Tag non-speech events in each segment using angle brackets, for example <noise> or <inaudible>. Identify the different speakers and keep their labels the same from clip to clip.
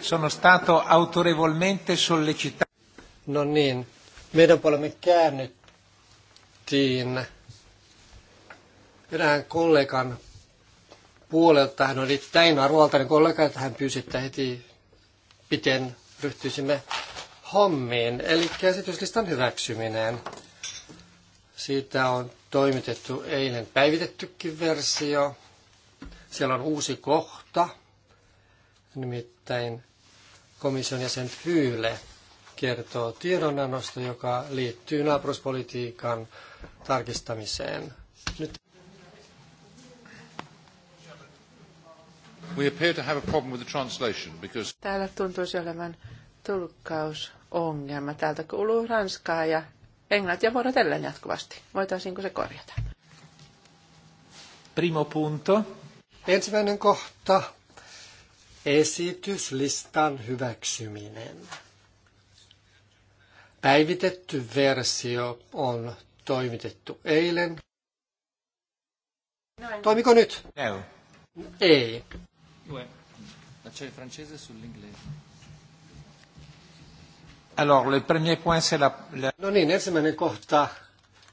Speaker 1: sono stato autorevolmente sollecitato. No niin, meidän puolemme käännettiin erään kollegan puolelta. Hän oli täynnä ruoltainen kollega, että hän pyysi, että heti miten ryhtyisimme hommiin. Eli käsityslistan hyväksyminen. Siitä on toimitettu eilen päivitettykin versio. Siellä on uusi kohta Nimittäin komission jäsen Fyyle kertoo tiedonannosta, joka liittyy naapuruspolitiikan tarkistamiseen. Nyt
Speaker 2: We appear to have a problem with the translation because...
Speaker 3: Täällä tuntuisi olevan tulkkausongelma. Täältä kuuluu ranskaa ja englantia vuorotellen jatkuvasti. Voitaisiinko se korjata?
Speaker 1: Primo punto. Ensimmäinen kohta esityslistan hyväksyminen. Päivitetty versio on toimitettu eilen. Toimiko nyt? No. Ei. Alors, le premier point, c'est la... No niin, ensimmäinen kohta.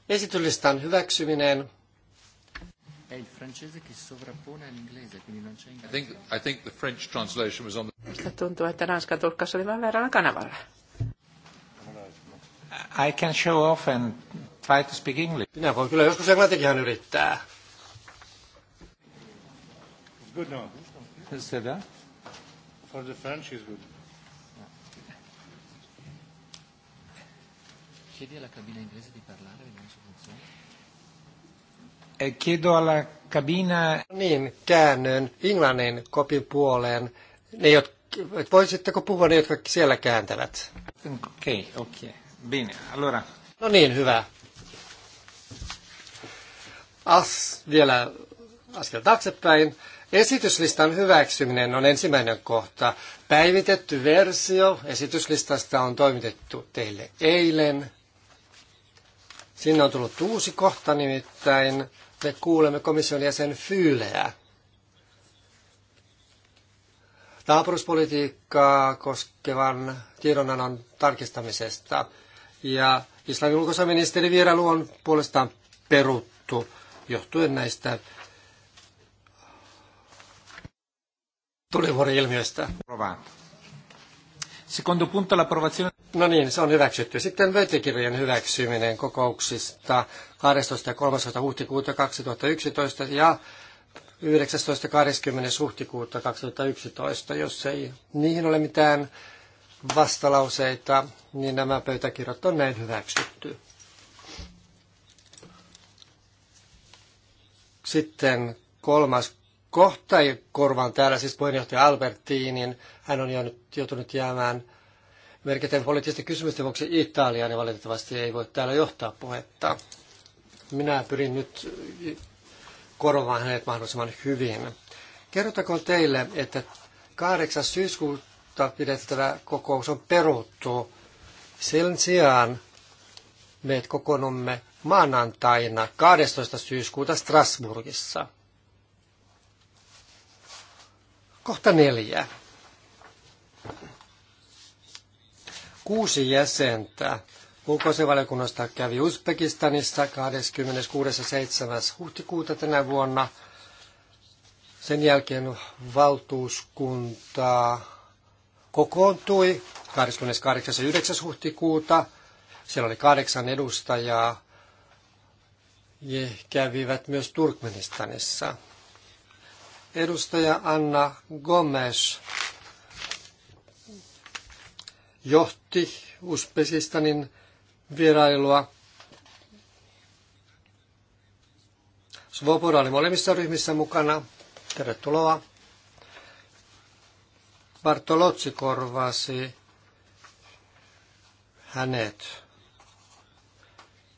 Speaker 1: Esityslistan hyväksyminen. È il francese che sovrappone all'inglese, quindi non c'è inglese. I think,
Speaker 3: I think the French translation was on the... Mistä tuntuu, että Ranskan tulkkaus oli vain väärällä kanavalla.
Speaker 1: I can show off and try to speak English. Minä voin kyllä joskus englantikin yrittää.
Speaker 2: It's good now. C'est bien? For the French is good.
Speaker 1: Chiedi alla cabina inglese di parlare, vediamo. Eh, chiedo alla cabina... No niin, käännön Englannin kopin puoleen. Ne, jotka, voisitteko puhua ne, jotka siellä kääntävät? Okei, okay, okei. Okay. Bene, allora... No niin, hyvä. As, vielä askel taaksepäin. Esityslistan hyväksyminen on ensimmäinen kohta. Päivitetty versio esityslistasta on toimitettu teille eilen. Sinne on tullut uusi kohta nimittäin me kuulemme komission jäsen Fyyleä. Naapuruspolitiikkaa koskevan tiedonannon tarkistamisesta. Ja Islannin ulkoministeri vierailu on puolestaan peruttu johtuen näistä tulivuori-ilmiöistä. Provaan. Secondo punto l'approvazione. No niin, se on hyväksytty. Sitten pöytäkirjojen hyväksyminen kokouksista 12. ja 13. huhtikuuta 2011 ja 19. 20. huhtikuuta 2011. Jos ei niihin ole mitään vastalauseita, niin nämä pöytäkirjat on näin hyväksytty. Sitten kolmas kohta, korvaan täällä siis puheenjohtaja Albertiinin hän on jäänyt, joutunut jäämään merkiten poliittisten kysymysten vuoksi Italiaan ja valitettavasti ei voi täällä johtaa puhetta. Minä pyrin nyt korvaamaan hänet mahdollisimman hyvin. Kerrotakoon teille, että 8. syyskuuta pidettävä kokous on peruttu. Sen sijaan me kokoonnumme maanantaina 12. syyskuuta Strasburgissa. Kohta neljä. kuusi jäsentä ulkoasianvaliokunnasta kävi Uzbekistanissa 26. huhtikuuta tänä vuonna. Sen jälkeen valtuuskunta kokoontui 28. huhtikuuta. Siellä oli kahdeksan edustajaa. ja kävivät myös Turkmenistanissa. Edustaja Anna Gomes johti Uzbekistanin vierailua. Svoboda oli molemmissa ryhmissä mukana. Tervetuloa. Bartolotsi korvasi hänet.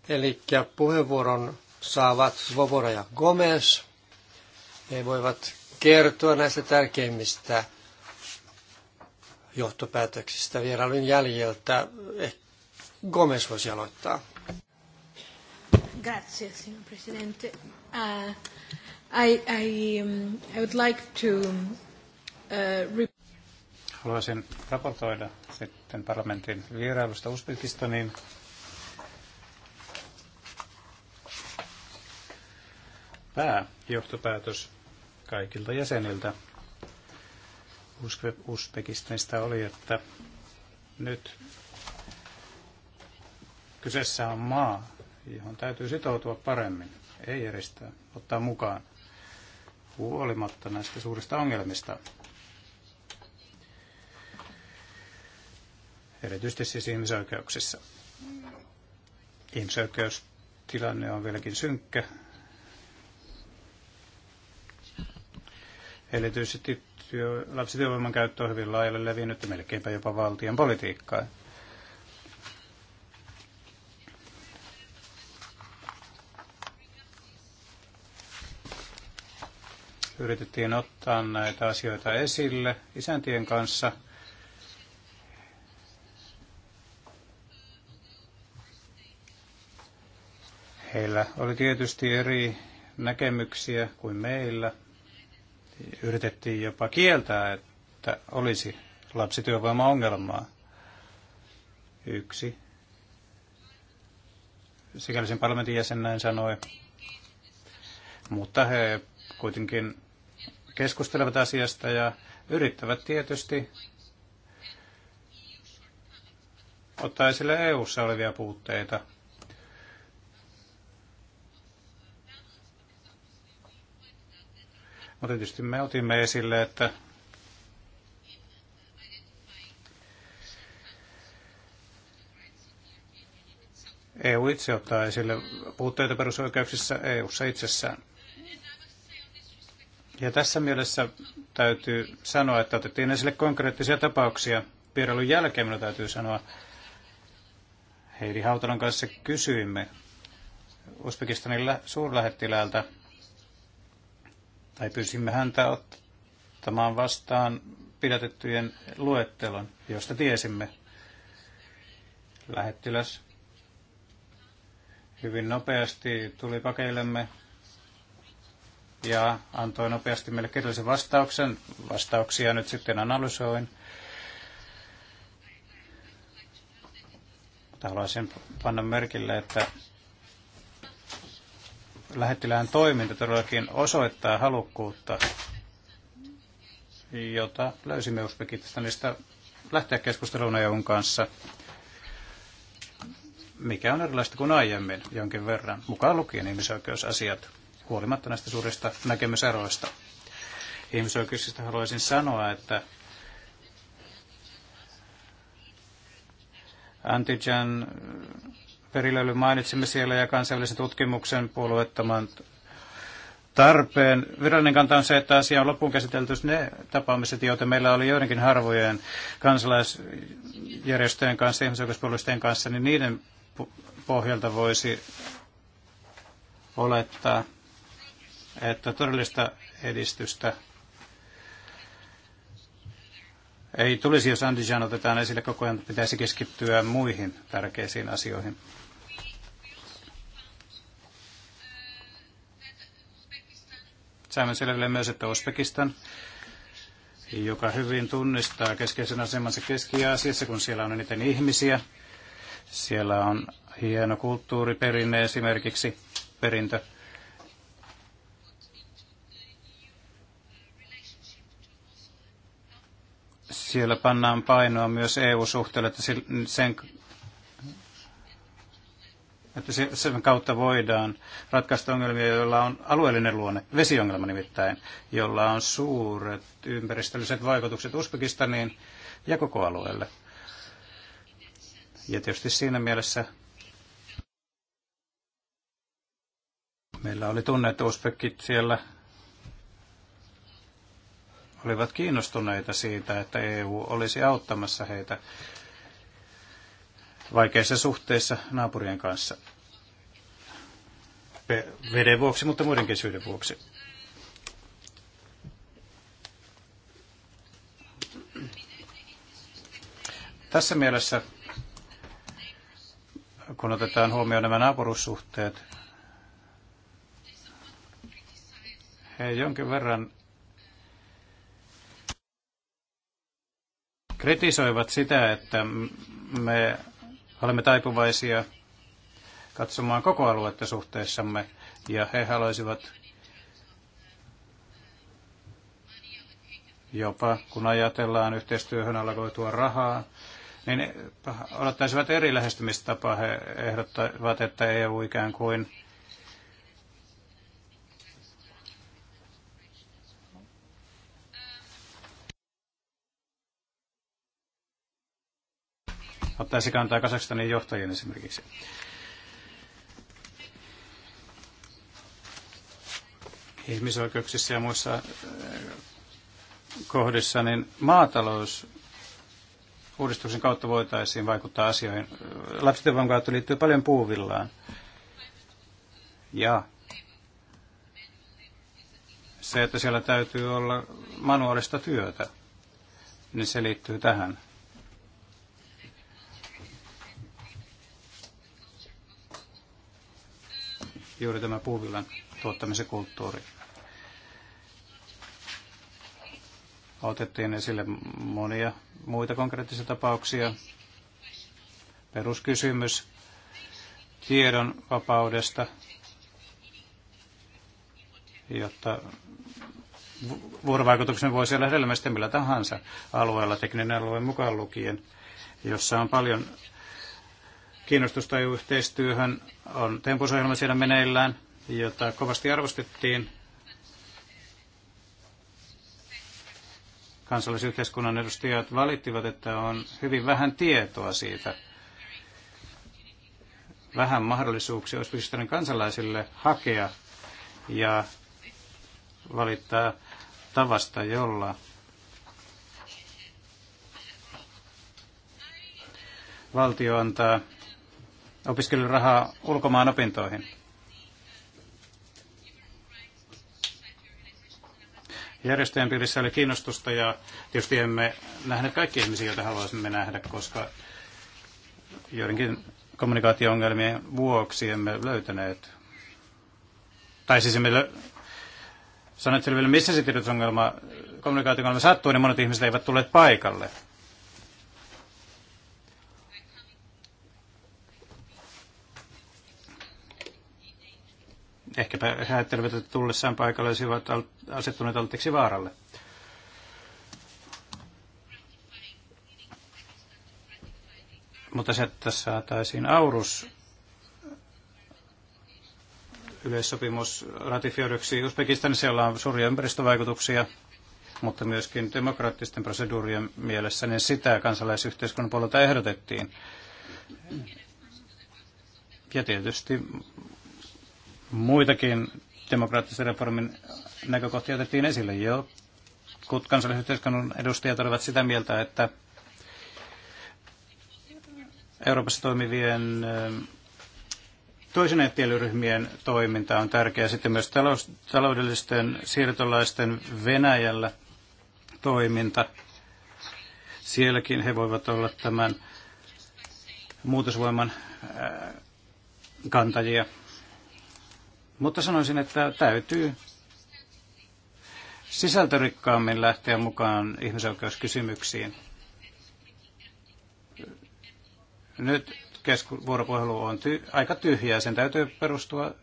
Speaker 1: Eli puheenvuoron saavat Svoboda ja Gomez. He voivat kertoa näistä tärkeimmistä johtopäätöksistä vierailun jäljiltä. Eh, Gomez voisi aloittaa.
Speaker 2: Grazie, signor Presidente. Uh, I, I, um, I would like to uh, Haluaisin raportoida sitten parlamentin vierailusta Uzbekistaniin. Pääjohtopäätös kaikilta jäseniltä Uzbekistanista oli, että nyt kyseessä on maa, johon täytyy sitoutua paremmin, ei järjestää, ottaa mukaan, huolimatta näistä suurista ongelmista. Erityisesti siis ihmisoikeuksissa. Ihmisoikeustilanne on vieläkin synkkä. Erityisesti työ, lapsityövoiman käyttö on hyvin laajalle levinnyt melkeinpä jopa valtion politiikkaa. Yritettiin ottaa näitä asioita esille isäntien kanssa. Heillä oli tietysti eri näkemyksiä kuin meillä – Yritettiin jopa kieltää, että olisi lapsityövoimaongelmaa. Yksi sikälisen parlamentin jäsen näin sanoi. Mutta he kuitenkin keskustelevat asiasta ja yrittävät tietysti ottaa esille EU-ssa olevia puutteita – Mutta no tietysti me otimme esille, että EU itse ottaa esille puutteita perusoikeuksissa EUssa itsessään. Ja tässä mielessä täytyy sanoa, että otettiin esille konkreettisia tapauksia. Vierailun jälkeen minun täytyy sanoa, Heidi Hautalan kanssa kysyimme Uzbekistanin suurlähettiläältä tai pyysimme häntä ottamaan vastaan pidätettyjen luettelon, josta tiesimme. Lähettiläs hyvin nopeasti tuli pakeillemme ja antoi nopeasti meille kirjallisen vastauksen. Vastauksia nyt sitten analysoin. Mutta haluaisin panna merkille, että lähettilään toiminta todellakin osoittaa halukkuutta, jota löysimme Uzbekistanista lähteä keskusteluun EUn kanssa, mikä on erilaista kuin aiemmin jonkin verran, mukaan lukien ihmisoikeusasiat, huolimatta näistä suurista näkemyseroista. Ihmisoikeuksista haluaisin sanoa, että Antijan perilöily mainitsimme siellä ja kansainvälisen tutkimuksen puolueettoman tarpeen. Virallinen kanta on se, että asia on loppuun käsitelty ne tapaamiset, joita meillä oli joidenkin harvojen kansalaisjärjestöjen kanssa, ihmisoikeuspuolustajien kanssa, niin niiden pohjalta voisi olettaa, että todellista edistystä ei tulisi, jos Andijan otetaan esille koko ajan, pitäisi keskittyä muihin tärkeisiin asioihin. Saimme selville myös, että Uzbekistan, joka hyvin tunnistaa keskeisen asemansa Keski-Aasiassa, kun siellä on eniten ihmisiä, siellä on hieno kulttuuriperinne esimerkiksi, perintö, siellä pannaan painoa myös EU-suhteelle, että sen että sen kautta voidaan ratkaista ongelmia, joilla on alueellinen luonne, vesiongelma nimittäin, jolla on suuret ympäristölliset vaikutukset Uzbekistaniin ja koko alueelle. Ja tietysti siinä mielessä meillä oli tunne, että Uzbekit siellä olivat kiinnostuneita siitä, että EU olisi auttamassa heitä vaikeissa suhteissa naapurien kanssa. Veden vuoksi, mutta muidenkin syiden vuoksi. Tässä mielessä,
Speaker 3: kun otetaan huomioon nämä
Speaker 2: naapurussuhteet, he jonkin verran kritisoivat sitä, että me olemme taipuvaisia katsomaan koko aluetta suhteessamme, ja he haluaisivat jopa, kun ajatellaan yhteistyöhön alkoitua rahaa, niin odottaisivat eri lähestymistapaa. He ehdottavat, että EU ikään kuin ottaisi kantaa Kasakstanin johtajien esimerkiksi. Ihmisoikeuksissa ja muissa äh, kohdissa, niin maatalous uudistuksen kautta voitaisiin vaikuttaa asioihin. Lapsityövoiman kautta liittyy paljon puuvillaan. Ja se, että siellä täytyy olla manuaalista työtä, niin se liittyy tähän. juuri tämä puuvillan tuottamisen kulttuuri. Otettiin esille monia muita konkreettisia tapauksia. Peruskysymys tiedon vapaudesta, jotta vuorovaikutuksen voisi olla hedelmästi millä tahansa alueella, tekninen alue mukaan lukien, jossa on paljon kiinnostusta EU-yhteistyöhön. On tempusohjelma siellä meneillään, jota kovasti arvostettiin kansallisyhteiskunnan edustajat valittivat, että on hyvin vähän tietoa siitä, vähän mahdollisuuksia Uzbekistanin kansalaisille hakea ja valittaa tavasta, jolla valtio antaa opiskelurahaa ulkomaan opintoihin. Järjestöjen piirissä oli kiinnostusta ja tietysti emme nähneet kaikki ihmisiä, joita haluaisimme nähdä, koska joidenkin kommunikaatio-ongelmien vuoksi emme löytäneet, tai siis emme lö- sanoneet selville, missä se tiedotusongelma, kommunikaatio-ongelma sattui, niin monet ihmiset eivät tulleet paikalle. Ehkäpä he ajattelevat, että tullessaan paikalle olisivat asettuneet alttiiksi vaaralle. Mutta se, että saataisiin aurus yleissopimus ratifioiduksi Uzbekistanissa, jolla on suuria ympäristövaikutuksia, mutta myöskin demokraattisten proseduurien mielessä, niin sitä kansalaisyhteiskunnan puolelta ehdotettiin. Ja tietysti Muitakin demokraattisen reformin näkökohtia otettiin esille. Jotkut kansallisyhteiskunnan edustajat olivat sitä mieltä, että Euroopassa toimivien toisenettielyryhmien toiminta on tärkeää. Sitten myös talous, taloudellisten siirtolaisten Venäjällä toiminta. Sielläkin he voivat olla tämän muutosvoiman kantajia. Mutta sanoisin, että täytyy sisältörikkaammin lähteä mukaan ihmisoikeuskysymyksiin. Nyt kesku- vuoropuhelu on ty- aika tyhjää. Sen täytyy perustua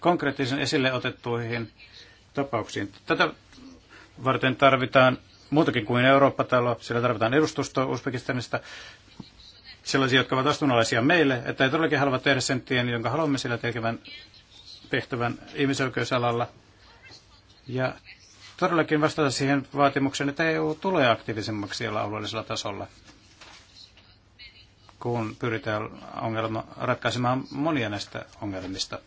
Speaker 2: konkreettisen esille otettuihin tapauksiin. Tätä varten tarvitaan muutakin kuin Eurooppa-talo. Siellä tarvitaan edustusto Uzbekistanista sellaisia, jotka ovat astunalaisia meille, että ei todellakin halua tehdä sen tien, jonka haluamme sillä tekevän, tehtävän ihmisoikeusalalla. Ja todellakin vastata siihen vaatimukseen, että EU tulee aktiivisemmaksi siellä alueellisella tasolla, kun pyritään ongelma, ratkaisemaan monia näistä ongelmista,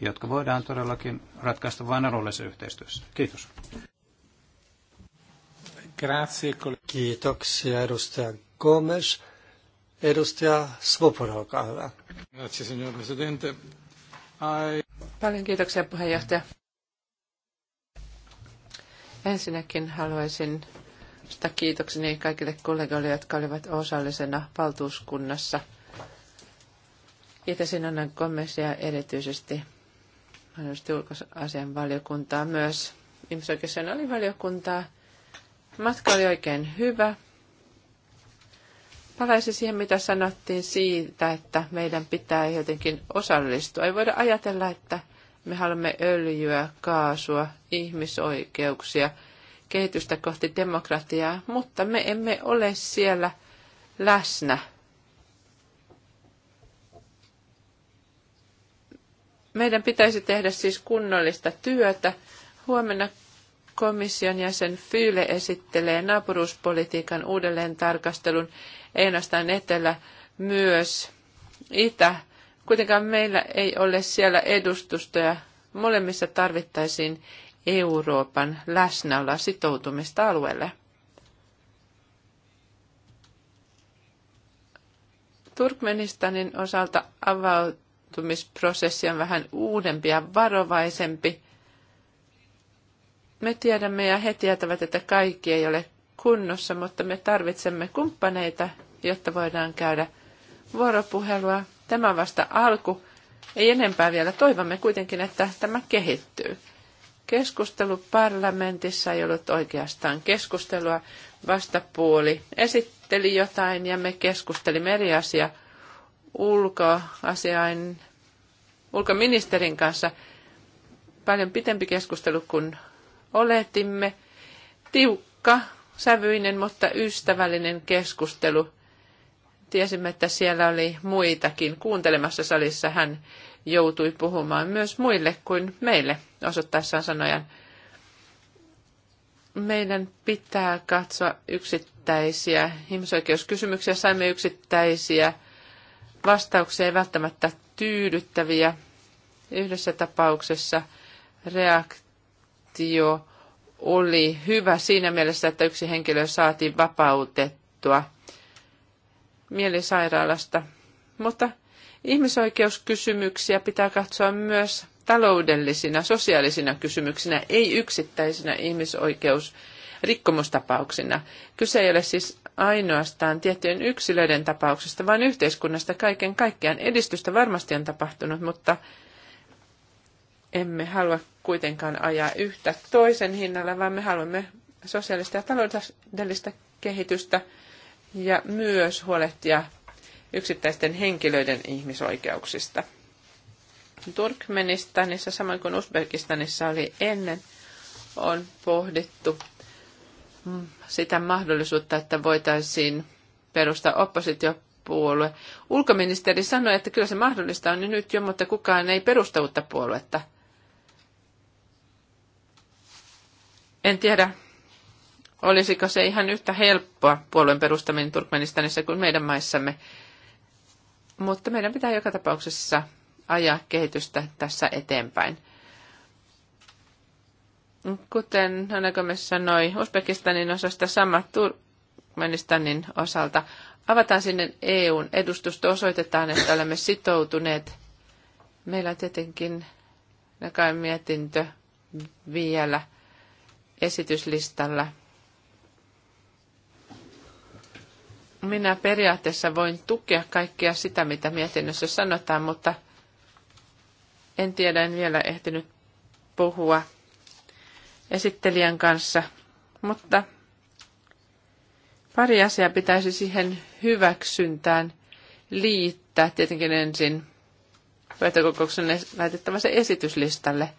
Speaker 2: jotka voidaan todellakin ratkaista vain alueellisessa yhteistyössä. Kiitos.
Speaker 1: Kiitoksia edustaja Gomes. Edustaja Svoboda,
Speaker 3: olkaa hyvä.
Speaker 2: Grazie, signor Presidente.
Speaker 3: I... Paljon kiitoksia puheenjohtaja. Ensinnäkin haluaisin sitä kiitokseni kaikille kollegoille, jotka olivat osallisena valtuuskunnassa. Kiitäisin Annan Gomezia erityisesti, mahdollisesti ulkoasian valiokuntaa, myös ihmisoikeusjournalivaliokuntaa. Matka oli oikein hyvä palaisin siihen, mitä sanottiin siitä, että meidän pitää jotenkin osallistua. Ei voida ajatella, että me haluamme öljyä, kaasua, ihmisoikeuksia, kehitystä kohti demokratiaa, mutta me emme ole siellä läsnä. Meidän pitäisi tehdä siis kunnollista työtä. Huomenna komission jäsen Fyyle esittelee naapuruuspolitiikan uudelleen tarkastelun, ei ainoastaan etelä, myös itä. Kuitenkaan meillä ei ole siellä edustustoja. Molemmissa tarvittaisiin Euroopan läsnäoloa sitoutumista alueelle. Turkmenistanin osalta avautumisprosessi on vähän uudempi ja varovaisempi. Me tiedämme ja he tietävät, että kaikki ei ole kunnossa, mutta me tarvitsemme kumppaneita, jotta voidaan käydä vuoropuhelua. Tämä on vasta alku. Ei enempää vielä. Toivomme kuitenkin, että tämä kehittyy. Keskustelu parlamentissa ei ollut oikeastaan keskustelua. Vastapuoli esitteli jotain ja me keskustelimme eri asia ulkoasiain, ulkoministerin kanssa. Paljon pitempi keskustelu kuin oletimme. Tiukka, sävyinen, mutta ystävällinen keskustelu. Tiesimme, että siellä oli muitakin. Kuuntelemassa salissa hän joutui puhumaan myös muille kuin meille osoittaessaan sanojan. Meidän pitää katsoa yksittäisiä ihmisoikeuskysymyksiä. Saimme yksittäisiä vastauksia, ei välttämättä tyydyttäviä. Yhdessä tapauksessa reaktio reaktio oli hyvä siinä mielessä, että yksi henkilö saatiin vapautettua mielisairaalasta. Mutta ihmisoikeuskysymyksiä pitää katsoa myös taloudellisina, sosiaalisina kysymyksinä, ei yksittäisinä ihmisoikeusrikkomustapauksina. Kyse ei ole siis ainoastaan tiettyjen yksilöiden tapauksesta, vaan yhteiskunnasta kaiken kaikkiaan. Edistystä varmasti on tapahtunut, mutta emme halua kuitenkaan ajaa yhtä toisen hinnalla, vaan me haluamme sosiaalista ja taloudellista kehitystä ja myös huolehtia yksittäisten henkilöiden ihmisoikeuksista. Turkmenistanissa, samoin kuin Uzbekistanissa oli ennen, on pohdittu sitä mahdollisuutta, että voitaisiin perustaa oppositiopuolue. Ulkoministeri sanoi, että kyllä se mahdollista on nyt jo, mutta kukaan ei perusta uutta puoluetta – En tiedä, olisiko se ihan yhtä helppoa puolueen perustaminen Turkmenistanissa kuin meidän maissamme. Mutta meidän pitää joka tapauksessa ajaa kehitystä tässä eteenpäin. Kuten Hanakomme sanoi, Uzbekistanin osasta sama Turkmenistanin osalta. Avataan sinne EUn edustusta, osoitetaan, että olemme sitoutuneet. Meillä on tietenkin näkään mietintö vielä – esityslistalla. Minä periaatteessa voin tukea kaikkea sitä, mitä mietinnössä sanotaan, mutta en tiedä, en vielä ehtinyt puhua esittelijän kanssa, mutta pari asiaa pitäisi siihen hyväksyntään liittää. Tietenkin ensin pöytäkokouksen laitettava se esityslistalle –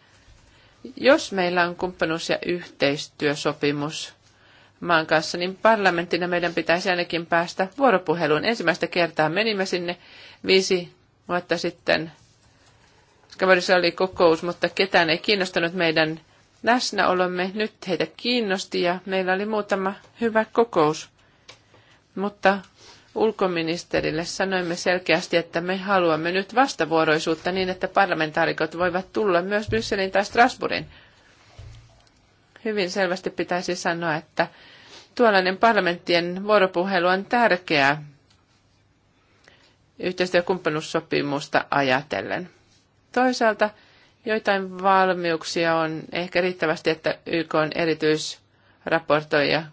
Speaker 3: jos meillä on kumppanuus- ja yhteistyösopimus maan kanssa, niin parlamenttina meidän pitäisi ainakin päästä vuoropuheluun. Ensimmäistä kertaa menimme sinne viisi vuotta sitten. Skavarissa oli kokous, mutta ketään ei kiinnostanut meidän läsnäolomme. Nyt heitä kiinnosti ja meillä oli muutama hyvä kokous. Mutta ulkoministerille sanoimme selkeästi, että me haluamme nyt vastavuoroisuutta niin, että parlamentaarikot voivat tulla myös Brysselin tai Strasbourgin. Hyvin selvästi pitäisi sanoa, että tuollainen parlamenttien vuoropuhelu on tärkeää yhteistyökumppanuussopimusta ajatellen. Toisaalta joitain valmiuksia on ehkä riittävästi, että YK on erityisraportoija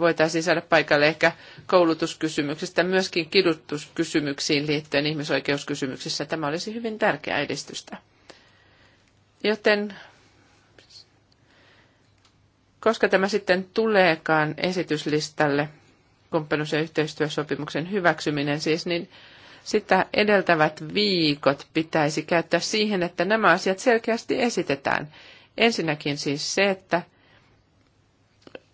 Speaker 3: voitaisiin saada paikalle ehkä koulutuskysymyksistä, myöskin kidutuskysymyksiin liittyen ihmisoikeuskysymyksissä. Tämä olisi hyvin tärkeää edistystä. Joten koska tämä sitten tuleekaan esityslistalle, kumppanuus- ja yhteistyösopimuksen hyväksyminen siis, niin sitä edeltävät viikot pitäisi käyttää siihen, että nämä asiat selkeästi esitetään. Ensinnäkin siis se, että –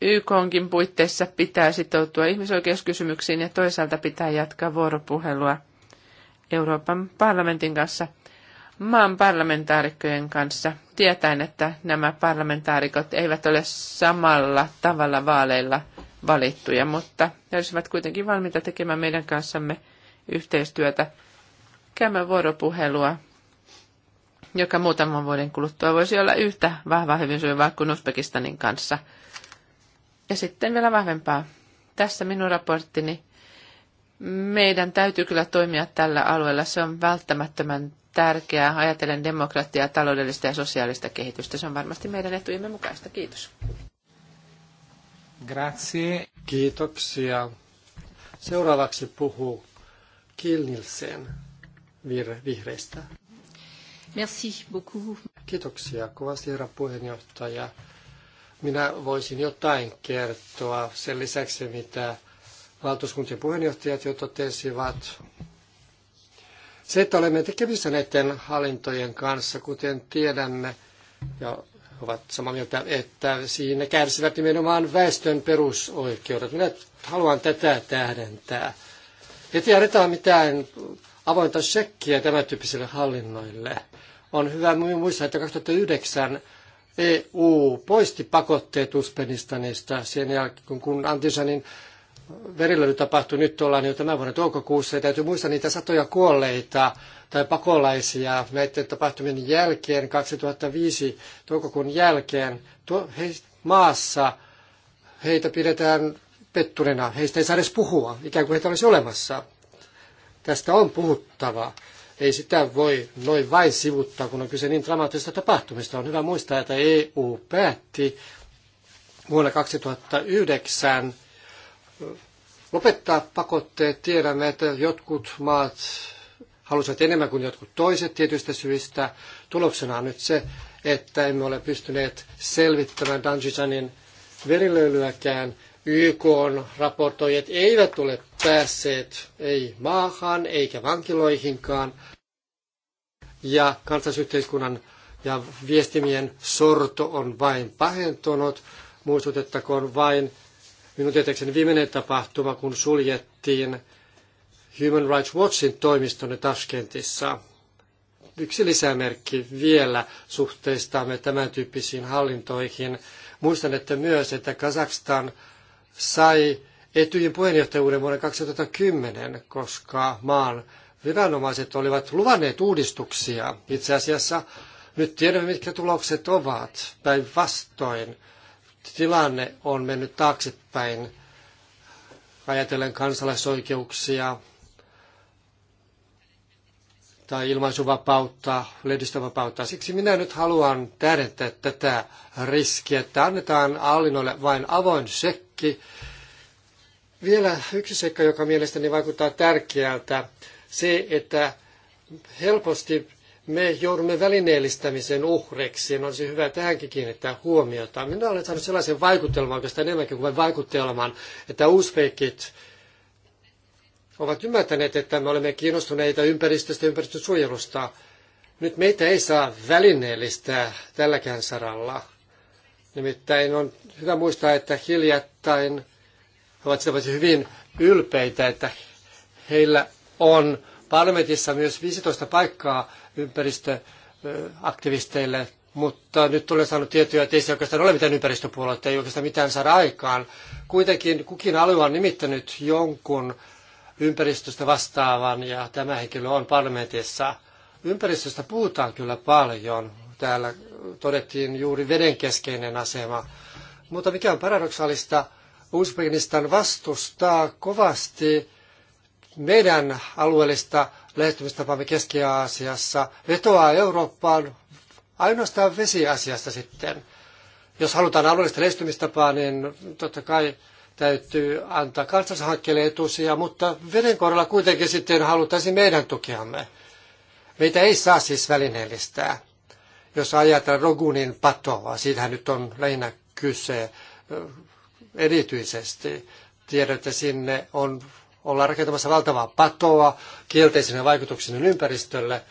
Speaker 3: YKonkin puitteissa pitää sitoutua ihmisoikeuskysymyksiin ja toisaalta pitää jatkaa vuoropuhelua Euroopan parlamentin kanssa, maan parlamentaarikkojen kanssa, tietäen, että nämä parlamentaarikot eivät ole samalla tavalla vaaleilla valittuja, mutta he olisivat kuitenkin valmiita tekemään meidän kanssamme yhteistyötä, käymään vuoropuhelua, joka muutaman vuoden kuluttua voisi olla yhtä vahva hyvin sujuvaa kuin Uzbekistanin kanssa – ja sitten vielä vahvempaa. Tässä minun raporttini. Meidän täytyy kyllä toimia tällä alueella. Se on välttämättömän tärkeää. Ajatellen demokratiaa, taloudellista ja sosiaalista kehitystä. Se on varmasti meidän etujemme mukaista. Kiitos.
Speaker 1: Grazie. Kiitoksia. Seuraavaksi puhuu Kilnilsen vihreistä.
Speaker 3: Merci beaucoup.
Speaker 1: Kiitoksia kovasti herra puheenjohtaja minä voisin jotain kertoa sen lisäksi, mitä valtuuskuntien puheenjohtajat jo totesivat. Se, että olemme tekemisissä näiden hallintojen kanssa, kuten tiedämme, ja ovat samaa mieltä, että siinä kärsivät nimenomaan väestön perusoikeudet. Minä haluan tätä tähdentää. Ei tiedetä mitään avointa shekkiä tämän tyyppisille hallinnoille. On hyvä muistaa, että 2009 EU poisti pakotteet Uzbekistanista sen jälkeen, kun Antisanin verilöily tapahtui, nyt ollaan jo tämän vuoden toukokuussa, ja täytyy muistaa niitä satoja kuolleita tai pakolaisia näiden tapahtumien jälkeen, 2005 toukokuun jälkeen, tuo, he, maassa heitä pidetään petturina, heistä ei saa edes puhua, ikään kuin heitä olisi olemassa. Tästä on puhuttava. Ei sitä voi noin vain sivuttaa, kun on kyse niin dramaattisesta tapahtumista. On hyvä muistaa, että EU päätti vuonna 2009 lopettaa pakotteet. Tiedämme, että jotkut maat halusivat enemmän kuin jotkut toiset tietystä syistä. Tuloksena on nyt se, että emme ole pystyneet selvittämään Danjisanin verilöylyäkään. YK on raportoijat eivät ole päässeet ei maahan eikä vankiloihinkaan ja kansallisyhteiskunnan ja viestimien sorto on vain pahentunut. Muistutettakoon vain minun tietääkseni viimeinen tapahtuma, kun suljettiin Human Rights Watchin toimistonne Taskentissa. Yksi lisämerkki vielä suhteistamme tämän tyyppisiin hallintoihin. Muistan, että myös, että Kazakstan sai Etyjin puheenjohtajuuden vuonna 2010, koska maan viranomaiset olivat luvanneet uudistuksia. Itse asiassa nyt tiedämme, mitkä tulokset ovat. Päinvastoin tilanne on mennyt taaksepäin ajatellen kansalaisoikeuksia tai ilmaisuvapautta, lehdistövapautta. Siksi minä nyt haluan tähdentää tätä riskiä, että annetaan hallinnolle vain avoin sekki. Vielä yksi seikka, joka mielestäni vaikuttaa tärkeältä se, että helposti me joudumme välineellistämisen uhreiksi. On niin olisi hyvä tähänkin kiinnittää huomiota. Minä olen saanut sellaisen vaikutelman, oikeastaan enemmänkin kuin vaikutelman, että uuspeikit ovat ymmärtäneet, että me olemme kiinnostuneita ympäristöstä ja ympäristönsuojelusta. Nyt meitä ei saa välineellistää tälläkään saralla. Nimittäin on hyvä muistaa, että hiljattain he ovat hyvin ylpeitä, että heillä on parlamentissa myös 15 paikkaa ympäristöaktivisteille, mutta nyt olen saanut tietoja, että ei se oikeastaan ole mitään ympäristöpuoluetta, ei oikeastaan mitään saada aikaan. Kuitenkin kukin alue on nimittänyt jonkun ympäristöstä vastaavan ja tämä henkilö on parlamentissa. Ympäristöstä puhutaan kyllä paljon. Täällä todettiin juuri vedenkeskeinen asema. Mutta mikä on paradoksaalista, Uzbekistan vastustaa kovasti meidän alueellista lähestymistapamme Keski-Aasiassa vetoaa Eurooppaan ainoastaan vesiasiasta sitten. Jos halutaan alueellista lähestymistapaa, niin totta kai täytyy antaa kansallishankkeelle etusia, mutta veden kohdalla kuitenkin sitten haluttaisiin meidän tukeamme. Meitä ei saa siis välineellistää. Jos ajatellaan Rogunin patoa, siitähän nyt on lähinnä kyse erityisesti. Tiedätte, sinne on ollaan rakentamassa valtavaa patoa kielteisenä vaikutuksena ympäristölle.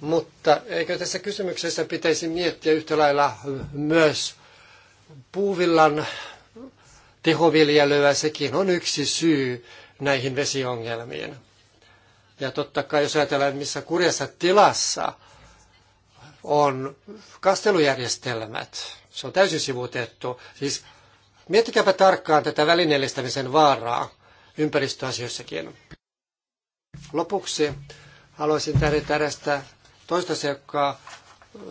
Speaker 1: Mutta eikö tässä kysymyksessä pitäisi miettiä yhtä lailla myös puuvillan tehoviljelyä, sekin on yksi syy näihin vesiongelmiin. Ja totta kai, jos ajatellaan, missä kurjassa tilassa on kastelujärjestelmät, se on täysin sivutettu. Siis miettikääpä tarkkaan tätä välineellistämisen vaaraa ympäristöasioissakin. Lopuksi haluaisin tähdentää tästä toista seikkaa,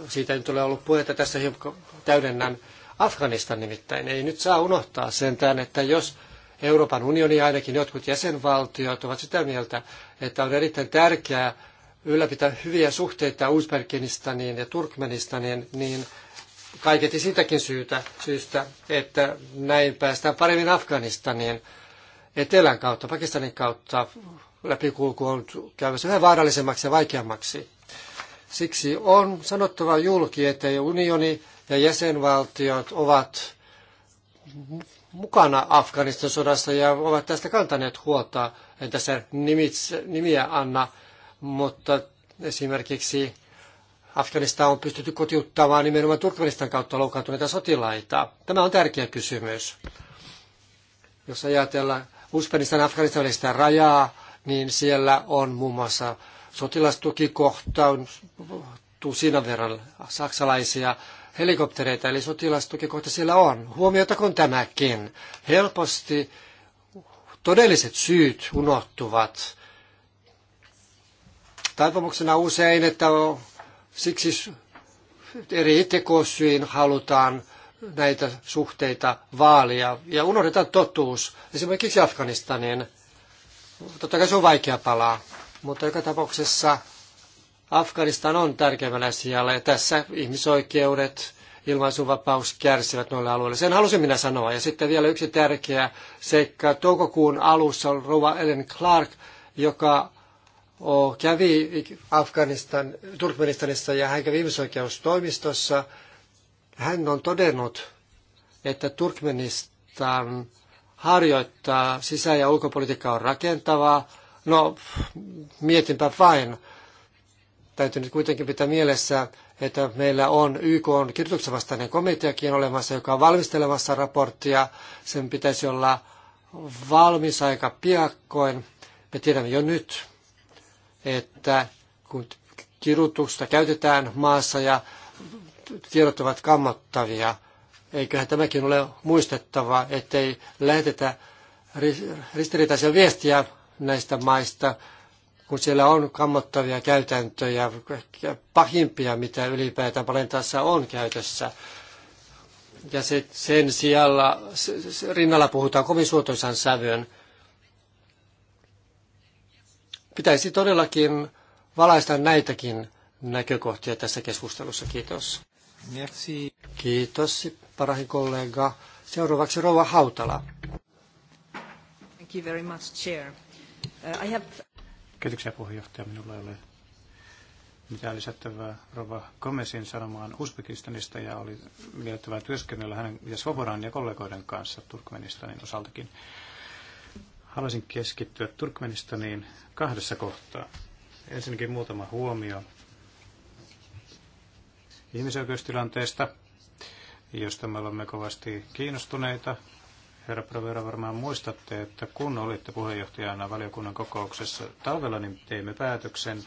Speaker 1: siitä ei tule ollut puhetta tässä hiukan täydennän, Afganistan nimittäin. Ei nyt saa unohtaa sentään, että jos Euroopan unioni ainakin jotkut jäsenvaltiot ovat sitä mieltä, että on erittäin tärkeää ylläpitää hyviä suhteita Uzbekistaniin ja Turkmenistaniin, niin kaiketi sitäkin syytä, syystä, että näin päästään paremmin Afganistaniin etelän kautta, Pakistanin kautta läpikulku on käymässä yhä vaarallisemmaksi ja vaikeammaksi. Siksi on sanottava julki, että unioni ja jäsenvaltiot ovat mukana Afganistan sodassa ja ovat tästä kantaneet huolta. En tässä nimitse, nimiä anna, mutta esimerkiksi Afganistan on pystytty kotiuttamaan nimenomaan Turkmenistan kautta loukkaantuneita sotilaita. Tämä on tärkeä kysymys. Jos ajatellaan Uzbekistan Afganistan välistä rajaa, niin siellä on muun muassa sotilastukikohta, tusina verran saksalaisia helikoptereita, eli sotilastukikohta siellä on. Huomioitakoon tämäkin. Helposti todelliset syyt unohtuvat. Taipumuksena usein, että siksi eri tekosyin halutaan näitä suhteita vaalia ja unohdetaan totuus. Esimerkiksi Afganistanin. Totta kai se on vaikea palaa, mutta joka tapauksessa Afganistan on tärkeimmällä sijalla ja tässä ihmisoikeudet, ilmaisuvapaus kärsivät noille alueille. Sen halusin minä sanoa. Ja sitten vielä yksi tärkeä seikka. Toukokuun alussa on Rova Ellen Clark, joka kävi Afganistan, Turkmenistanissa ja hän kävi ihmisoikeustoimistossa – hän on todennut, että Turkmenistan harjoittaa sisä- ja ulkopolitiikkaa rakentavaa. No, mietinpä vain. Täytyy nyt kuitenkin pitää mielessä, että meillä on YK on kirjoituksen vastainen komiteakin olemassa, joka on valmistelemassa raporttia. Sen pitäisi olla valmis aika piakkoin. Me tiedämme jo nyt, että kun kirjoitusta käytetään maassa ja tiedot ovat kammottavia. Eiköhän tämäkin ole muistettava, ettei lähetetä ristiriitaisia viestiä näistä maista, kun siellä on kammottavia käytäntöjä, pahimpia, mitä ylipäätään Palentaassa on käytössä. Ja se, sen sijalla, rinnalla puhutaan kovin suotoisan sävyön. Pitäisi todellakin valaista näitäkin näkökohtia tässä keskustelussa. Kiitos. Merci. Kiitos, parahi kollega. Seuraavaksi Rova Hautala.
Speaker 3: Thank you very much, Chair. Uh, I have...
Speaker 2: Kiitoksia puheenjohtaja. Minulla ei ole mitään lisättävää Rova Gomesin sanomaan Uzbekistanista ja oli miellyttävää työskennellä hänen ja Svoboran ja kollegoiden kanssa Turkmenistanin osaltakin. Haluaisin keskittyä Turkmenistaniin kahdessa kohtaa. Ensinnäkin muutama huomio ihmisoikeustilanteesta, josta me olemme kovasti kiinnostuneita. Herra Provera, varmaan muistatte, että kun olitte puheenjohtajana valiokunnan kokouksessa talvella, niin teimme päätöksen,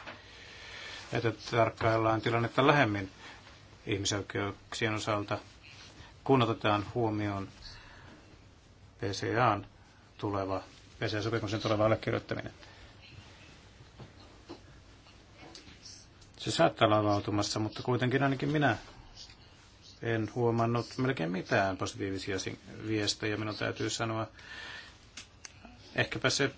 Speaker 2: että tarkkaillaan tilannetta lähemmin ihmisoikeuksien osalta, kun otetaan huomioon PCAan tuleva, PCA-sopimuksen tuleva allekirjoittaminen. Se saattaa olla avautumassa, mutta kuitenkin ainakin minä en huomannut melkein mitään positiivisia viestejä. Minun täytyy sanoa, ehkäpä se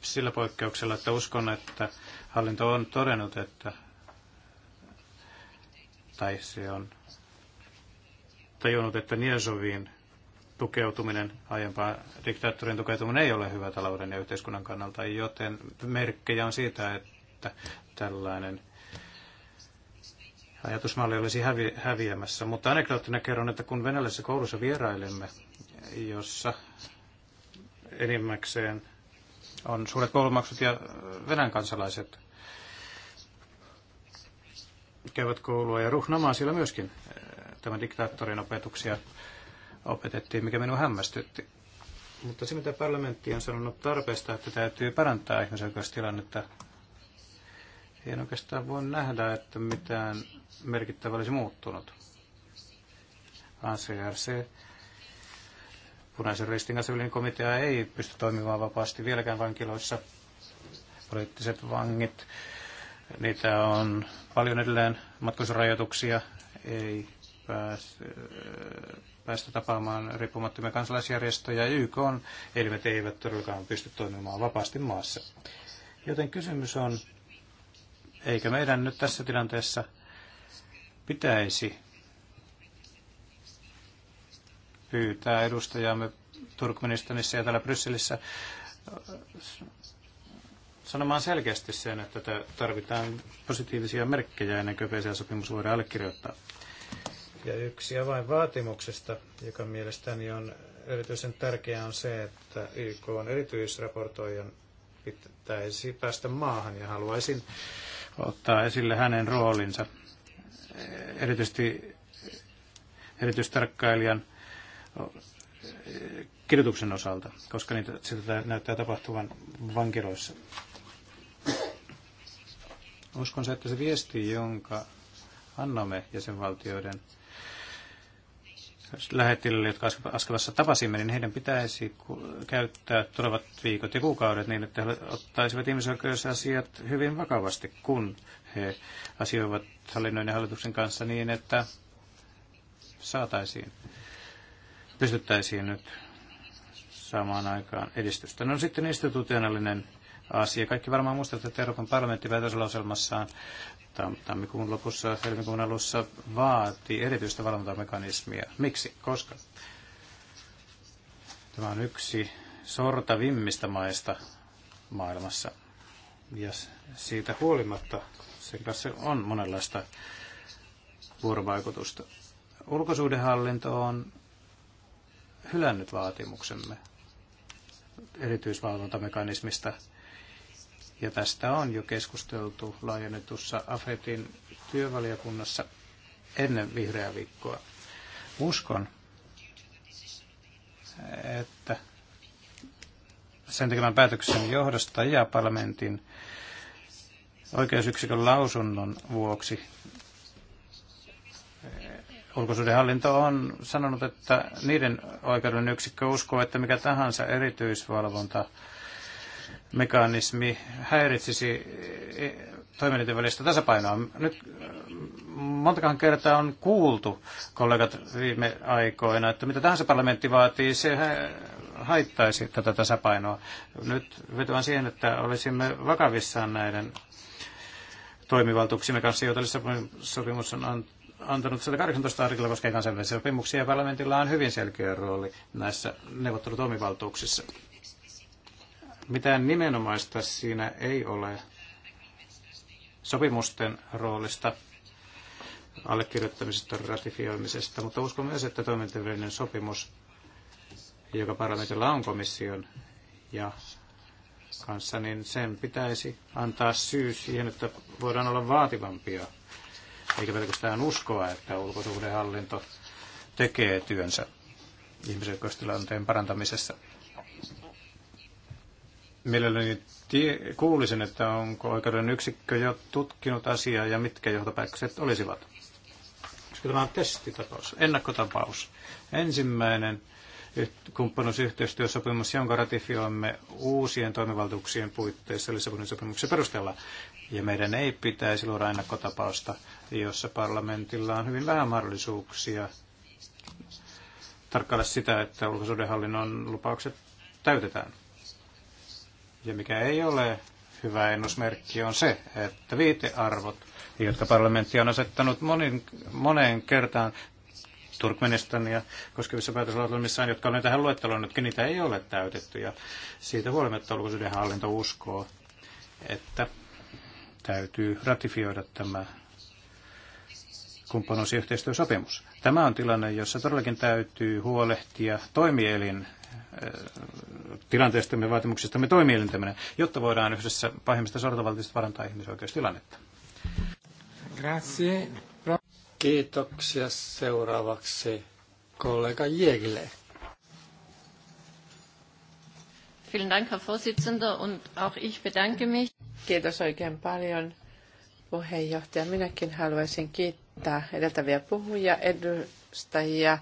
Speaker 2: sillä poikkeuksella, että uskon, että hallinto on todennut, että tai se on tajunnut, että Niesoviin tukeutuminen, aiempaa diktaattorin tukeutuminen ei ole hyvä talouden ja yhteiskunnan kannalta, joten merkkejä on siitä, että että tällainen ajatusmalli olisi hävi, häviämässä. Mutta anekdoottina kerron, että kun venäläisessä koulussa vierailimme, jossa enimmäkseen on suuret koulumaksut ja äh, Venäjän kansalaiset käyvät koulua ja ruhnamaan siellä myöskin äh, tämän diktaattorin opetuksia opetettiin, mikä minua hämmästytti. Mutta se, mitä parlamentti on sanonut tarpeesta, että täytyy parantaa ihmisoikeustilannetta en oikeastaan voi nähdä, että mitään merkittävää olisi muuttunut. ACRC, punaisen ristin kansainvälinen komitea, ei pysty toimimaan vapaasti vieläkään vankiloissa. Poliittiset vangit, niitä on paljon edelleen matkustusrajoituksia, ei pääs, päästä tapaamaan riippumattomia kansalaisjärjestöjä ja YK on me eivät todellakaan pysty toimimaan vapaasti maassa. Joten kysymys on, Eikö meidän nyt tässä tilanteessa pitäisi pyytää edustajamme Turkmenistanissa ja täällä Brysselissä äh, sanomaan selkeästi sen, että tarvitaan positiivisia merkkejä ennen kuin PCA-sopimus voidaan allekirjoittaa. Ja yksi vaatimuksesta, joka mielestäni on erityisen tärkeää, on se, että YK on erityisraportoijan pitäisi päästä maahan ja haluaisin ottaa esille hänen roolinsa, erityisesti erityistarkkailijan kirjoituksen osalta, koska niitä, sitä näyttää tapahtuvan vankiloissa. Uskon se, että se viesti, jonka annamme jäsenvaltioiden lähetille, jotka Askelassa tapasimme, niin heidän pitäisi käyttää tulevat viikot ja kuukaudet niin, että he ottaisivat ihmisoikeusasiat hyvin vakavasti, kun he asioivat hallinnon ja hallituksen kanssa niin, että saataisiin, pystyttäisiin nyt samaan aikaan edistystä. No sitten institutionaalinen asia. Kaikki varmaan muistavat, että Euroopan parlamentti päätöslauselmassaan tammikuun lopussa, helmikuun alussa vaati erityistä valvontamekanismia. Miksi? Koska tämä on yksi sortavimmista maista maailmassa. Ja siitä huolimatta sen kanssa on monenlaista vuorovaikutusta. Ulkosuudenhallinto on hylännyt vaatimuksemme erityisvalvontamekanismista ja tästä on jo keskusteltu laajennetussa AFETin työvaliokunnassa ennen vihreää viikkoa. Uskon, että sen tekemän päätöksen johdosta ja parlamentin oikeusyksikön lausunnon vuoksi eh, ulkosuudenhallinto on sanonut, että niiden oikeuden yksikkö uskoo, että mikä tahansa erityisvalvonta mekanismi häiritsisi eh, toimijoiden välistä tasapainoa. Nyt eh, montakaan kertaa on kuultu kollegat viime aikoina, että mitä tahansa parlamentti vaatii, se haittaisi tätä tasapainoa. Nyt vetoan siihen, että olisimme vakavissaan näiden toimivaltuuksimme kanssa, joita sopimus on antanut 118 artikla koskee kansainvälisiä sopimuksia ja parlamentilla on hyvin selkeä rooli näissä neuvottelutoimivaltuuksissa. Mitään nimenomaista siinä ei ole sopimusten roolista, allekirjoittamisesta, ratifioimisesta, mutta uskon myös, että toimintavälinen sopimus, joka parlamentilla on komission ja kanssa, niin sen pitäisi antaa syy siihen, että voidaan olla vaativampia, eikä pelkästään uskoa, että ulkosuhdehallinto tekee työnsä ihmisoikeustilanteen parantamisessa. Mielelläni tie, kuulisin, että onko oikeuden yksikkö jo tutkinut asiaa ja mitkä johtopäätökset olisivat. Koska tämä on testitapaus, ennakkotapaus. Ensimmäinen kumppanuusyhteistyösopimus, jonka ratifioimme uusien toimivaltuuksien puitteissa Lissabonin sopimuksen perusteella. Ja meidän ei pitäisi luoda ennakkotapausta, jossa parlamentilla on hyvin vähän mahdollisuuksia tarkkailla sitä, että ulkosuudenhallinnon lupaukset täytetään. Ja mikä ei ole hyvä ennusmerkki on se, että viitearvot, jotka parlamentti on asettanut monin, moneen kertaan Turkmenistania koskevissa päätöslauselmissaan, jotka olen tähän luettelonutkin, niitä ei ole täytetty. Ja siitä huolimatta ulkoisuuden hallinto uskoo, että täytyy ratifioida tämä kumppanuusyhteistyösopimus. Tämä on tilanne, jossa todellakin täytyy huolehtia toimielin Eh, tilanteestamme vaatimuksistamme toimielintämme, jotta voidaan yhdessä pahimmista sortovaltioista parantaa ihmisoikeustilannetta.
Speaker 1: Grazie. Kiitoksia seuraavaksi kollega Jägle.
Speaker 3: Vielen Dank, Herr Vorsitzender, und auch ich bedanke mich. Kiitos oikein paljon, puheenjohtaja. Minäkin haluaisin kiittää edeltäviä puhujia, edustajia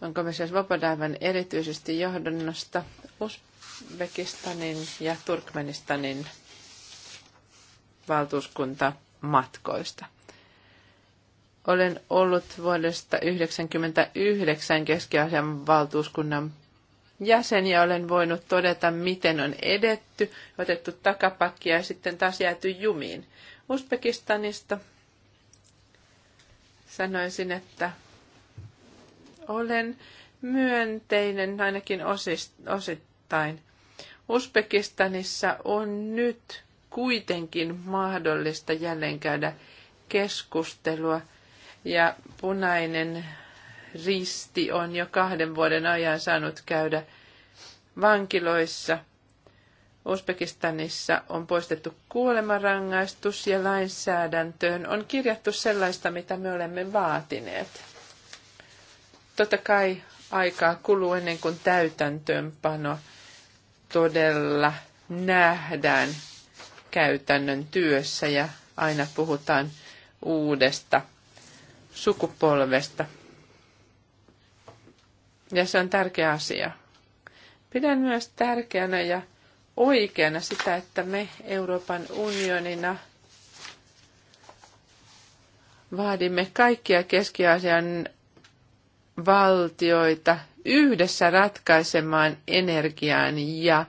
Speaker 3: on komissias Vapodaivan erityisesti johdonnosta Uzbekistanin ja Turkmenistanin valtuuskuntamatkoista. Olen ollut vuodesta 1999 Keski-Aasian valtuuskunnan jäsen ja olen voinut todeta, miten on edetty, otettu takapakkia ja sitten taas jääty jumiin. Uzbekistanista sanoisin, että olen myönteinen ainakin osittain. Uzbekistanissa on nyt kuitenkin mahdollista jälleen käydä keskustelua ja punainen risti on jo kahden vuoden ajan saanut käydä vankiloissa. Uzbekistanissa on poistettu kuolemarangaistus ja lainsäädäntöön on kirjattu sellaista, mitä me olemme vaatineet. Totta kai aikaa kuluu ennen kuin täytäntöönpano todella nähdään käytännön työssä ja aina puhutaan uudesta sukupolvesta. Ja se on tärkeä asia. Pidän myös tärkeänä ja oikeana sitä, että me Euroopan unionina vaadimme kaikkia keski valtioita yhdessä ratkaisemaan energiaan ja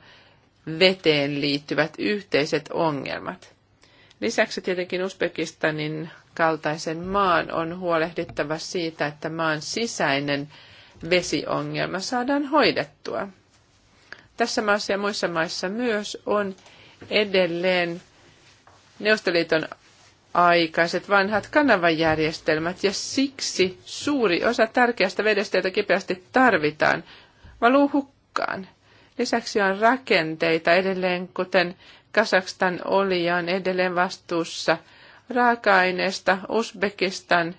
Speaker 3: veteen liittyvät yhteiset ongelmat. Lisäksi tietenkin Uzbekistanin kaltaisen maan on huolehdittava siitä, että maan sisäinen vesiongelma saadaan hoidettua. Tässä maassa ja muissa maissa myös on edelleen Neuvostoliiton aikaiset vanhat kanavajärjestelmät ja siksi suuri osa tärkeästä vedestä, jota kipeästi tarvitaan, valuu hukkaan. Lisäksi on rakenteita edelleen, kuten Kasakstan oli on edelleen vastuussa raaka-aineesta, Uzbekistan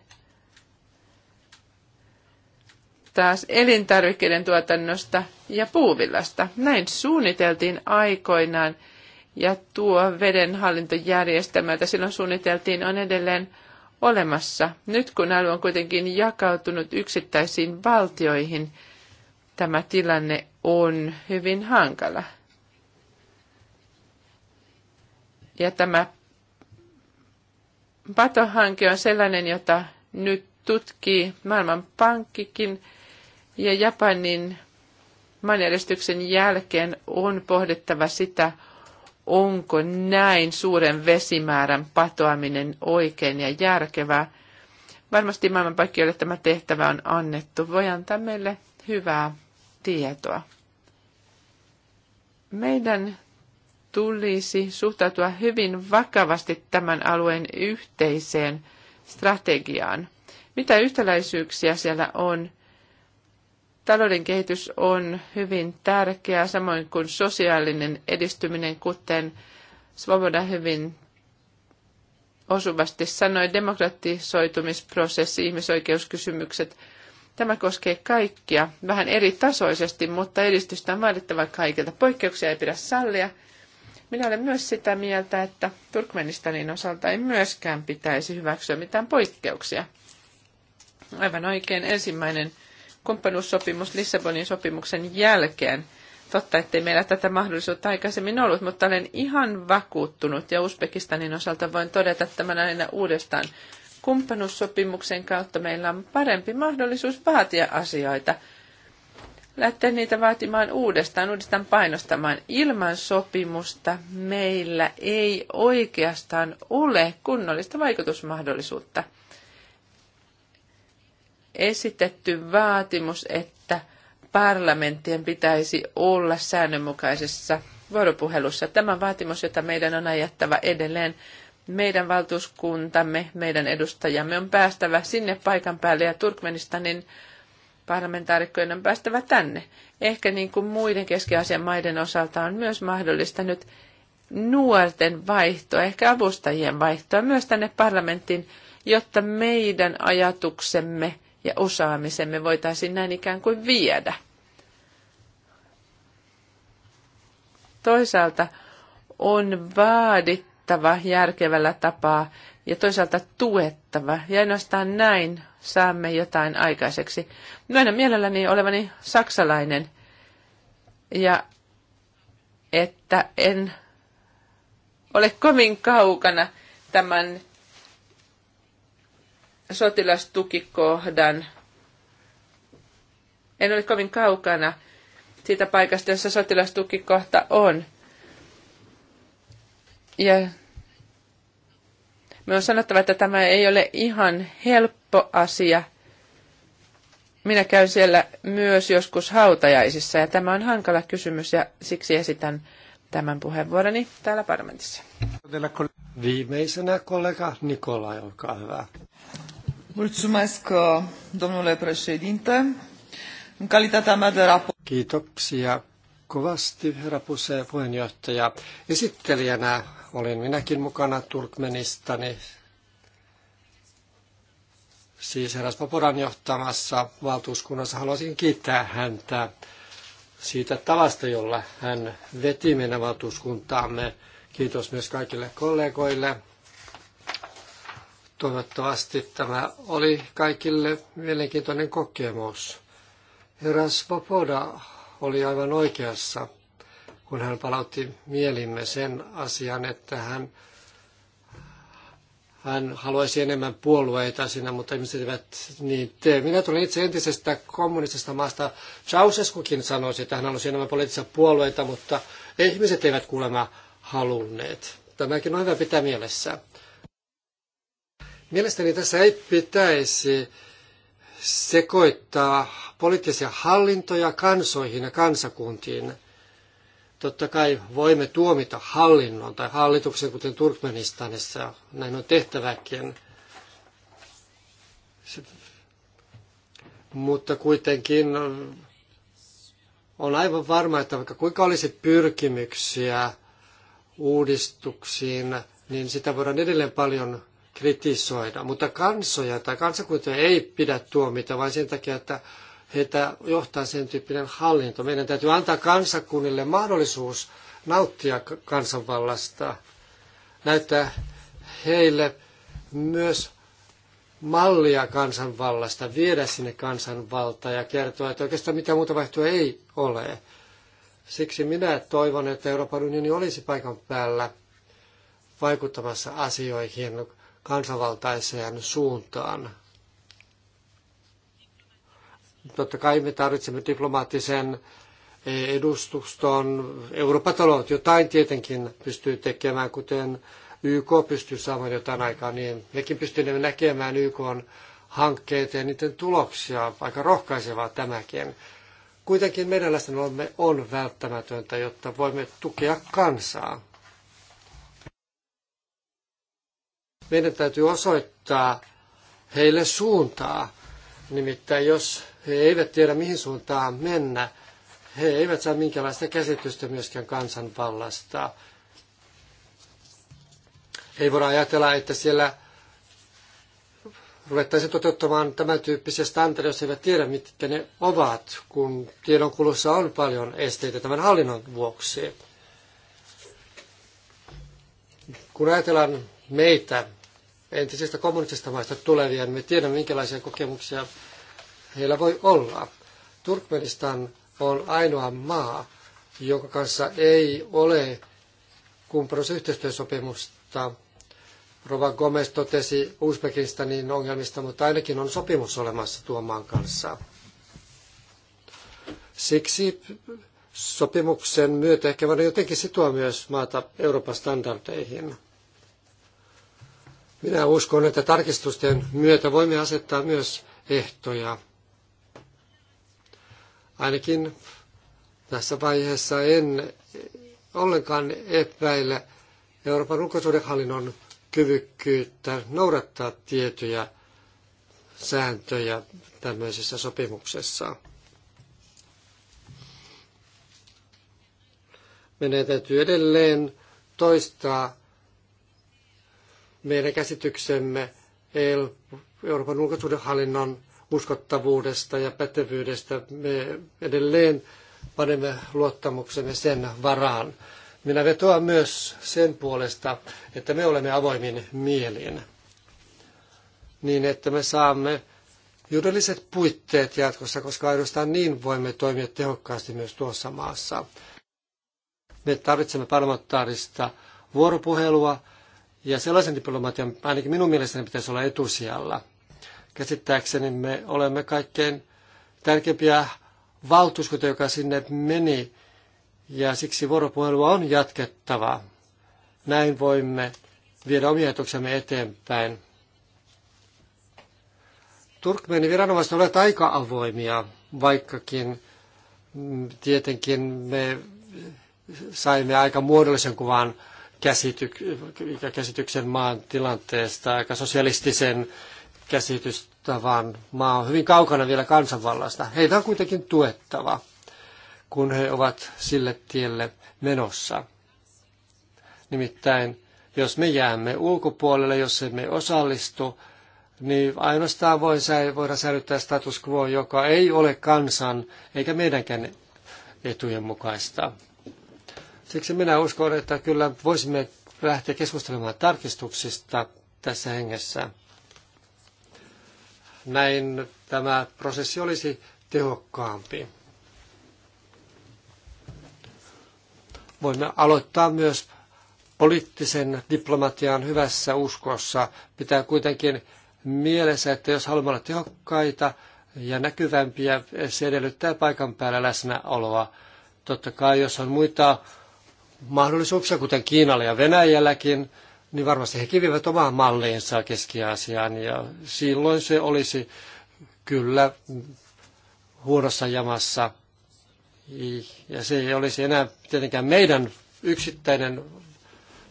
Speaker 3: taas elintarvikkeiden tuotannosta ja puuvillasta. Näin suunniteltiin aikoinaan ja tuo vedenhallintojärjestelmä, jota silloin suunniteltiin, on edelleen olemassa. Nyt kun alue on kuitenkin jakautunut yksittäisiin valtioihin, tämä tilanne on hyvin hankala. Ja tämä pato on sellainen, jota nyt tutkii Maailmanpankkikin ja Japanin maanjärjestyksen jälkeen on pohdittava sitä, onko näin suuren vesimäärän patoaminen oikein ja järkevää. Varmasti maailmanpaikkiolle tämä tehtävä on annettu. Voi antaa meille hyvää tietoa. Meidän tulisi suhtautua hyvin vakavasti tämän alueen yhteiseen strategiaan. Mitä yhtäläisyyksiä siellä on talouden kehitys on hyvin tärkeää, samoin kuin sosiaalinen edistyminen, kuten Svoboda hyvin osuvasti sanoi, demokratisoitumisprosessi, ihmisoikeuskysymykset. Tämä koskee kaikkia vähän eri tasoisesti, mutta edistystä on vaadittava kaikilta. Poikkeuksia ei pidä sallia. Minä olen myös sitä mieltä, että Turkmenistanin osalta ei myöskään pitäisi hyväksyä mitään poikkeuksia. Aivan oikein ensimmäinen kumppanuussopimus Lissabonin sopimuksen jälkeen. Totta, ettei meillä tätä mahdollisuutta aikaisemmin ollut, mutta olen ihan vakuuttunut ja Uzbekistanin osalta voin todeta tämän aina uudestaan. Kumppanuussopimuksen kautta meillä on parempi mahdollisuus vaatia asioita Lähtee niitä vaatimaan uudestaan, uudestaan painostamaan. Ilman sopimusta meillä ei oikeastaan ole kunnollista vaikutusmahdollisuutta esitetty vaatimus, että parlamenttien pitäisi olla säännönmukaisessa vuoropuhelussa. Tämä vaatimus, jota meidän on ajattava edelleen, meidän valtuuskuntamme, meidän edustajamme on päästävä sinne paikan päälle ja Turkmenistanin parlamentaarikkojen on päästävä tänne. Ehkä niin kuin muiden keski-Aasian maiden osalta on myös mahdollista nyt nuorten vaihtoa, ehkä avustajien vaihtoa myös tänne parlamenttiin, jotta meidän ajatuksemme – ja osaamisemme voitaisiin näin ikään kuin viedä. Toisaalta on vaadittava järkevällä tapaa ja toisaalta tuettava. Ja ainoastaan näin saamme jotain aikaiseksi. Myönnän mielelläni olevani saksalainen ja että en ole kovin kaukana tämän sotilastukikohdan. En ole kovin kaukana siitä paikasta, jossa sotilastukikohta on. Ja me on sanottava, että tämä ei ole ihan helppo asia. Minä käyn siellä myös joskus hautajaisissa ja tämä on hankala kysymys ja siksi esitän tämän puheenvuoroni täällä parlamentissa.
Speaker 1: Viimeisenä kollega Nikolai, olkaa hyvä. Uh, domnule președinte. În calitatea mea de raport... Kiitoksia kovasti, herra puheenjohtaja. Esittelijänä olin minäkin mukana Turkmenistani, siis herras Poporan johtamassa valtuuskunnassa. Haluaisin kiittää häntä siitä tavasta, jolla hän veti meidän valtuuskuntaamme. Kiitos myös kaikille kollegoille Toivottavasti tämä oli kaikille mielenkiintoinen kokemus. Herra Svoboda oli aivan oikeassa, kun hän palautti mielimme sen asian, että hän, hän haluaisi enemmän puolueita sinne, mutta ihmiset eivät niin tee. Minä tulin itse entisestä kommunistisesta maasta. Ceausescukin sanoisi, että hän halusi enemmän poliittisia puolueita, mutta ihmiset eivät kuulemma halunneet. Tämäkin on hyvä pitää mielessä. Mielestäni tässä ei pitäisi sekoittaa poliittisia hallintoja kansoihin ja kansakuntiin. Totta kai voimme tuomita hallinnon tai hallituksen, kuten Turkmenistanissa, näin on tehtäväkin. Mutta kuitenkin on aivan varma, että vaikka kuinka olisi pyrkimyksiä uudistuksiin, niin sitä voidaan edelleen paljon kritisoida, mutta kansoja tai kansakuntia ei pidä tuomita vain sen takia, että heitä johtaa sen tyyppinen hallinto. Meidän täytyy antaa kansakunnille mahdollisuus nauttia kansanvallasta, näyttää heille myös mallia kansanvallasta, viedä sinne kansanvalta ja kertoa, että oikeastaan mitä muuta vaihtoehtoa ei ole. Siksi minä toivon, että Euroopan unioni olisi paikan päällä vaikuttamassa asioihin kansanvaltaiseen suuntaan. Totta kai me tarvitsemme diplomaattisen edustuston. Euroopan talot jotain tietenkin pystyy tekemään, kuten YK pystyy saamaan jotain aikaa, niin mekin pystymme näkemään YK hankkeita ja niiden tuloksia. Aika rohkaisevaa tämäkin. Kuitenkin meidän läsnäolomme on välttämätöntä, jotta voimme tukea kansaa. Meidän täytyy osoittaa heille suuntaa. Nimittäin jos he eivät tiedä mihin suuntaan mennä, he eivät saa minkäänlaista käsitystä myöskään kansanvallasta. Ei voida ajatella, että siellä ruvettaisiin toteuttamaan tämän tyyppisiä standardeja, jos eivät tiedä, mitkä ne ovat, kun tiedonkulussa on paljon esteitä tämän hallinnon vuoksi. Kun ajatellaan meitä entisistä kommunistista maista tulevia, niin me tiedämme, minkälaisia kokemuksia heillä voi olla. Turkmenistan on ainoa maa, jonka kanssa ei ole kumppanuusyhteistyösopimusta. Rova Gomez totesi Uzbekistanin ongelmista, mutta ainakin on sopimus olemassa tuon maan kanssa. Siksi sopimuksen myötä ehkä voidaan jotenkin sitoa myös maata Euroopan standardeihin. Minä uskon, että tarkistusten myötä voimme asettaa myös ehtoja. Ainakin tässä vaiheessa en ollenkaan epäile Euroopan ulkosuhdehallinnon kyvykkyyttä noudattaa tiettyjä sääntöjä tämmöisessä sopimuksessa. Meidän täytyy edelleen toistaa meidän käsityksemme Euroopan ulkosuhdehallinnon uskottavuudesta ja pätevyydestä. Me edelleen panemme luottamuksemme sen varaan. Minä vetoan myös sen puolesta, että me olemme avoimin mielin, niin että me saamme juridiset puitteet jatkossa, koska ainoastaan niin voimme toimia tehokkaasti myös tuossa maassa. Me tarvitsemme parlamentaarista vuoropuhelua, ja sellaisen diplomatian ainakin minun mielestäni pitäisi olla etusijalla. Käsittääkseni me olemme kaikkein tärkeimpiä valtuuskunta, joka sinne meni, ja siksi vuoropuhelua on jatkettava. Näin voimme viedä omia ajatuksemme eteenpäin. Turkmenin viranomaiset ovat aika avoimia, vaikkakin mm, tietenkin me saimme aika muodollisen kuvan käsityk- käsityksen maan tilanteesta, aika sosialistisen vaan Maa on hyvin kaukana vielä kansanvallasta. Heitä on kuitenkin tuettava, kun he ovat sille tielle menossa. Nimittäin, jos me jäämme ulkopuolelle, jos emme osallistu, niin ainoastaan voi, voida säilyttää status quo, joka ei ole kansan eikä meidänkään etujen mukaista. Siksi minä uskon, että kyllä voisimme lähteä keskustelemaan tarkistuksista tässä hengessä. Näin tämä prosessi olisi tehokkaampi. Voimme aloittaa myös poliittisen diplomatian hyvässä uskossa. Pitää kuitenkin mielessä, että jos haluamme olla tehokkaita ja näkyvämpiä, se edellyttää paikan päällä läsnäoloa. Totta kai, jos on muita mahdollisuuksia, kuten Kiinalla ja Venäjälläkin, niin varmasti he kivivät omaan malliinsa Keski-Aasiaan ja silloin se olisi kyllä huonossa jamassa. Ja se ei olisi enää tietenkään meidän yksittäinen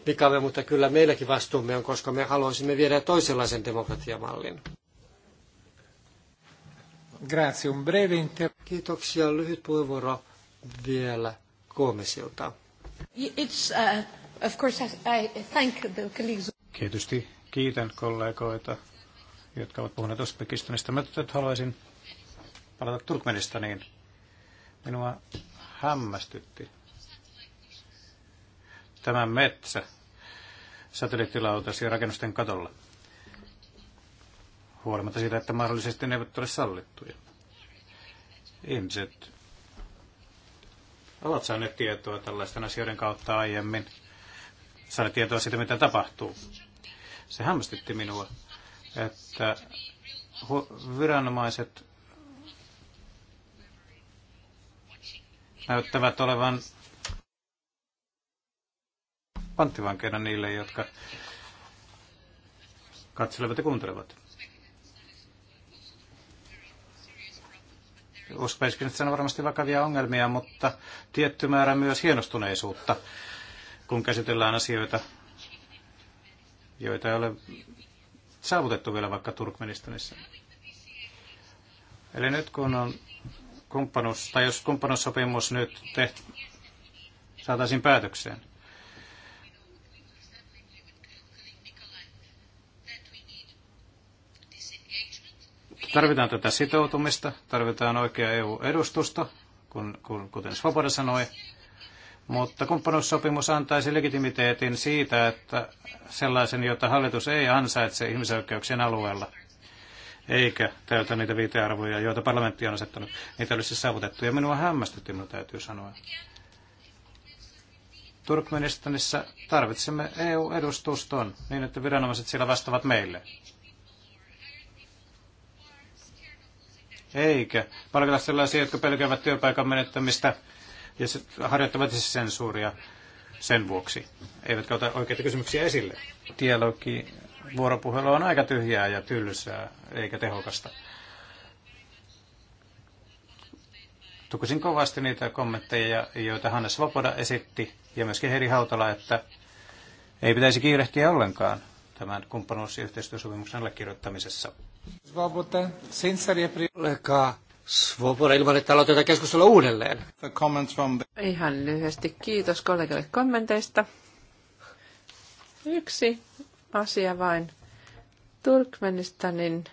Speaker 1: vikamme, mutta kyllä meilläkin vastuumme on, koska me haluaisimme viedä toisenlaisen demokratiamallin. Grazie, un breve inter... Kiitoksia. Lyhyt puheenvuoro vielä
Speaker 2: Koomisilta.
Speaker 3: Uh,
Speaker 2: Tietysti kiitän kollegoita, jotka ovat puhuneet Uzbekistanista. Mä nyt haluaisin palata Turkmenistaniin. Minua hämmästytti tämä metsä satelliittilautasi rakennusten katolla. Huolimatta siitä, että mahdollisesti ne eivät ole sallittuja. Ihmiset ovat saaneet tietoa tällaisten asioiden kautta aiemmin, Saanut tietoa siitä, mitä tapahtuu. Se hämmästytti minua, että viranomaiset näyttävät olevan panttivankeina niille, jotka katselevat ja kuuntelevat. Uspaiskinissa on varmasti vakavia ongelmia, mutta tietty määrä myös hienostuneisuutta, kun käsitellään asioita, joita ei ole saavutettu vielä vaikka Turkmenistanissa. Eli nyt kun on kumppanuus, tai jos kumppanuussopimus nyt tehty, saataisiin päätökseen, Tarvitaan tätä sitoutumista, tarvitaan oikea EU-edustusta, kun, kun, kuten Svoboda sanoi, mutta kumppanuussopimus antaisi legitimiteetin siitä, että sellaisen, jota hallitus ei ansaitse ihmisoikeuksien alueella, eikä täytä niitä viitearvoja, joita parlamentti on asettanut, niitä olisi siis saavutettu. Ja minua hämmästytti, minun täytyy sanoa. Turkmenistanissa tarvitsemme EU-edustuston niin, että viranomaiset siellä vastaavat meille. eikä palkata sellaisia, jotka pelkäävät työpaikan menettämistä ja harjoittavat siis sensuuria sen vuoksi. Eivätkä ota oikeita kysymyksiä esille. Dialogi, vuoropuhelu on aika tyhjää ja tylsää, eikä tehokasta. Tukisin kovasti niitä kommentteja, joita Hannes Vapoda esitti, ja myöskin Heri Hautala, että ei pitäisi kiirehtiä ollenkaan tämän kumppanuus- ja yhteistyösopimuksen allekirjoittamisessa.
Speaker 1: Svoboda, Olekaa Svoboda
Speaker 2: ilman, että aloitetaan keskustella uudelleen.
Speaker 3: Ihan lyhyesti kiitos kollegalle kommenteista. Yksi asia vain. Turkmenistanin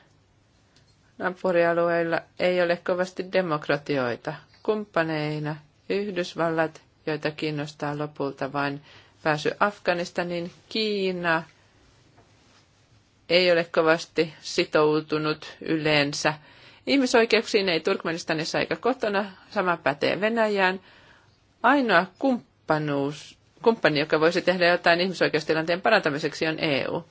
Speaker 3: naapurialueilla ei ole kovasti demokratioita. Kumppaneina Yhdysvallat, joita kiinnostaa lopulta vain pääsy Afganistaniin, Kiina – ei ole kovasti sitoutunut yleensä. Ihmisoikeuksiin ei Turkmenistanissa eikä kotona, sama pätee Venäjään. Ainoa kumppanuus, kumppani, joka voisi tehdä jotain ihmisoikeustilanteen parantamiseksi, on EU.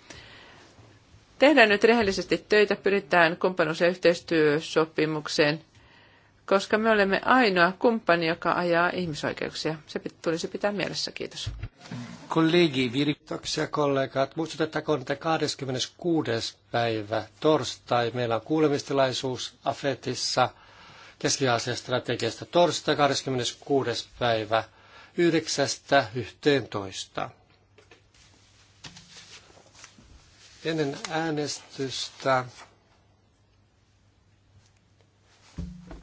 Speaker 3: Tehdään nyt rehellisesti töitä, pyritään kumppanuus- ja yhteistyösopimukseen, koska me olemme ainoa kumppani, joka ajaa ihmisoikeuksia. Se tulisi pitää mielessä. Kiitos.
Speaker 1: Kollegi, kiitoksia kollegat. Muistutettakoon, että 26. päivä torstai meillä on kuulemistilaisuus Afetissa Keski-Aasian strategiasta. Torstai 26. päivä 9.11. Ennen äänestystä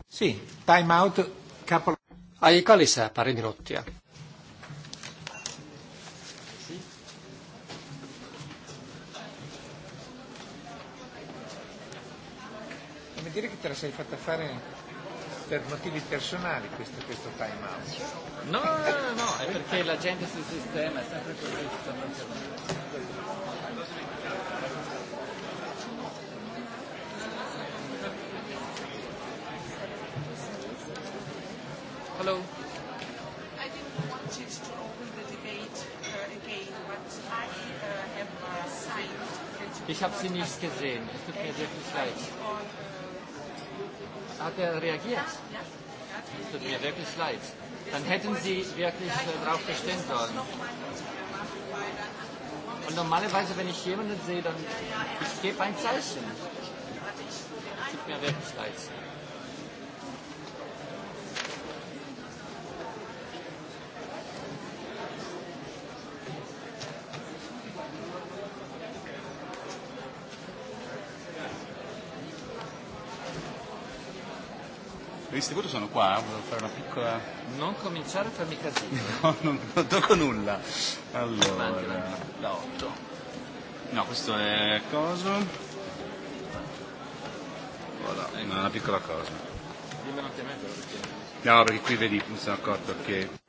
Speaker 1: Si, time out. Capo... Aika lisää pari minuuttia. dire che te la sei fatta fare per motivi personali questo, questo time out. No, no, no, no, no è perché la gente si sistema, è sempre così,
Speaker 3: Hello. I didn't want it to open the debate uh, again, but I uh, have uh, signed. Ich habe sie nicht gesehen. Es tut mir sehr viel leid hat er reagiert.
Speaker 1: Es tut mir wirklich leid. Dann hätten Sie wirklich äh, darauf bestehen sollen.
Speaker 3: Und normalerweise,
Speaker 1: wenn ich jemanden sehe, dann ich gebe ein Zeichen.
Speaker 3: Es
Speaker 1: tut mir wirklich leid.
Speaker 2: dell'istituto sono qua, eh, volevo fare una piccola... Non cominciare a farmi casino. <laughs> no, non, non tocco nulla. Allora, la 8. No. no, questo è coso. Voilà, ecco. una piccola cosa.
Speaker 3: Dimmi un attimo perché...
Speaker 2: No, perché qui vedi, mi sono accorto che...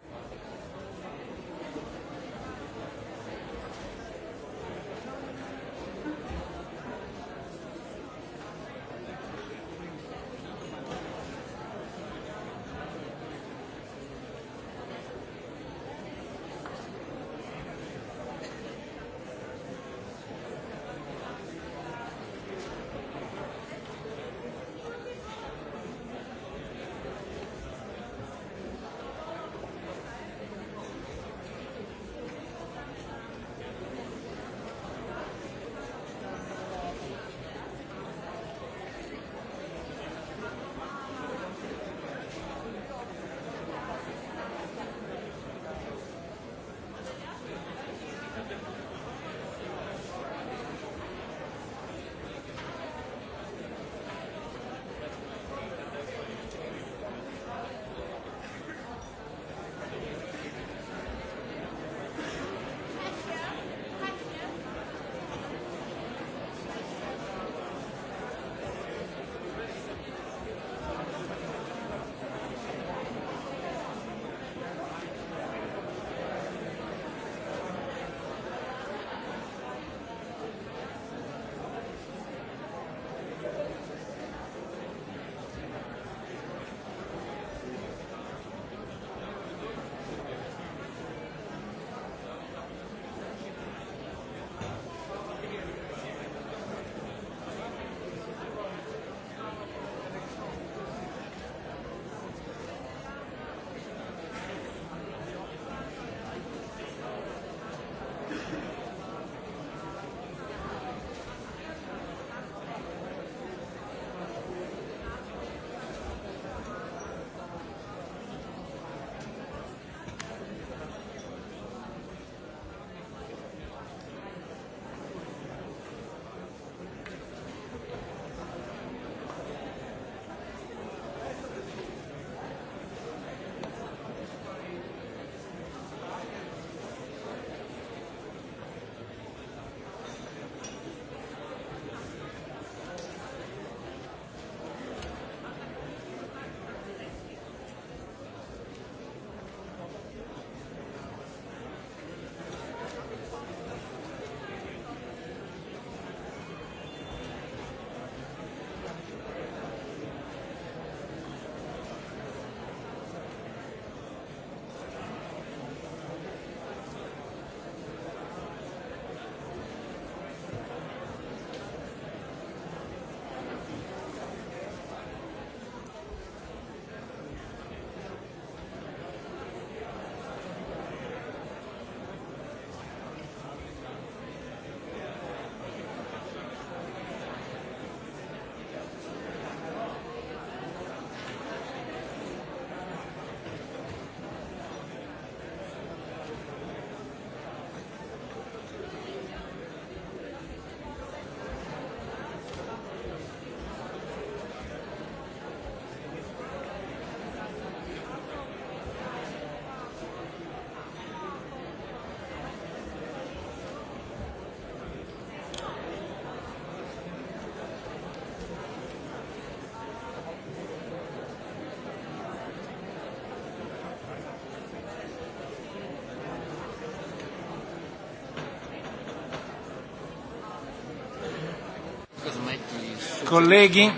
Speaker 1: Colleghi.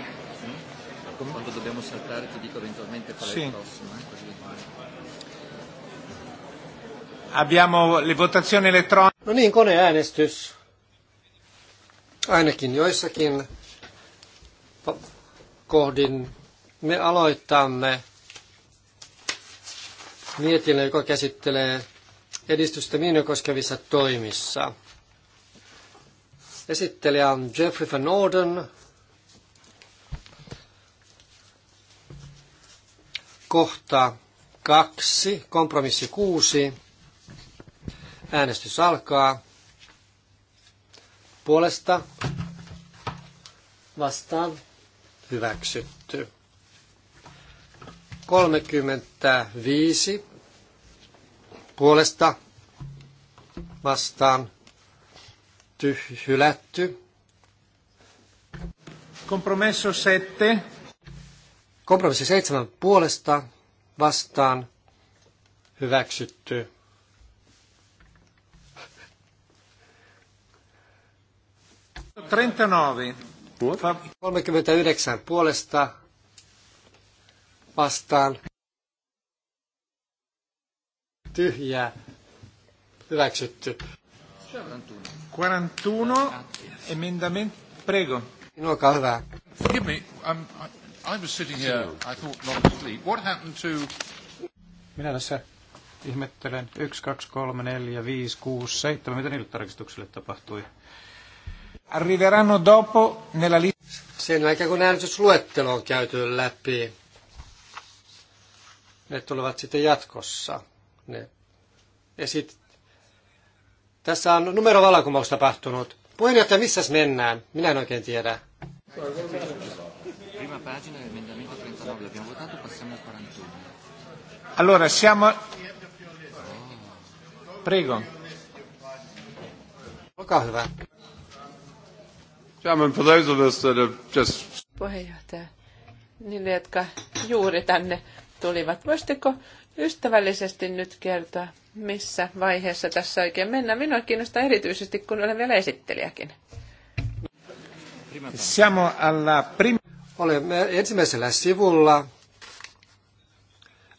Speaker 1: Quando dobbiamo saltare ti dico eventualmente qual è sì. il
Speaker 2: prossimo. Eh? Così.
Speaker 1: Abbiamo le votazioni elettroniche. No niin, koneäänestys. Ainakin joissakin kohdin me aloittamme mietinnön, joka käsittelee edistystä minua koskevissa toimissa. Esittelijä on Jeffrey Van Orden. kohta kaksi, kompromissi kuusi. Äänestys alkaa. Puolesta vastaan hyväksytty. 35 puolesta vastaan tyh- hylätty. Kompromesso 7 Kompromissi seitsemän puolesta vastaan hyväksytty. Trentanovi. 39 puolesta vastaan tyhjää hyväksytty. 41 emendament prego. Minulla hyvä. Give me, I'm, I... I
Speaker 2: was sitting here, I thought not asleep. What happened to... Minä tässä ihmettelen 1, 2, 3, 4, 5, 6, 7. Mitä niille tarkistuksille tapahtui? Arriveranno dopo nella li- Sen aikaan kun äänestysluettelo on käyty
Speaker 1: läpi, ne tulevat sitten jatkossa. Ne. Ja sit, tässä on numerovallankumous tapahtunut. Puheenjohtaja, missäs mennään? Minä en oikein tiedä pagina, l'emendamento 39 l'abbiamo votato, passiamo al 41. Allora, siamo... Prego. Eh,
Speaker 3: Puheenjohtaja, niille, jotka juuri tänne tulivat, voisitteko ystävällisesti nyt kertoa, missä vaiheessa tässä oikein mennään? Minua kiinnostaa erityisesti, kun olen vielä esittelijäkin.
Speaker 1: Siamo alla prima Olemme ensimmäisellä sivulla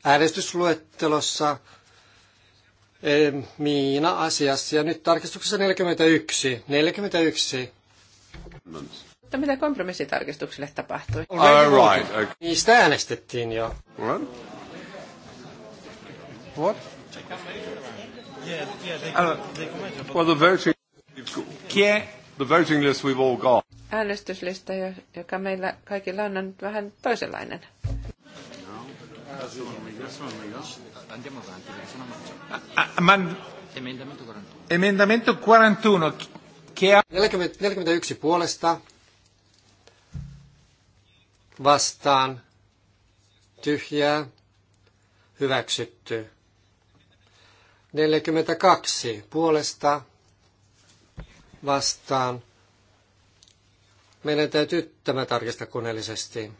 Speaker 1: äänestysluettelossa e, Miina asiassa ja nyt tarkistuksessa 41. 41.
Speaker 3: Mutta mitä kompromissitarkistuksille tapahtui? All right,
Speaker 1: okay. Niistä äänestettiin jo. What? What?
Speaker 2: Allora, well,
Speaker 1: the
Speaker 3: The voting list we've all got. Äänestyslista, joka meillä kaikilla on, on nyt vähän toisenlainen.
Speaker 1: Emendamento 41. 41. 41 puolesta vastaan tyhjää hyväksytty. 42 puolesta vastaan. Meidän täytyy tämä tarkistaa koneellisesti.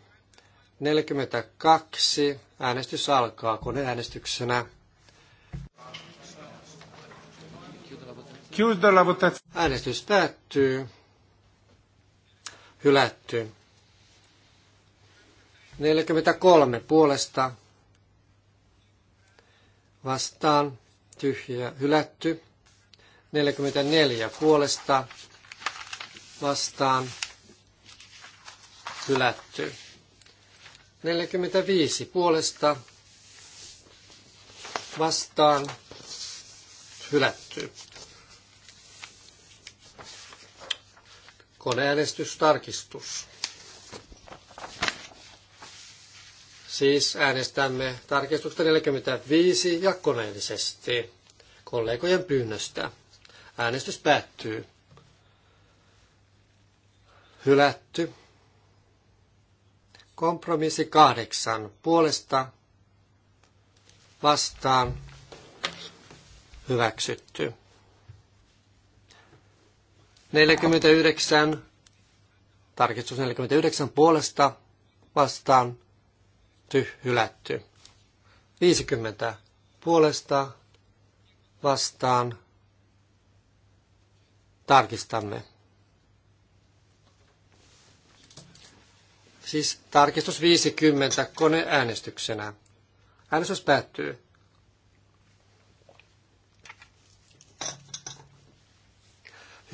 Speaker 1: 42. Äänestys alkaa koneäänestyksenä. Äänestys päättyy. Hylätty. 43 puolesta vastaan tyhjä hylätty. 44 puolesta vastaan hylätty. 45 puolesta vastaan hylätty. Koneäänestystarkistus. Siis äänestämme tarkistusta 45 ja koneellisesti kollegojen pyynnöstä. Äänestys päättyy. Hylätty. Kompromissi kahdeksan. Puolesta vastaan hyväksytty. 49, tarkistus 49 puolesta vastaan ty, hylätty. 50 puolesta vastaan Tarkistamme. Siis tarkistus 50 koneäänestyksenä. Äänestys päättyy.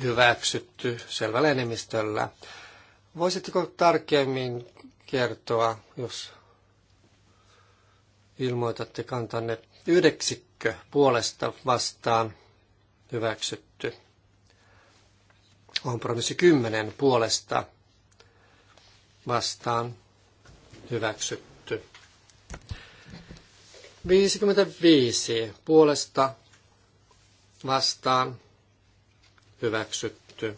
Speaker 1: Hyväksytty selvällä enemmistöllä. Voisitteko tarkemmin kertoa, jos ilmoitatte kantanne yhdeksikkö puolesta vastaan hyväksytty? Kompromissi 10 puolesta vastaan hyväksytty. 55 puolesta vastaan hyväksytty.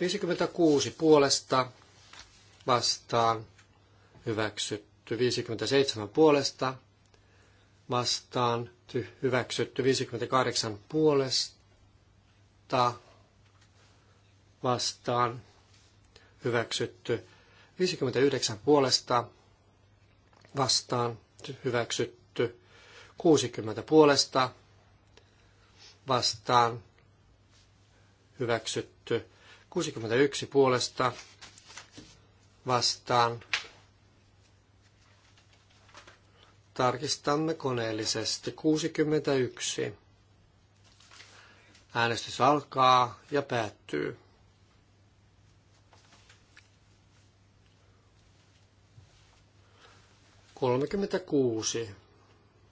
Speaker 1: 56 puolesta vastaan hyväksytty. 57 puolesta vastaan hyväksytty. 58 puolesta vastaan hyväksytty. 59 puolesta vastaan hyväksytty. 60 puolesta vastaan hyväksytty. 61 puolesta vastaan. Tarkistamme koneellisesti 61. Äänestys alkaa ja päättyy. 36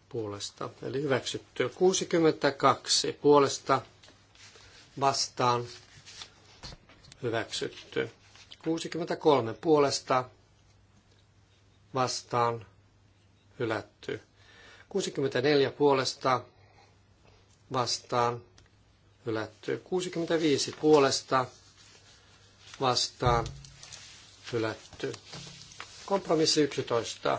Speaker 1: puolesta, eli hyväksytty. 62 puolesta vastaan hyväksytty. 63 puolesta vastaan hylätty. 64 puolesta vastaan hylätty. 65 puolesta vastaan hylätty. Kompromissi 11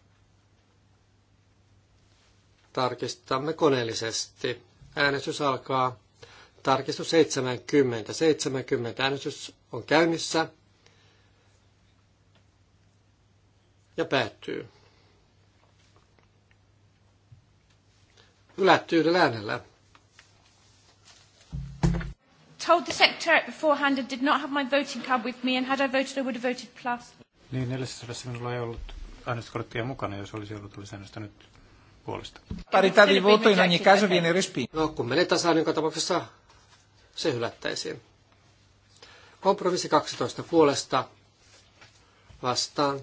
Speaker 1: Tarkistamme koneellisesti. Äänestys alkaa. Tarkistus 70. 70. Äänestys on käynnissä. Ja päättyy. Ylätty yhdellä äänellä.
Speaker 3: Told the secretary beforehand I did not have my voting card with me and had I voted I would have voted plus.
Speaker 2: Niin, neljäsessä minulla ei ollut äänestyskorttia mukana, jos olisi ollut, olisi äänestänyt puolesta. Parità di voto in ogni caso viene respinto. No, kun menee tasaan, joka tapauksessa
Speaker 1: se hylättäisiin. Kompromissi 12 puolesta vastaan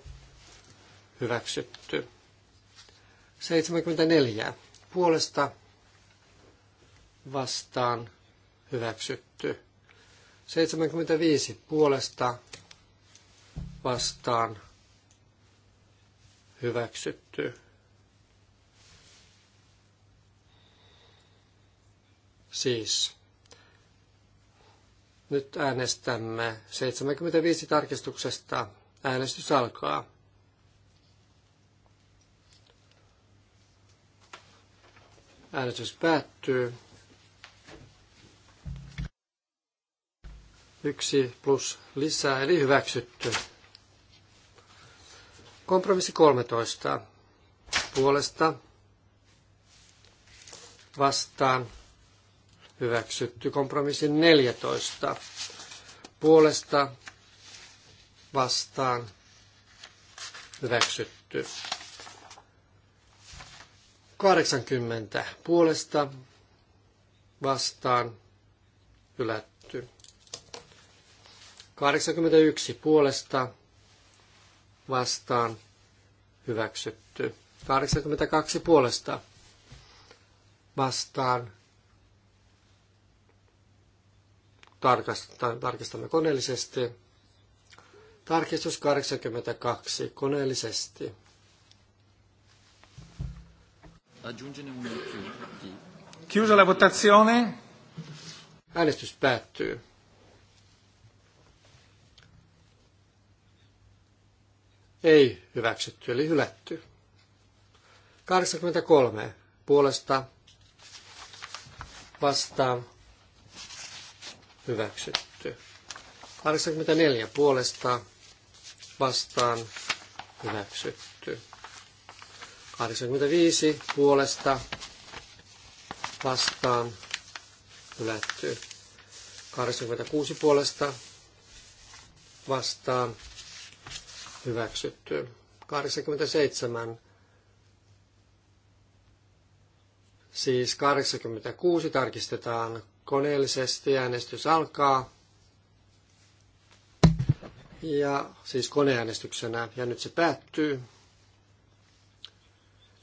Speaker 1: hyväksytty. 74 puolesta vastaan hyväksytty. 75 puolesta vastaan hyväksytty. Siis nyt äänestämme 75 tarkistuksesta. Äänestys alkaa. Äänestys päättyy. Yksi plus lisää, eli hyväksytty. Kompromissi 13. Puolesta vastaan hyväksytty. Kompromissi 14 puolesta vastaan hyväksytty. 80 puolesta vastaan hylätty. 81 puolesta vastaan hyväksytty. 82 puolesta vastaan tarkistamme koneellisesti. Tarkistus 82 koneellisesti. Chiusa la votazione. Äänestys päättyy. Ei hyväksytty, eli hylätty. 83 puolesta vastaan hyväksytty. 84 puolesta vastaan hyväksytty. 85 puolesta vastaan hylätty. 86 puolesta vastaan hyväksytty. 87 siis 86 tarkistetaan koneellisesti. Äänestys alkaa. Ja siis koneäänestyksenä. Ja nyt se päättyy.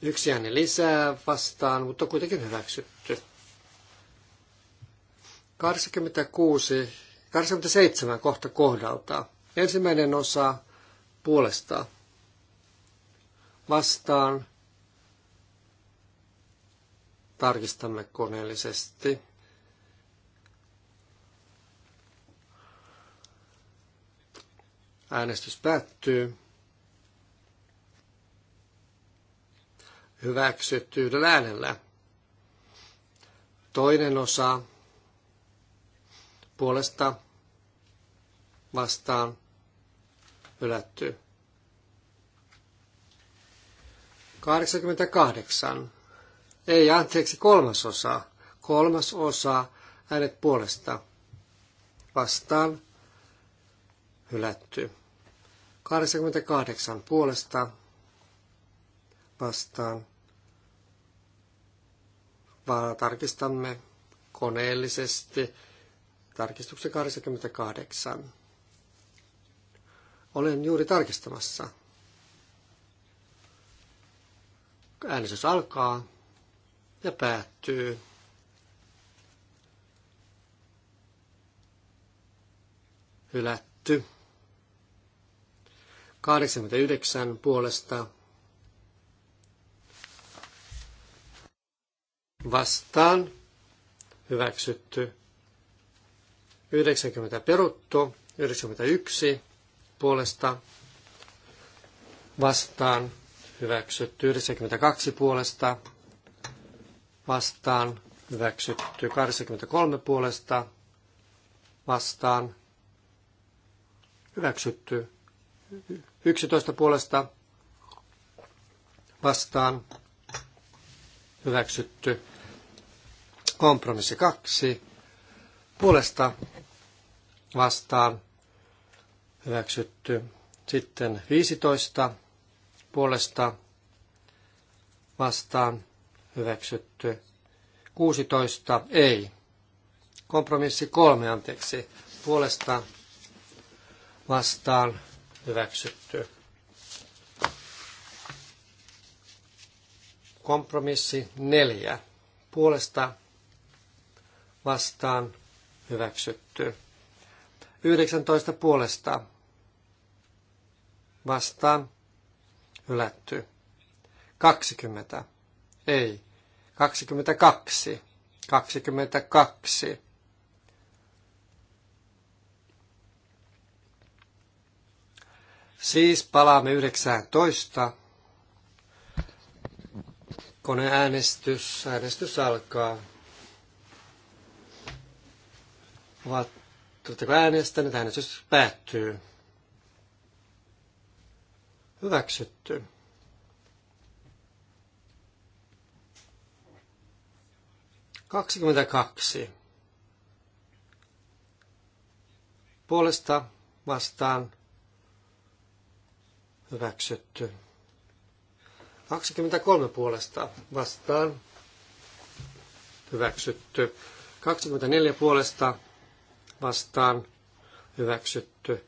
Speaker 1: Yksi ääni lisää vastaan, mutta kuitenkin hyväksytty. 26, 27 kohta kohdalta. Ensimmäinen osa puolesta vastaan. Tarkistamme koneellisesti. Äänestys päättyy. Hyväksytty yhdellä äänellä. Toinen osa puolesta vastaan hylätty. 88. Ei, anteeksi, kolmas osa. Kolmas osa äänet puolesta vastaan hylätty. 88 puolesta vastaan. Vaan tarkistamme koneellisesti tarkistuksen 88. Olen juuri tarkistamassa. Äänestys alkaa ja päättyy. Hylätty. 89 puolesta vastaan hyväksytty. 90 peruttu. 91 puolesta vastaan hyväksytty. 92 puolesta vastaan hyväksytty. 83 puolesta vastaan hyväksytty. 11 puolesta vastaan hyväksytty. Kompromissi 2 puolesta vastaan hyväksytty. Sitten 15 puolesta vastaan hyväksytty. 16 ei. Kompromissi 3 anteeksi puolesta vastaan hyväksytty. Kompromissi neljä. Puolesta vastaan hyväksytty. 19 puolesta vastaan hylätty. 20. Ei. 22. 22. Siis palaamme 19. Koneäänestys. Äänestys alkaa. Ovat, oletteko äänestäneet? Äänestys päättyy. Hyväksytty. kaksi. Puolesta vastaan hyväksytty. 23 puolesta vastaan hyväksytty. 24 puolesta vastaan hyväksytty.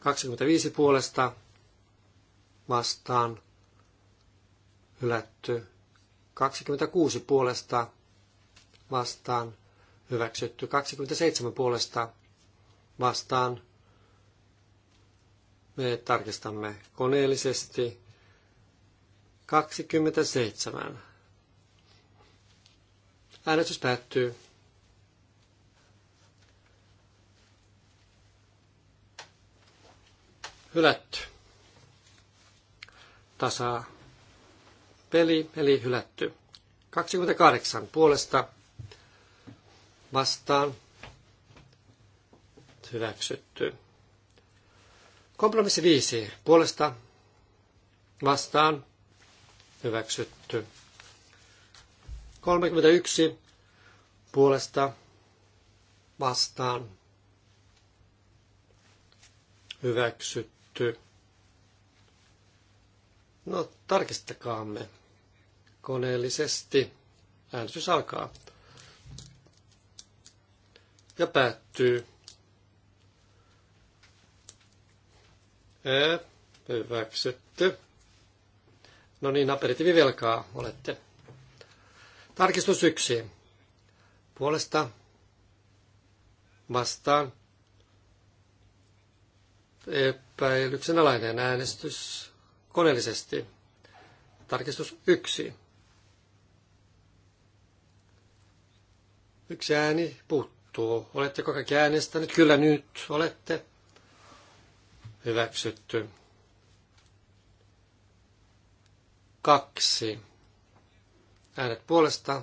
Speaker 1: 25 puolesta vastaan hylätty. 26 puolesta vastaan hyväksytty. 27 puolesta vastaan me tarkistamme koneellisesti 27. Äänestys päättyy. Hylätty. Tasa. Peli, eli hylätty. 28 puolesta vastaan hyväksytty. Kompromissi 5. Puolesta vastaan hyväksytty. 31 puolesta vastaan hyväksytty. No, tarkistakaamme koneellisesti. Äänestys alkaa ja päättyy. Hyväksytty. No niin, aperitiivivelkaa olette. Tarkistus yksi. Puolesta vastaan epäilyksen alainen äänestys koneellisesti. Tarkistus yksi. Yksi ääni puuttuu. Oletteko kaikki äänestäneet? Kyllä nyt olette hyväksytty. Kaksi. Äänet puolesta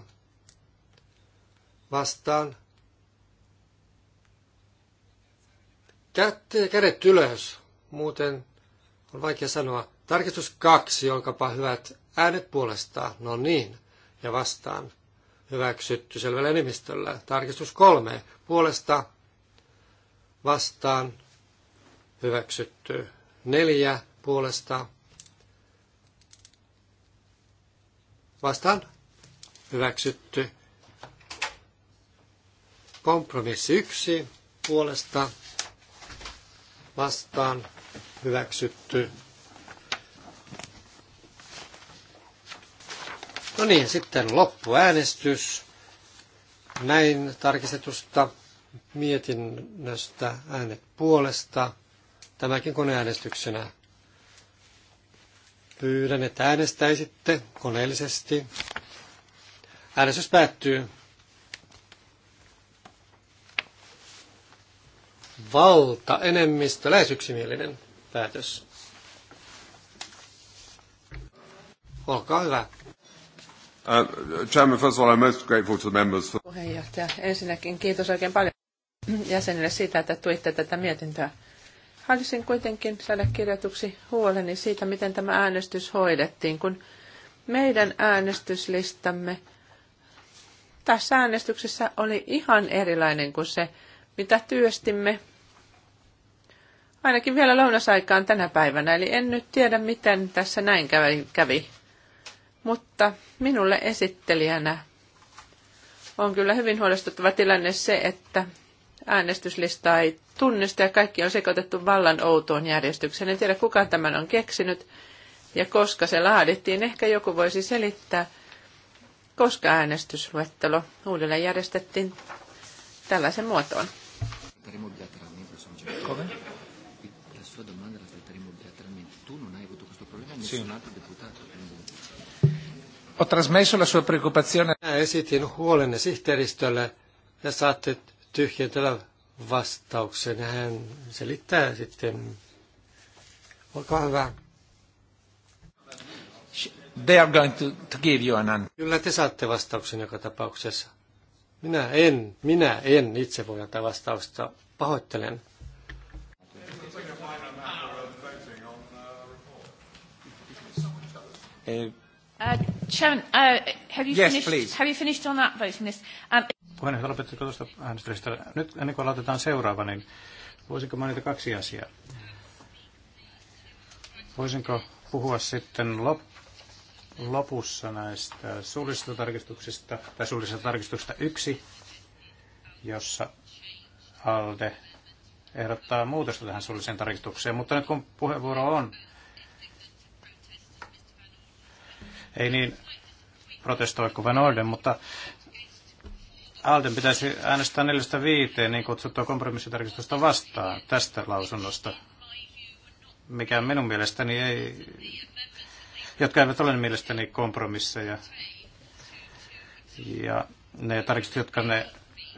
Speaker 1: vastaan. Kätte, kädet ylös, muuten on vaikea sanoa. Tarkistus kaksi, olkapa hyvät äänet puolesta. No niin, ja vastaan. Hyväksytty selvällä enemmistöllä. Tarkistus kolme, puolesta vastaan hyväksytty. Neljä puolesta vastaan hyväksytty. Kompromissi yksi puolesta vastaan hyväksytty. No niin, sitten loppuäänestys. Näin tarkistetusta mietinnöstä äänet puolesta tämäkin koneäänestyksenä. Pyydän, että äänestäisitte koneellisesti. Äänestys päättyy. Valta enemmistö, lähes yksimielinen päätös. Olkaa hyvä. Uh, Chairman, first of all, I'm most grateful to the members for...
Speaker 3: Puheenjohtaja, ensinnäkin kiitos oikein paljon jäsenille siitä, että tuitte tätä mietintöä. Haluaisin kuitenkin saada kirjoituksi huoleni siitä, miten tämä äänestys hoidettiin, kun meidän äänestyslistamme tässä äänestyksessä oli ihan erilainen kuin se, mitä työstimme ainakin vielä lounasaikaan tänä päivänä, eli en nyt tiedä, miten tässä näin kävi. kävi. Mutta minulle esittelijänä on kyllä hyvin huolestuttava tilanne se, että äänestyslistaa ei tunnista ja kaikki on sekoitettu vallan outoon järjestykseen. En tiedä, kuka tämän on keksinyt ja koska se laadittiin. Ehkä joku voisi selittää, koska äänestysluettelo uudelleen järjestettiin tällaisen muotoon.
Speaker 1: E sì. Ho trasmesso la sua preoccupazione. Esitin huolenne sihteeristölle ja saatte tyhjentävä vastauksen. Hän selittää sitten. Olkaa hyvä. They are going to, to give you an answer. Kyllä te saatte vastauksen joka tapauksessa. Minä en, minä en itse voi antaa vastausta. Pahoittelen.
Speaker 2: Eh,
Speaker 3: uh, Chairman, uh, have you yes, finished? Please. Have you finished on that voting list? Um,
Speaker 2: Puheenjohtaja, lopettiko tuosta äänestystä? Nyt ennen kuin aloitetaan seuraava, niin voisinko mainita kaksi asiaa? Voisinko puhua sitten lop, lopussa näistä suullisista tarkistuksista, tai suullisista tarkistuksista yksi, jossa ALDE ehdottaa muutosta tähän suulliseen tarkistukseen. Mutta nyt kun puheenvuoro on, ei niin protestoi kuin Van Orden, mutta Alden pitäisi äänestää 4-5 niin kutsuttua kompromissitarkistusta vastaan tästä lausunnosta, mikä minun mielestäni ei, jotka eivät ole mielestäni kompromisseja. Ja ne tarkistukset, jotka ne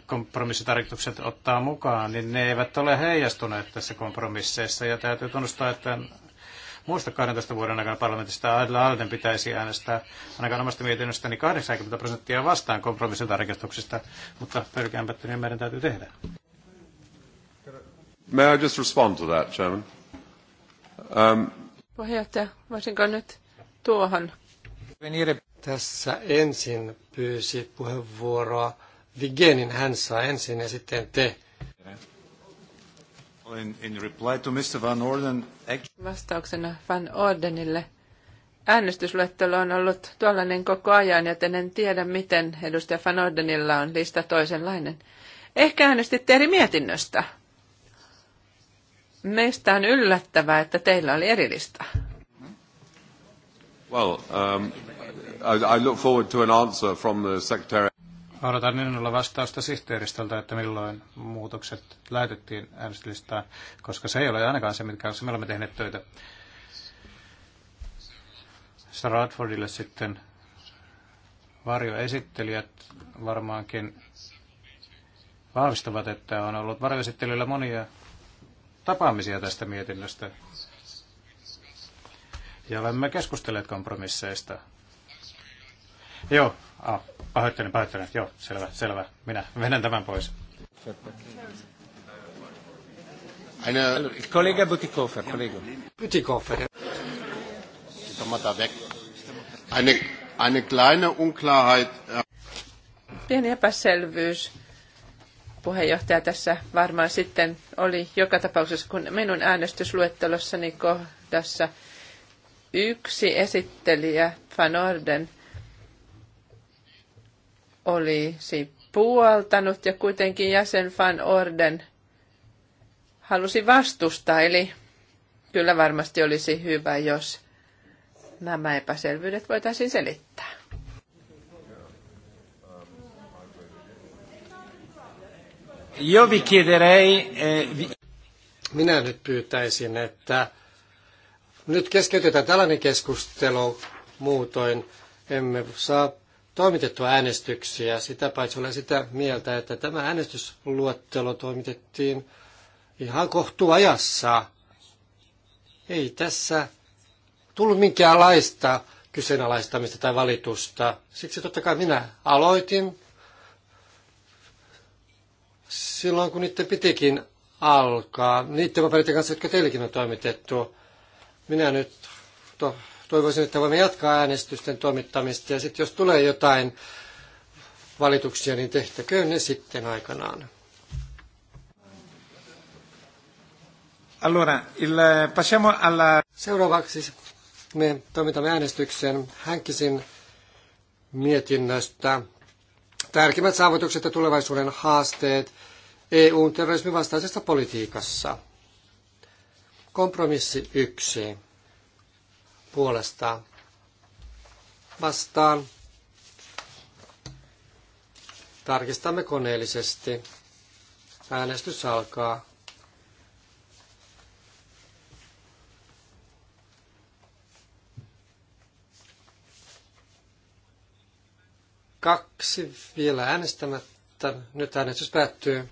Speaker 2: kompromissitarkistukset ottaa mukaan, niin ne eivät ole heijastuneet tässä kompromisseissa. Ja täytyy tunnustaa, että muista 12 vuoden aikana parlamentista Alden pitäisi äänestää ainakaan omasta mietinnöstäni 80 prosenttia vastaan kompromissitarkistuksista, mutta pelkäänpä, että niin meidän täytyy tehdä.
Speaker 1: May I just respond to that, Chairman? Um...
Speaker 3: Puheenjohtaja, voisinko nyt tuohon?
Speaker 1: Tässä ensin pyysi puheenvuoroa Vigenin, hän saa ensin ja sitten te.
Speaker 2: Van
Speaker 3: Vastauksena Van Ordenille. Äänestysluettelo on ollut tuollainen koko ajan, joten en tiedä, miten edustaja Van Ordenilla on lista toisenlainen. Ehkä äänestitte eri mietinnöstä. Meistä on yllättävää, että teillä oli eri lista. Well, um, I, I look forward to an
Speaker 1: answer from the secretary.
Speaker 2: Odotan innolla vastausta sihteeristöltä, että milloin muutokset lähetettiin äänestyslistaan, koska se ei ole ainakaan se, mitkä me olemme tehneet töitä. Stratfordille sitten varjoesittelijät varmaankin vahvistavat, että on ollut varjoesittelyillä monia tapaamisia tästä mietinnöstä. Ja olemme keskustelleet kompromisseista. Joo, Ah, pahoittelen, pahoittelen. Joo, selvä, selvä. Minä vedän tämän pois. Aina... kollega Butikofer, kollega. Butikofer. Eine, eine kleine Unklarheit. Äh,
Speaker 3: Pieni epäselvyys puheenjohtaja tässä varmaan sitten oli joka tapauksessa, kun minun äänestysluettelossani kohdassa yksi esittelijä Van Orden – olisi puoltanut ja kuitenkin jäsen Van Orden halusi vastustaa, eli kyllä varmasti olisi hyvä, jos nämä epäselvyydet voitaisiin selittää.
Speaker 1: Io vi chiederei... Eh, Minä nyt pyytäisin, että nyt keskeytetään tällainen keskustelu, muutoin emme saa toimitettu äänestyksiä. Sitä paitsi olen sitä mieltä, että tämä äänestysluettelo toimitettiin ihan kohtuajassa. Ei tässä tullut minkäänlaista kyseenalaistamista tai valitusta. Siksi totta kai minä aloitin silloin, kun niiden pitikin alkaa. Niiden papereiden kanssa, jotka teillekin on toimitettu. Minä nyt to, toivoisin, että voimme jatkaa äänestysten toimittamista ja sitten jos tulee jotain valituksia, niin tehtäköön ne sitten aikanaan.
Speaker 2: Allora, il, passiamo alla...
Speaker 1: Seuraavaksi me toimitamme äänestyksen Hänkisin mietinnöstä. Tärkeimmät saavutukset ja tulevaisuuden haasteet EUn terrorismin vastaisessa politiikassa. Kompromissi yksi puolesta vastaan. Tarkistamme koneellisesti. Äänestys alkaa. Kaksi vielä äänestämättä. Nyt äänestys päättyy.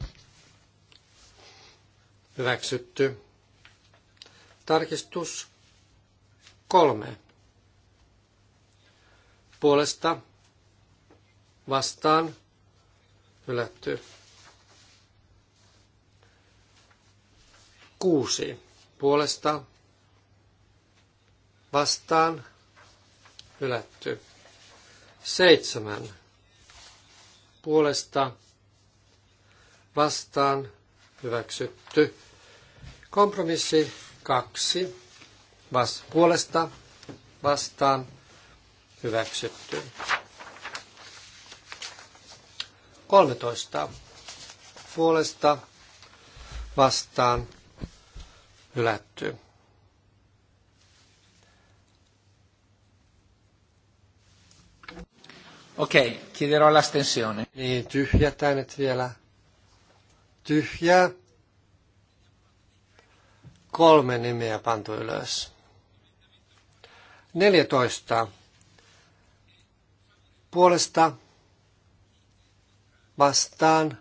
Speaker 1: Hyväksytty. Tarkistus 3. Puolesta vastaan hylätty. 6. Puolesta vastaan hylätty. 7. Puolesta vastaan hyväksytty. Kompromissi 2 Vas puolesta vastaan hyväksytty. 13 puolesta vastaan hylätty. Okei, okay, chiederò l'astensione. Niin, tyhjät nyt vielä. tyhjä Kolme nimeä pantu ylös. 14 puolesta vastaan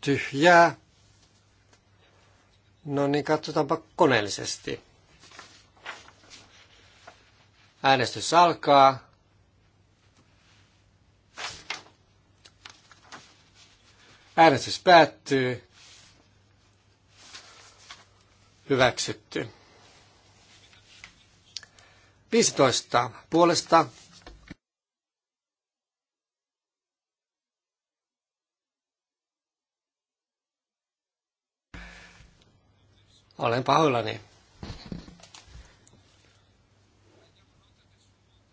Speaker 1: tyhjää. No niin, katsotaanpa koneellisesti. Äänestys alkaa. Äänestys päättyy. Hyväksytty. 15 puolesta Olen pahoillani.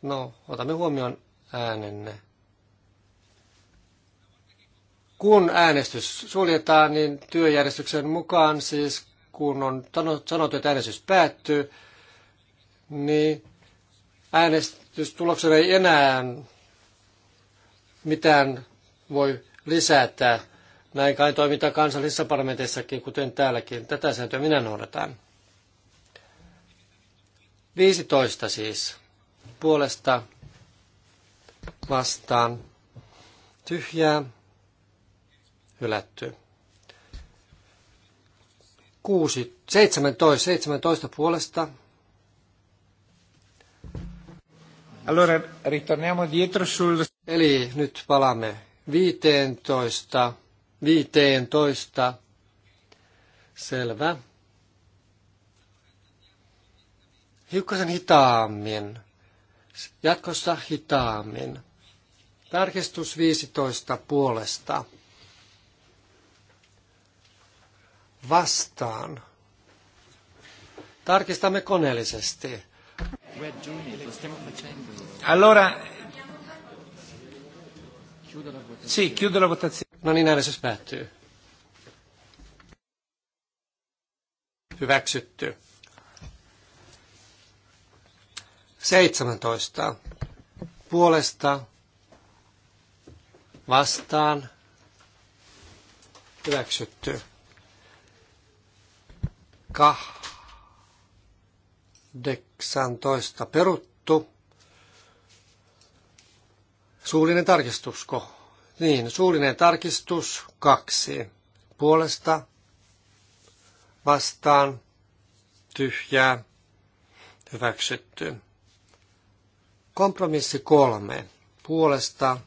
Speaker 1: No, otamme huomioon äänenne. Kun äänestys suljetaan, niin työjärjestyksen mukaan, siis kun on sanottu, että äänestys päättyy, niin äänestystuloksella ei enää mitään voi lisätä. Näin kai toimitaan kansallisissa parlamenteissakin, kuten täälläkin. Tätä sääntöä minä noudatan. 15 siis. Puolesta vastaan. Tyhjää. Hylätty. 6, 17, 17 puolesta Allora, ritorniamo dietro sul... Eli nyt palaamme 15. 15. Selvä. Hiukkasen hitaammin. Jatkossa hitaammin. Tarkistus 15 puolesta. Vastaan. Tarkistamme koneellisesti. Allora... Sì, chiudo la votazione. Non in äänestys päättyy. Hyväksytty. 17. Puolesta vastaan hyväksytty. Kahdeksan 18 peruttu. Suullinen tarkistusko? Niin, suullinen tarkistus kaksi. Puolesta vastaan tyhjää hyväksytty. Kompromissi kolme. Puolesta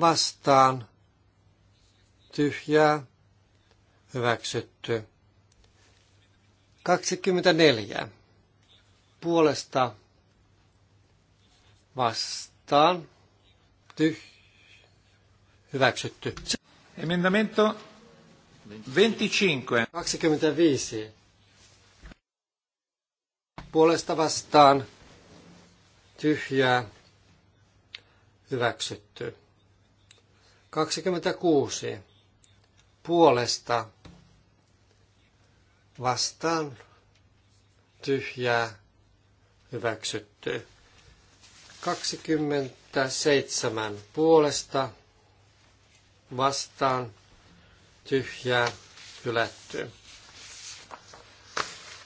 Speaker 1: vastaan tyhjää hyväksytty. 24. Puolesta vastaan. Tyh. Hyväksytty. Emendamento 25. 25. Puolesta vastaan. Tyhjää. Hyväksytty. 26. Puolesta vastaan tyhjää hyväksytty. 27 puolesta vastaan tyhjää hylätty.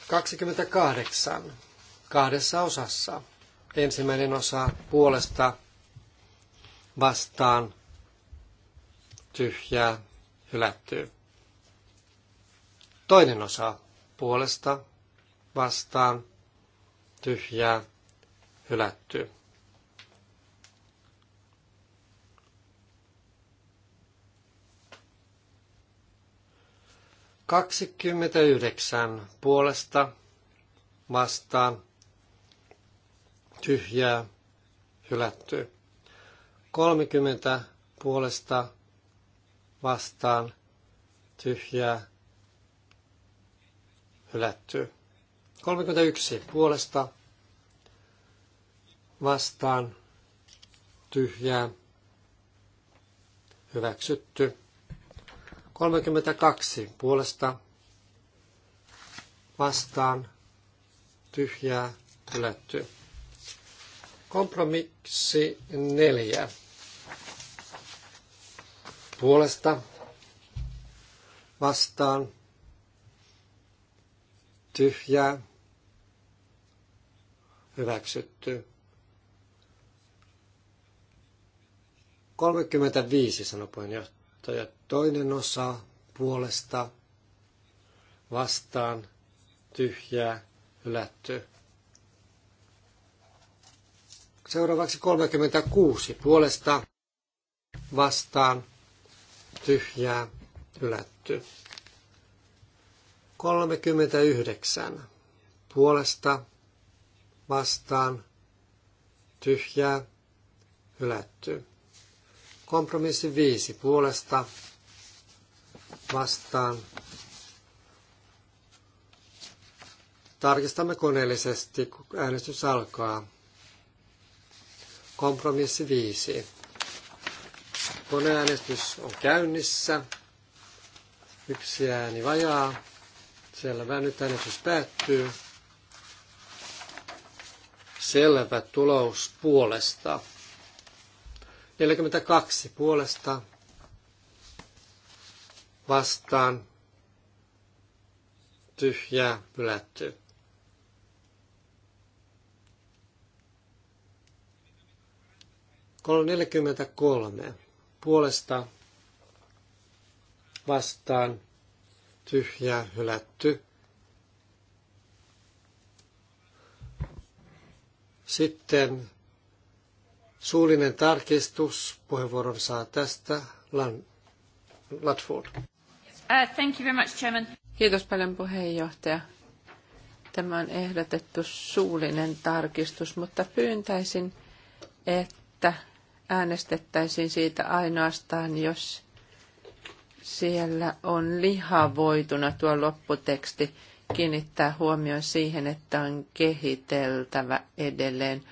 Speaker 1: 28 kahdessa osassa. Ensimmäinen osa puolesta vastaan tyhjää hylätty. Toinen osa puolesta vastaan tyhjää hylätty. yhdeksän puolesta vastaan tyhjää hylätty. Kolmekymmentä puolesta vastaan tyhjää hylätty. 31 puolesta vastaan tyhjää hyväksytty. 32 puolesta vastaan tyhjää hylätty. Kompromissi 4 puolesta vastaan tyhjää, hyväksytty. 35, sanoi puheenjohtaja. Toinen osa puolesta vastaan tyhjää hylätty. Seuraavaksi 36 puolesta vastaan tyhjää hylätty. 39 puolesta vastaan tyhjää hylätty. Kompromissi 5 puolesta vastaan. Tarkistamme koneellisesti, kun äänestys alkaa. Kompromissi 5. Koneäänestys on käynnissä. Yksi ääni vajaa. Selvä, nyt äänestys päättyy. Selvä tulos puolesta. 42 puolesta vastaan tyhjää hylätty. Kolme 43 puolesta vastaan tyhjää hylätty. Sitten suullinen tarkistus. Puheenvuoron saa tästä
Speaker 3: Latford. Uh, thank you very much, Chairman. Kiitos paljon puheenjohtaja. Tämä on ehdotettu suullinen tarkistus, mutta pyyntäisin, että äänestettäisiin siitä ainoastaan, jos siellä on lihavoituna tuo lopputeksti kiinnittää huomioon siihen, että on kehiteltävä edelleen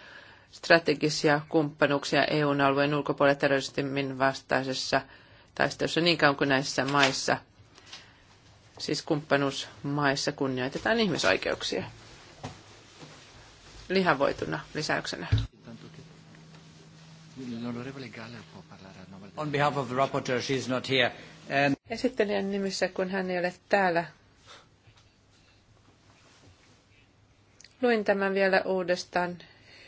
Speaker 3: strategisia kumppanuuksia EUn alueen ulkopuolella terrorismin vastaisessa taistelussa niin kauan kuin näissä maissa, siis kumppanuusmaissa kunnioitetaan ihmisoikeuksia. Lihavoituna lisäyksenä.
Speaker 1: On behalf of the rapporteur, she is not here.
Speaker 2: And...
Speaker 3: Esittelijän nimissä, kun hän ei ole täällä. Luin tämän vielä uudestaan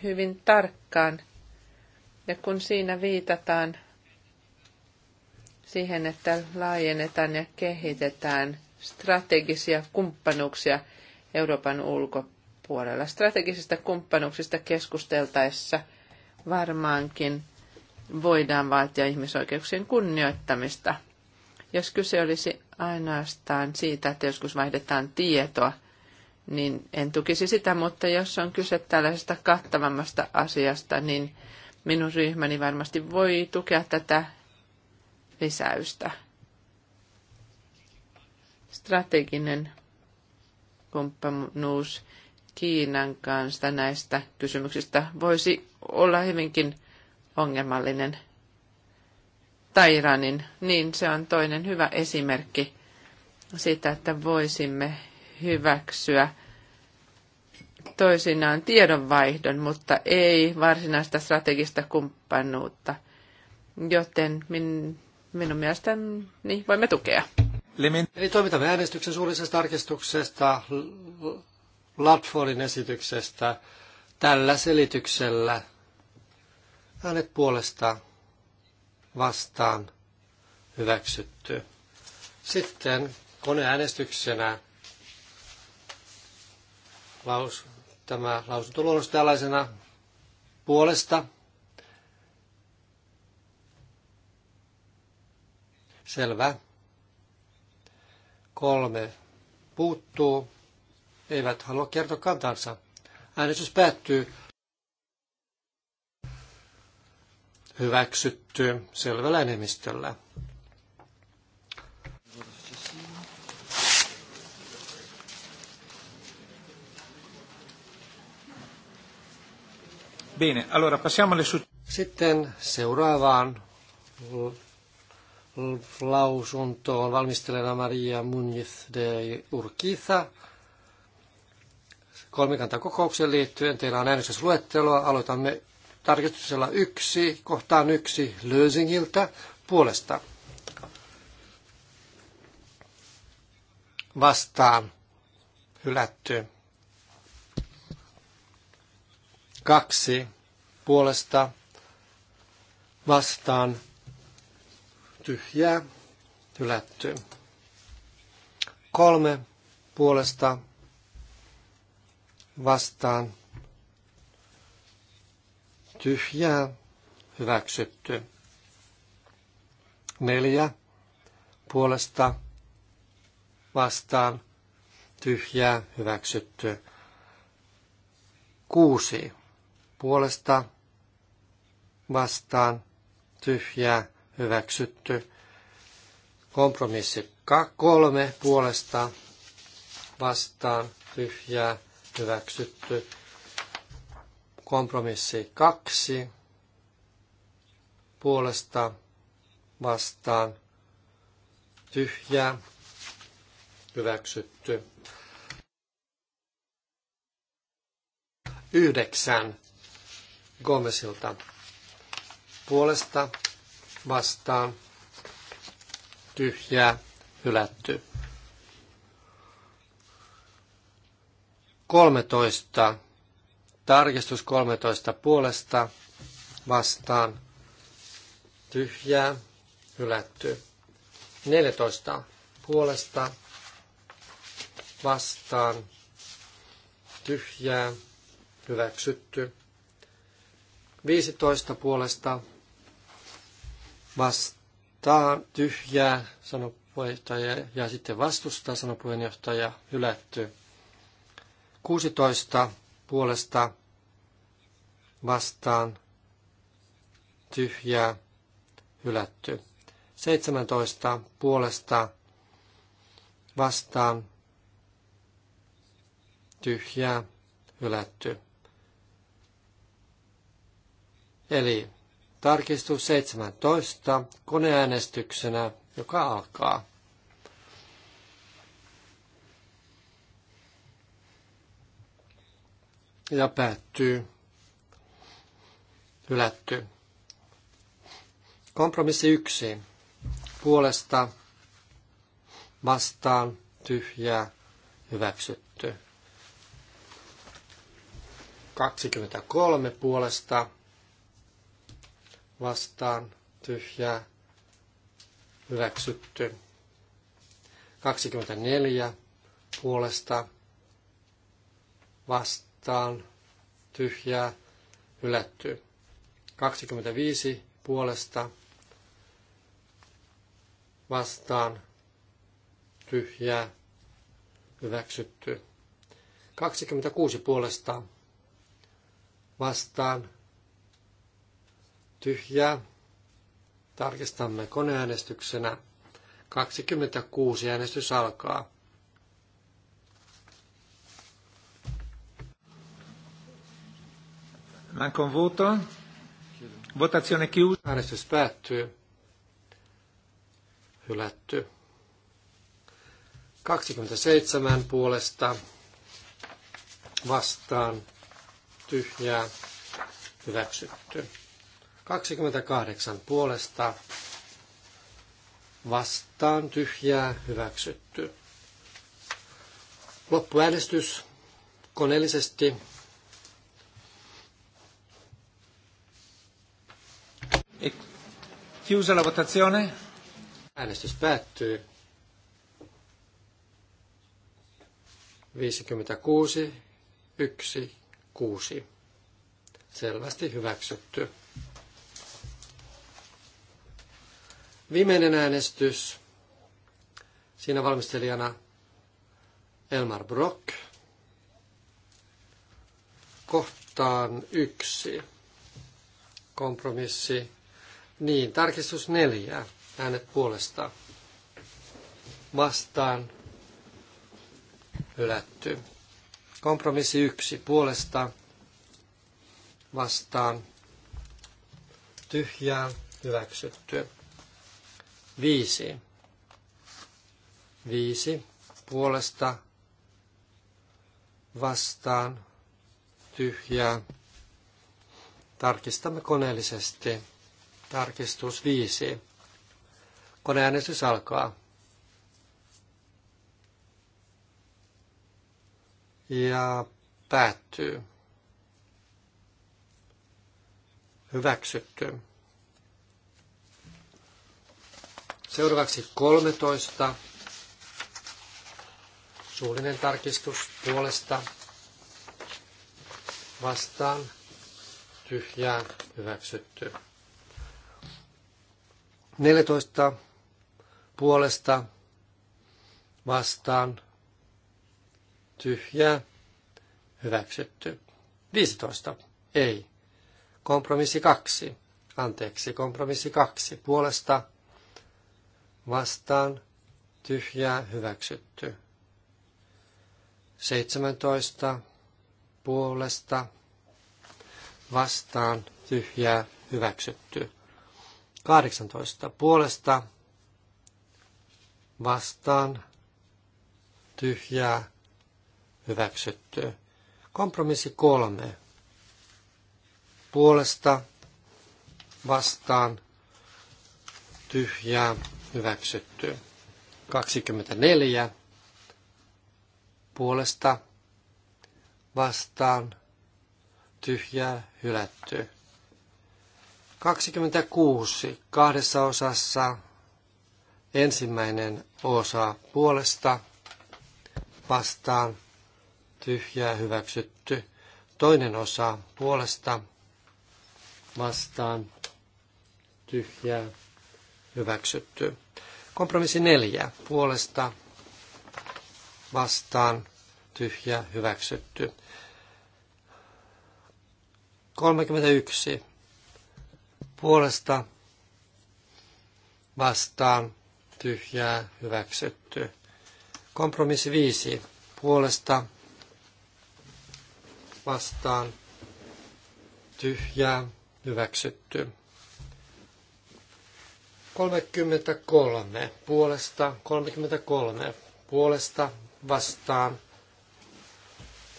Speaker 3: hyvin tarkkaan. Ja kun siinä viitataan siihen, että laajennetaan ja kehitetään strategisia kumppanuuksia Euroopan ulkopuolella. Strategisista kumppanuuksista keskusteltaessa varmaankin voidaan vaatia ihmisoikeuksien kunnioittamista – jos kyse olisi ainoastaan siitä, että joskus vaihdetaan tietoa, niin en tukisi sitä, mutta jos on kyse tällaisesta kattavammasta asiasta, niin minun ryhmäni varmasti voi tukea tätä lisäystä. Strateginen kumppanuus Kiinan kanssa näistä kysymyksistä voisi olla hyvinkin ongelmallinen tai Iranin, niin se on toinen hyvä esimerkki siitä, että voisimme hyväksyä toisinaan tiedonvaihdon, mutta ei varsinaista strategista kumppanuutta. Joten min, minun mielestäni niin voimme tukea.
Speaker 1: Limin. Eli toimitamme äänestyksen suullisesta tarkistuksesta, Latfordin esityksestä, tällä selityksellä. Äänet puolesta vastaan hyväksytty. Sitten koneäänestyksenä laus, tämä lausuntoluonnos tällaisena puolesta. Selvä. Kolme puuttuu. Eivät halua kertoa kantansa. Äänestys päättyy hyväksytty selvällä enemmistöllä.
Speaker 2: Bene, allora passiamo alle su-
Speaker 1: Sitten seuraavaan lausuntoon valmistelena Maria Muñiz de Urquiza. Kolmikantakokoukseen liittyen teillä on äänestysluettelo. Aloitamme tarkistuksella yksi, kohtaan yksi Lösingiltä puolesta. Vastaan hylätty. Kaksi puolesta vastaan tyhjää hylätty. Kolme puolesta vastaan tyhjää hyväksytty. Neljä puolesta vastaan tyhjää hyväksytty. Kuusi puolesta vastaan tyhjää hyväksytty. Kompromissi kolme puolesta vastaan tyhjää hyväksytty. Kompromissi kaksi puolesta vastaan tyhjää hyväksytty. Yhdeksän Gomesilta puolesta vastaan tyhjää hylätty. 13 Tarkistus 13 puolesta vastaan tyhjää hylätty. 14 puolesta vastaan tyhjää hyväksytty. 15 puolesta vastaan tyhjää, sanoi puheenjohtaja, ja sitten vastustaa, sanoi puheenjohtaja, hylätty. 16 puolesta vastaan tyhjää hylätty. 17 puolesta vastaan tyhjää hylätty. Eli tarkistus 17 koneäänestyksenä, joka alkaa. ja päättyy. Hylätty. Kompromissi yksi. Puolesta vastaan tyhjää hyväksytty. 23 puolesta vastaan tyhjää hyväksytty. 24 puolesta vastaan vastaan tyhjää hylätty. 25 puolesta vastaan tyhjää hyväksytty. 26 puolesta vastaan tyhjää. Tarkistamme koneäänestyksenä. 26 äänestys alkaa. Manca un voto. Votazione chiusa. Äänestys päättyy. Hylätty. 27 puolesta vastaan tyhjää hyväksytty. 28 puolesta vastaan tyhjää hyväksytty. Loppuäänestys koneellisesti Chiusa la votazione. Äänestys päättyy. 56, 1, 6. Selvästi hyväksytty. Viimeinen äänestys. Siinä valmistelijana Elmar Brock. Kohtaan yksi. Kompromissi niin, tarkistus neljä. Äänet puolesta. Vastaan. Hylätty. Kompromissi yksi. Puolesta. Vastaan. Tyhjää. Hyväksytty. Viisi. Viisi. Puolesta. Vastaan. Tyhjää. Tarkistamme koneellisesti. Tarkistus 5. Koneäänestys alkaa. Ja päättyy. Hyväksytty. Seuraavaksi 13. Suullinen tarkistus puolesta vastaan tyhjää hyväksytty. 14 puolesta vastaan tyhjää hyväksytty. 15 ei. Kompromissi 2. Anteeksi, kompromissi 2 puolesta vastaan tyhjää hyväksytty. 17 puolesta vastaan tyhjää hyväksytty. 18 puolesta vastaan tyhjää hyväksytty. Kompromissi kolme puolesta vastaan tyhjää hyväksytty. 24 puolesta vastaan tyhjää hylätty. 26 kahdessa osassa. Ensimmäinen osa puolesta vastaan tyhjää hyväksytty. Toinen osa puolesta vastaan tyhjää hyväksytty. Kompromissi neljä puolesta vastaan tyhjä hyväksytty. 31 puolesta vastaan tyhjää hyväksytty. Kompromissi viisi puolesta vastaan tyhjää hyväksytty. 33 puolesta 33 puolesta vastaan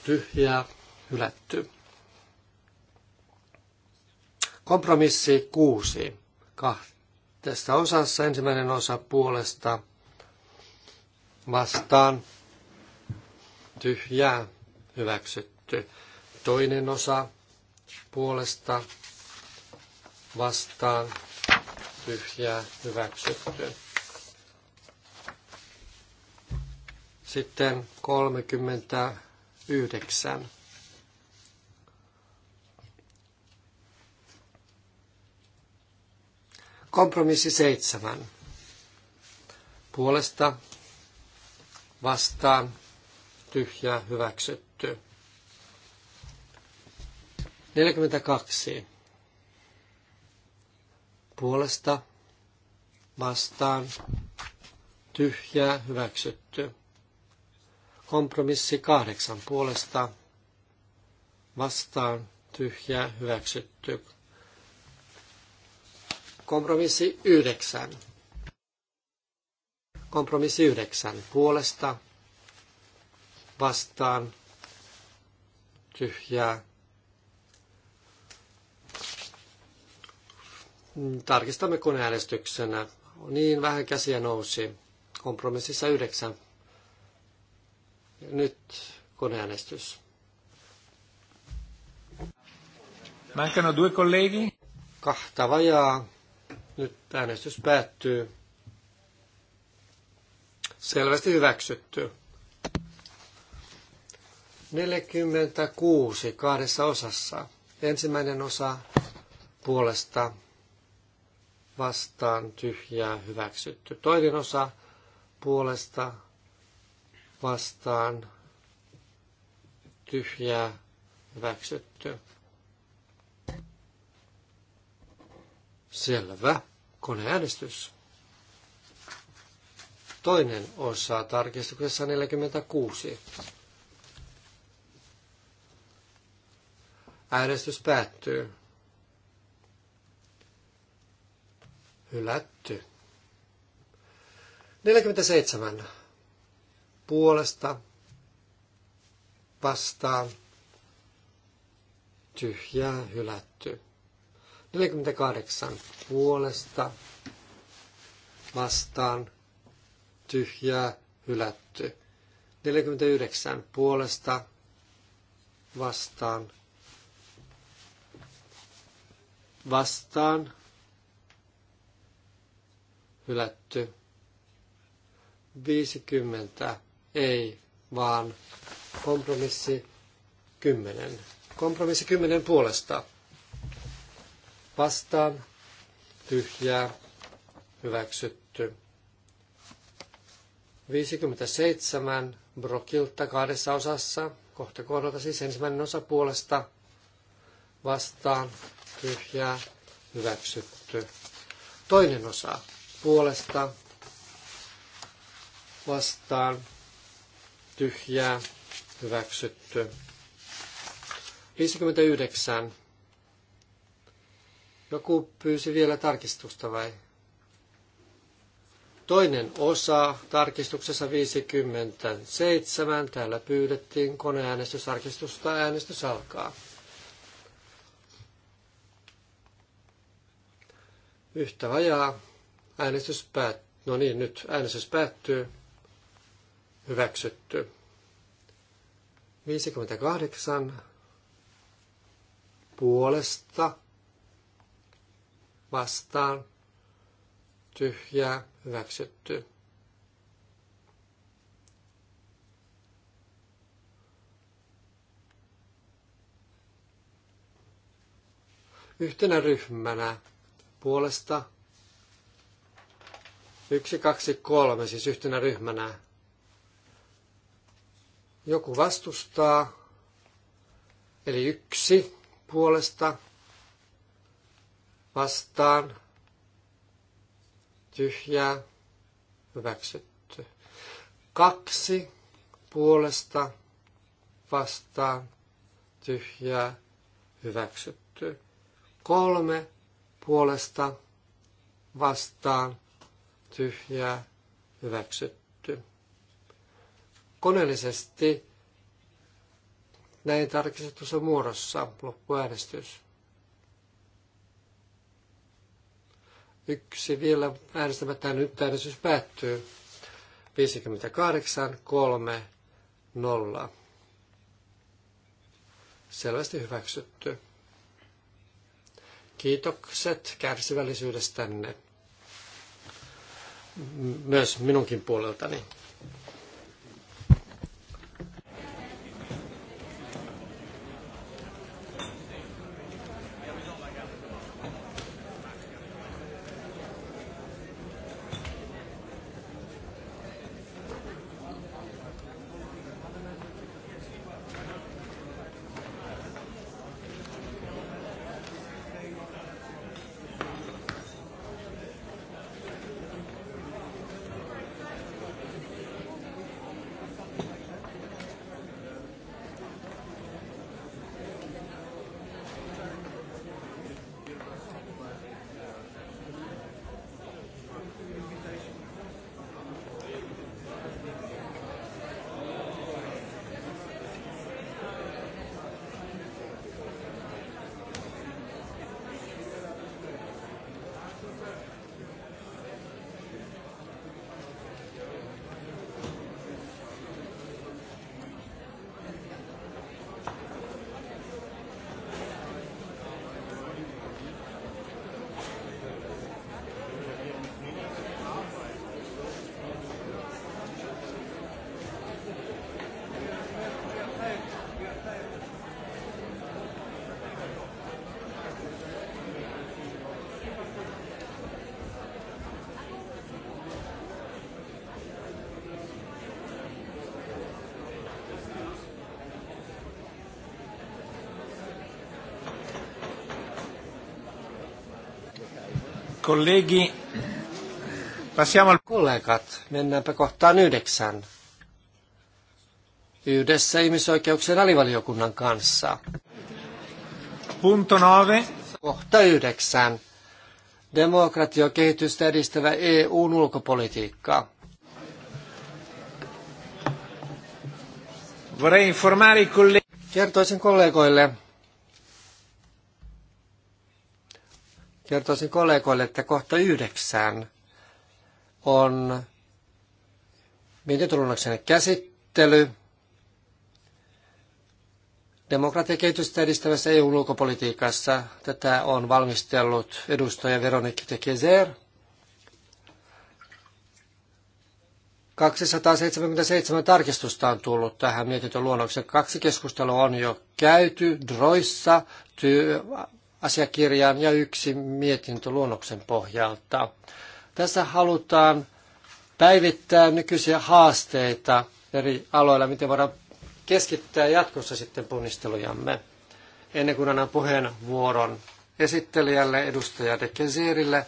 Speaker 1: tyhjää hylätty. Kompromissi kuusi. Kahdesta osassa ensimmäinen osa puolesta vastaan tyhjää hyväksytty. Toinen osa puolesta vastaan tyhjää hyväksytty. Sitten 39 Kompromissi seitsemän. Puolesta vastaan tyhjä hyväksytty. 42. Puolesta vastaan tyhjää hyväksytty. Kompromissi kahdeksan puolesta vastaan tyhjää hyväksytty. Kompromissi yhdeksän. Kompromissi yhdeksän. Puolesta vastaan tyhjää. Tarkistamme koneäänestyksenä. Niin vähän käsiä nousi. Kompromississa yhdeksän. Nyt koneäänestys.
Speaker 2: Mancano due colleghi.
Speaker 1: Kahta vajaa nyt äänestys päättyy. Selvästi hyväksytty. 46 kahdessa osassa. Ensimmäinen osa puolesta vastaan tyhjää hyväksytty. Toinen osa puolesta vastaan tyhjää hyväksytty. Selvä. Koneäänestys. Toinen osa tarkistuksessa 46. Äänestys päättyy. Hylätty. 47. Puolesta vastaan tyhjää hylätty. 48 puolesta vastaan tyhjää hylätty. 49 puolesta vastaan vastaan hylätty. 50 ei, vaan kompromissi 10. Kompromissi 10 puolesta vastaan tyhjää hyväksytty. 57 Brokilta kahdessa osassa, kohta kohdalta siis ensimmäinen osa puolesta vastaan tyhjää hyväksytty. Toinen osa puolesta vastaan tyhjää hyväksytty. 59 joku pyysi vielä tarkistusta vai? Toinen osa tarkistuksessa 57. Täällä pyydettiin koneäänestysarkistusta. Äänestys alkaa. Yhtä vajaa. Äänestys päättyy. No niin, nyt äänestys päättyy. Hyväksytty. 58 puolesta vastaan tyhjää hyväksytty. Yhtenä ryhmänä puolesta yksi kaksi kolme siis yhtenä ryhmänä. Joku vastustaa, eli yksi puolesta vastaan, tyhjää, hyväksytty. Kaksi puolesta vastaan, tyhjää, hyväksytty. Kolme puolesta vastaan, tyhjää, hyväksytty. Koneellisesti näin tarkistetussa muodossa loppuäänestys. Yksi vielä äänestämättä nyt äänestys päättyy. 58, 3, 0. Selvästi hyväksytty. Kiitokset kärsivällisyydestänne. Myös minunkin puoleltani. Kollegi, passiamo al... Kollegat, mennäänpä kohtaan yhdeksän. Yhdessä ihmisoikeuksien alivaliokunnan kanssa. Punto 9. Kohta yhdeksän. Demokratiokehitystä edistävä EUn ulkopolitiikka. Vorrei informare i colleghi. Kertoisin kollegoille, Kertoisin kollegoille, että kohta yhdeksän on mietintöluonnoksen käsittely demokratiakehitystä edistävässä EU-ulkopolitiikassa. Tätä on valmistellut edustaja Veronique de Kezer. 277 tarkistusta on tullut tähän mietintöluonnokseen. Kaksi keskustelua on jo käyty Droissa asiakirjaan ja yksi mietintöluonnoksen pohjalta. Tässä halutaan päivittää nykyisiä haasteita eri aloilla, miten voidaan keskittää jatkossa sitten punnistelujamme. Ennen kuin annan puheenvuoron esittelijälle, edustaja De Kesirille,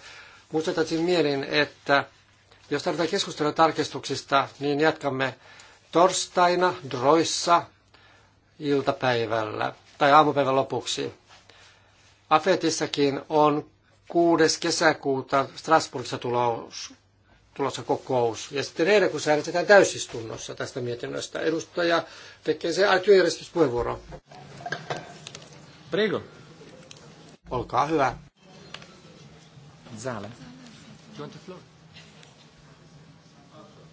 Speaker 1: muistuttaisin mielin, että jos tarvitaan keskustelua tarkistuksista, niin jatkamme torstaina Droissa iltapäivällä tai aamupäivän lopuksi. Afetissakin on 6. kesäkuuta Strasbourgissa tulos, tulossa kokous. Ja sitten elokuussa äänestetään täysistunnossa tästä mietinnöstä. Edustaja tekee se työjärjestyspuheenvuoro. Prego. Olkaa hyvä. Zale.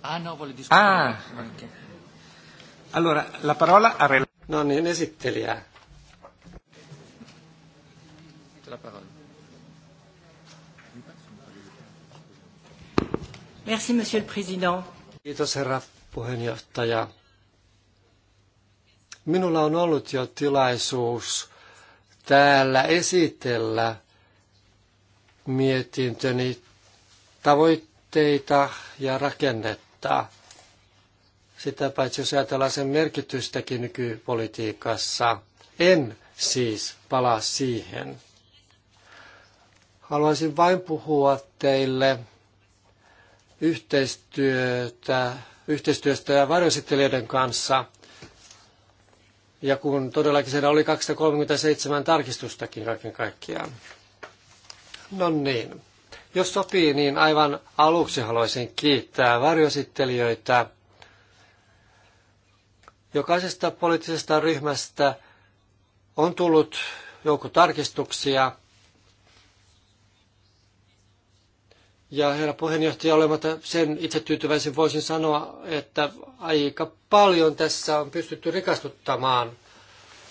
Speaker 1: Ah, no, vuole Ah, okay. Allora, la parola a... No niin, esittelijä porte la parole. Merci, Monsieur le Président. Kiitos, herra puheenjohtaja. Minulla on ollut jo tilaisuus täällä esitellä mietintöni tavoitteita ja rakennetta. Sitä paitsi jos ajatellaan sen merkitystäkin nykypolitiikassa, en siis palaa siihen. Haluaisin vain puhua teille yhteistyötä, yhteistyöstä ja varjoesittelijöiden kanssa. Ja kun todellakin siellä oli 237 tarkistustakin kaiken kaikkiaan. No niin. Jos sopii, niin aivan aluksi haluaisin kiittää varjosittelijöitä jokaisesta poliittisesta ryhmästä on tullut joukko tarkistuksia, Ja herra puheenjohtaja, olematta sen itse voisin sanoa, että aika paljon tässä on pystytty rikastuttamaan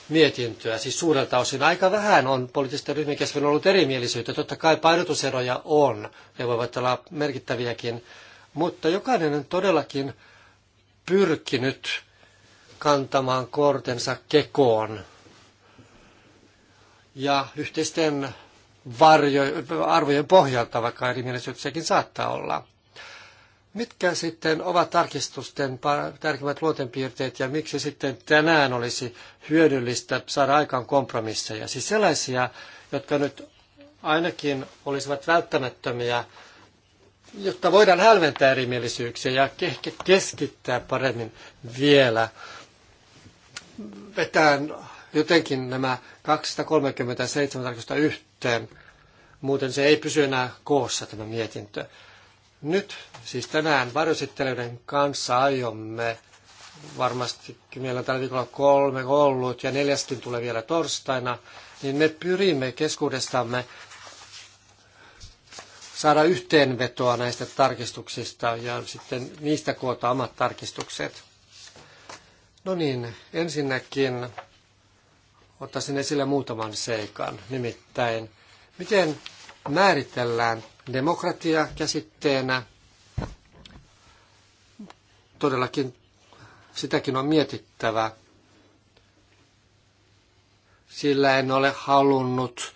Speaker 1: mietintöä, siis suurelta osin. Aika vähän on poliittisten ryhmien kesken ollut erimielisyyttä. Totta kai painotuseroja on, ne voivat olla merkittäviäkin, mutta jokainen on todellakin pyrkinyt kantamaan kortensa kekoon. Ja yhteisten varjo, arvojen pohjalta, vaikka erimielisyyksiäkin saattaa olla. Mitkä sitten ovat tarkistusten tärkeimmät luotenpiirteet ja miksi sitten tänään olisi hyödyllistä saada aikaan kompromisseja? Siis sellaisia, jotka nyt ainakin olisivat välttämättömiä, jotta voidaan hälventää erimielisyyksiä ja keskittää paremmin vielä. Vetään jotenkin nämä 237 tarkistusta yhteen sitten. Muuten se ei pysy enää koossa tämä mietintö. Nyt siis tänään varjosittelijoiden kanssa aiomme varmasti meillä on tällä viikolla kolme ollut ja neljäskin tulee vielä torstaina, niin me pyrimme keskuudestamme saada yhteenvetoa näistä tarkistuksista ja sitten niistä koota omat tarkistukset. No niin, ensinnäkin ottaisin esille muutaman seikan. Nimittäin, miten määritellään demokratia käsitteenä? Todellakin sitäkin on mietittävä. Sillä en ole halunnut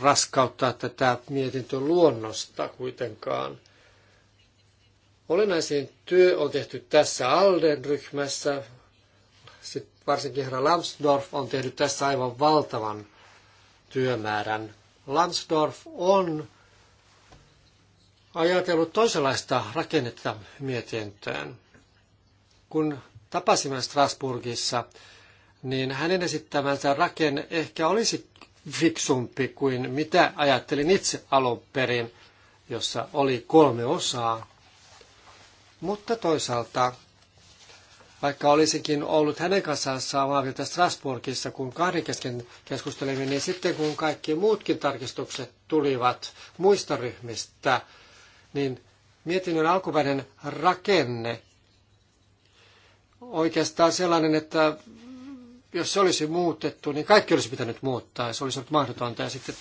Speaker 1: raskauttaa tätä mietintöluonnosta kuitenkaan. Olennaisin työ on tehty tässä Alden ryhmässä. Sitten varsinkin herra Lambsdorff on tehnyt tässä aivan valtavan työmäärän. Lambsdorff on ajatellut toisenlaista rakennetta mietintöön. Kun tapasimme Strasburgissa, niin hänen esittämänsä rakenne ehkä olisi fiksumpi kuin mitä ajattelin itse alun perin, jossa oli kolme osaa. Mutta toisaalta vaikka olisinkin ollut hänen kanssaan samaa mieltä Strasbourgissa, kun kahden kesken keskustelimme, niin sitten kun kaikki muutkin tarkistukset tulivat muista ryhmistä, niin mietinnön alkuperäinen rakenne oikeastaan sellainen, että jos se olisi muutettu, niin kaikki olisi pitänyt muuttaa ja se olisi ollut mahdotonta. Ja sitten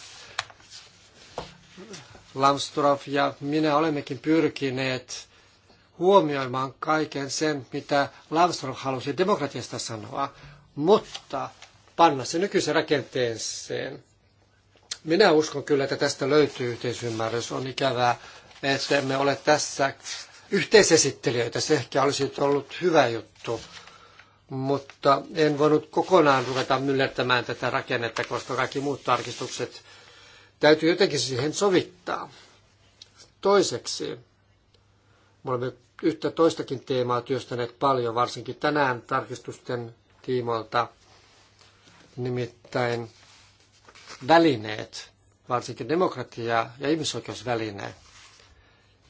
Speaker 1: Lamstorff ja minä olemmekin pyrkineet huomioimaan kaiken sen, mitä Lavström halusi demokratiasta sanoa, mutta panna se nykyisen rakenteeseen. Minä uskon kyllä, että tästä löytyy yhteisymmärrys. On ikävää, että emme ole tässä yhteisesittelijöitä. Se ehkä olisi ollut hyvä juttu, mutta en voinut kokonaan ruveta myllertämään tätä rakennetta, koska kaikki muut tarkistukset täytyy jotenkin siihen sovittaa. Toiseksi, me olemme yhtä toistakin teemaa työstäneet paljon, varsinkin tänään tarkistusten tiimoilta, nimittäin välineet, varsinkin demokratia- ja ihmisoikeusvälineet.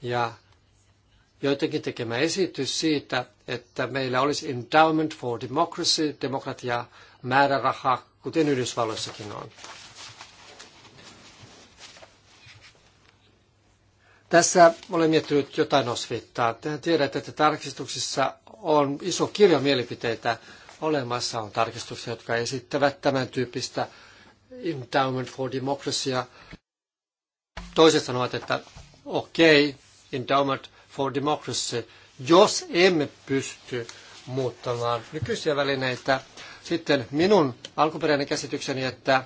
Speaker 1: Ja joitakin tekemä esitys siitä, että meillä olisi Endowment for Democracy, demokratia määräraha, kuten Yhdysvalloissakin on. Tässä olen miettinyt jotain osviittaa. Tehän tiedätte, että tarkistuksissa on iso kirja mielipiteitä olemassa. On tarkistuksia, jotka esittävät tämän tyyppistä Endowment for Democracy. Toiset sanovat, että okei, okay, Endowment for Democracy, jos emme pysty muuttamaan nykyisiä välineitä. Sitten minun alkuperäinen käsitykseni, että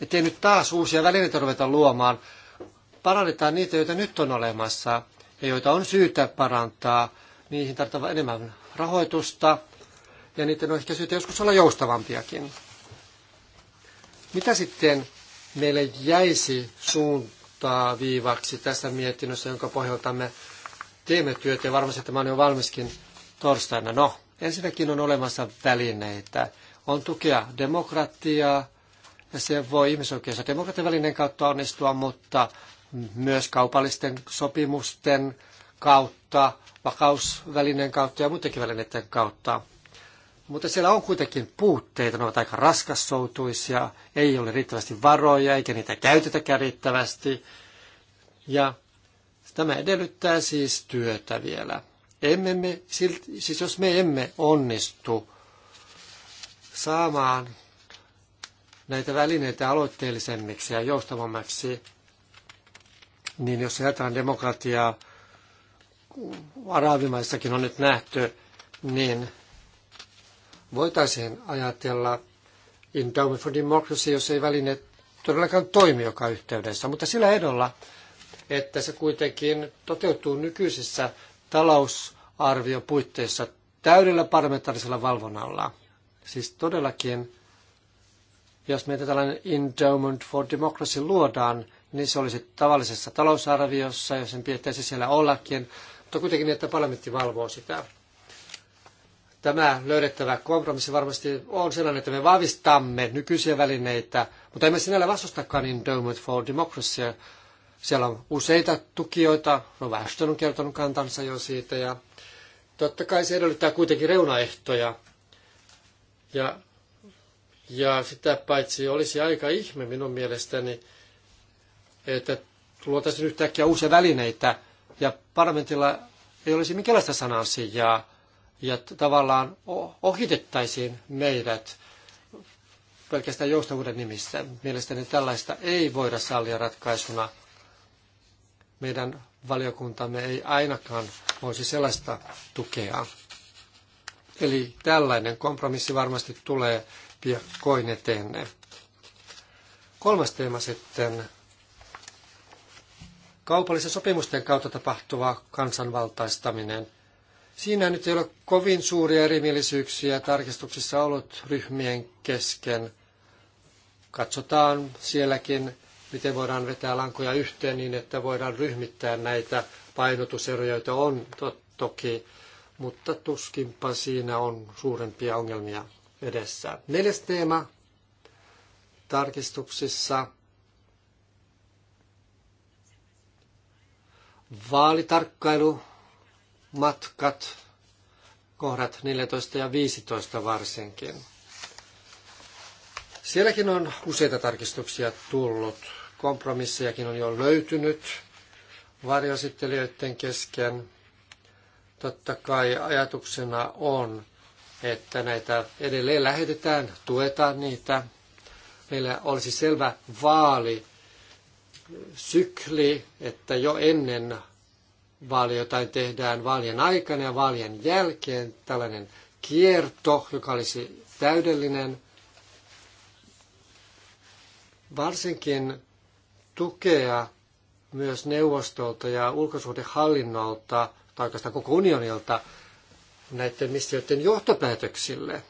Speaker 1: ettei nyt taas uusia välineitä ruveta luomaan, parannetaan niitä, joita nyt on olemassa ja joita on syytä parantaa. Niihin tarvitaan enemmän rahoitusta ja niiden on ehkä syytä joskus olla joustavampiakin. Mitä sitten meille jäisi suuntaa viivaksi tässä mietinnössä, jonka pohjalta me teemme työtä ja varmasti tämä on jo valmiskin torstaina. No, ensinnäkin on olemassa välineitä. On tukea demokratiaa ja se voi ihmisoikeus- ja välineen kautta onnistua, mutta myös kaupallisten sopimusten kautta, vakausvälineen kautta ja muidenkin välineiden kautta. Mutta siellä on kuitenkin puutteita, ne ovat aika raskassoutuisia, ei ole riittävästi varoja eikä niitä käytetäkään riittävästi. Ja tämä edellyttää siis työtä vielä. Emme me, siis jos me emme onnistu saamaan näitä välineitä aloitteellisemmiksi ja joustavammaksi, niin jos ajatellaan demokratiaa, arabimaissakin on nyt nähty, niin voitaisiin ajatella Endowment for Democracy, jos ei väline todellakaan toimi joka yhteydessä, mutta sillä edolla, että se kuitenkin toteutuu nykyisissä talousarviopuitteissa täydellä parlamentaarisella valvonnalla. Siis todellakin, jos meitä tällainen Endowment for Democracy luodaan, niin se olisi tavallisessa talousarviossa, jos sen pitäisi siellä ollakin, mutta kuitenkin niin, että parlamentti valvoo sitä. Tämä löydettävä kompromissi varmasti on sellainen, että me vahvistamme nykyisiä välineitä, mutta emme sinällä vastustakaan Endowment for Democracy. Siellä on useita tukijoita, Rova Ashton on kertonut kantansa jo siitä, ja totta kai se edellyttää kuitenkin reunaehtoja. Ja, ja sitä paitsi olisi aika ihme minun mielestäni, että luotaisiin yhtäkkiä uusia välineitä ja parlamentilla ei olisi minkäänlaista sanan ja tavallaan ohitettaisiin meidät pelkästään joustavuuden nimissä. Mielestäni tällaista ei voida sallia ratkaisuna. Meidän valiokuntamme ei ainakaan voisi sellaista tukea. Eli tällainen kompromissi varmasti tulee piakkoin eteenne. Kolmas teema sitten kaupallisen sopimusten kautta tapahtuva kansanvaltaistaminen. Siinä nyt ei ole kovin suuria erimielisyyksiä tarkistuksissa ollut ryhmien kesken. Katsotaan sielläkin, miten voidaan vetää lankoja yhteen niin, että voidaan ryhmittää näitä painotuseroja, joita on to- toki, mutta tuskinpa siinä on suurempia ongelmia edessä. Neljäs teema tarkistuksissa – vaalitarkkailumatkat, kohdat 14 ja 15 varsinkin. Sielläkin on useita tarkistuksia tullut. Kompromissejakin on jo löytynyt varjosittelijöiden kesken. Totta kai ajatuksena on, että näitä edelleen lähetetään, tuetaan niitä. Meillä olisi selvä vaali sykli, että jo ennen vaali jotain tehdään vaalien aikana ja vaalien jälkeen, tällainen kierto, joka olisi täydellinen. Varsinkin tukea myös neuvostolta ja ulkosuhdehallinnolta, tai oikeastaan koko unionilta, näiden missioiden johtopäätöksille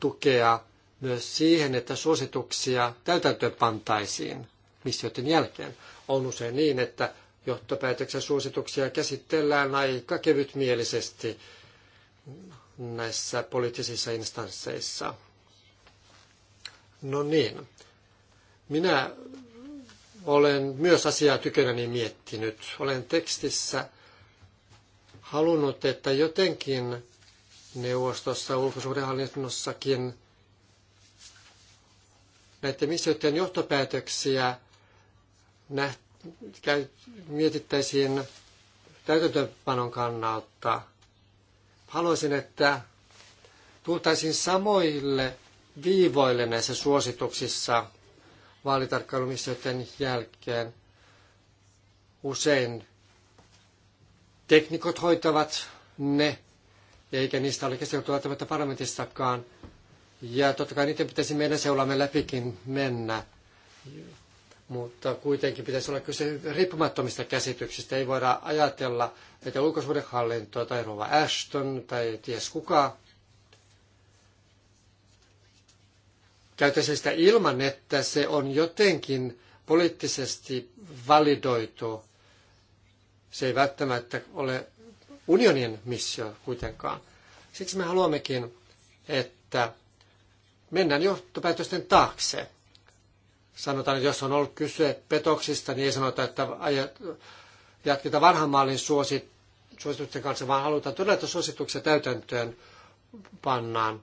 Speaker 1: tukea myös siihen, että suosituksia täytäntöön pantaisiin missioiden jälkeen. On usein niin, että johtopäätöksen suosituksia käsitellään aika kevytmielisesti näissä poliittisissa instansseissa. No niin. Minä olen myös asiaa tykönäni miettinyt. Olen tekstissä halunnut, että jotenkin neuvostossa, ulkosuhdehallinnossakin näiden missioiden johtopäätöksiä käy, mietittäisiin täytäntöpanon kannalta. Haluaisin, että tultaisiin samoille viivoille näissä suosituksissa vaalitarkkailumissioiden jälkeen. Usein teknikot hoitavat ne, eikä niistä ole keskusteltu välttämättä parlamentistakaan. Ja totta kai niiden pitäisi meidän seulamme läpikin mennä. Mutta kuitenkin pitäisi olla kyse riippumattomista käsityksistä. Ei voida ajatella, että ulkosuhdehallinto tai Rova Ashton tai ties kuka käytäisi sitä ilman, että se on jotenkin poliittisesti validoitu. Se ei välttämättä ole unionin missio kuitenkaan. Siksi me haluammekin, että mennään johtopäätösten taakse. Sanotaan, että jos on ollut kyse petoksista, niin ei sanota, että jatketaan vanhan maalin suosit, suositusten kanssa, vaan halutaan todella, että suosituksia täytäntöön pannaan.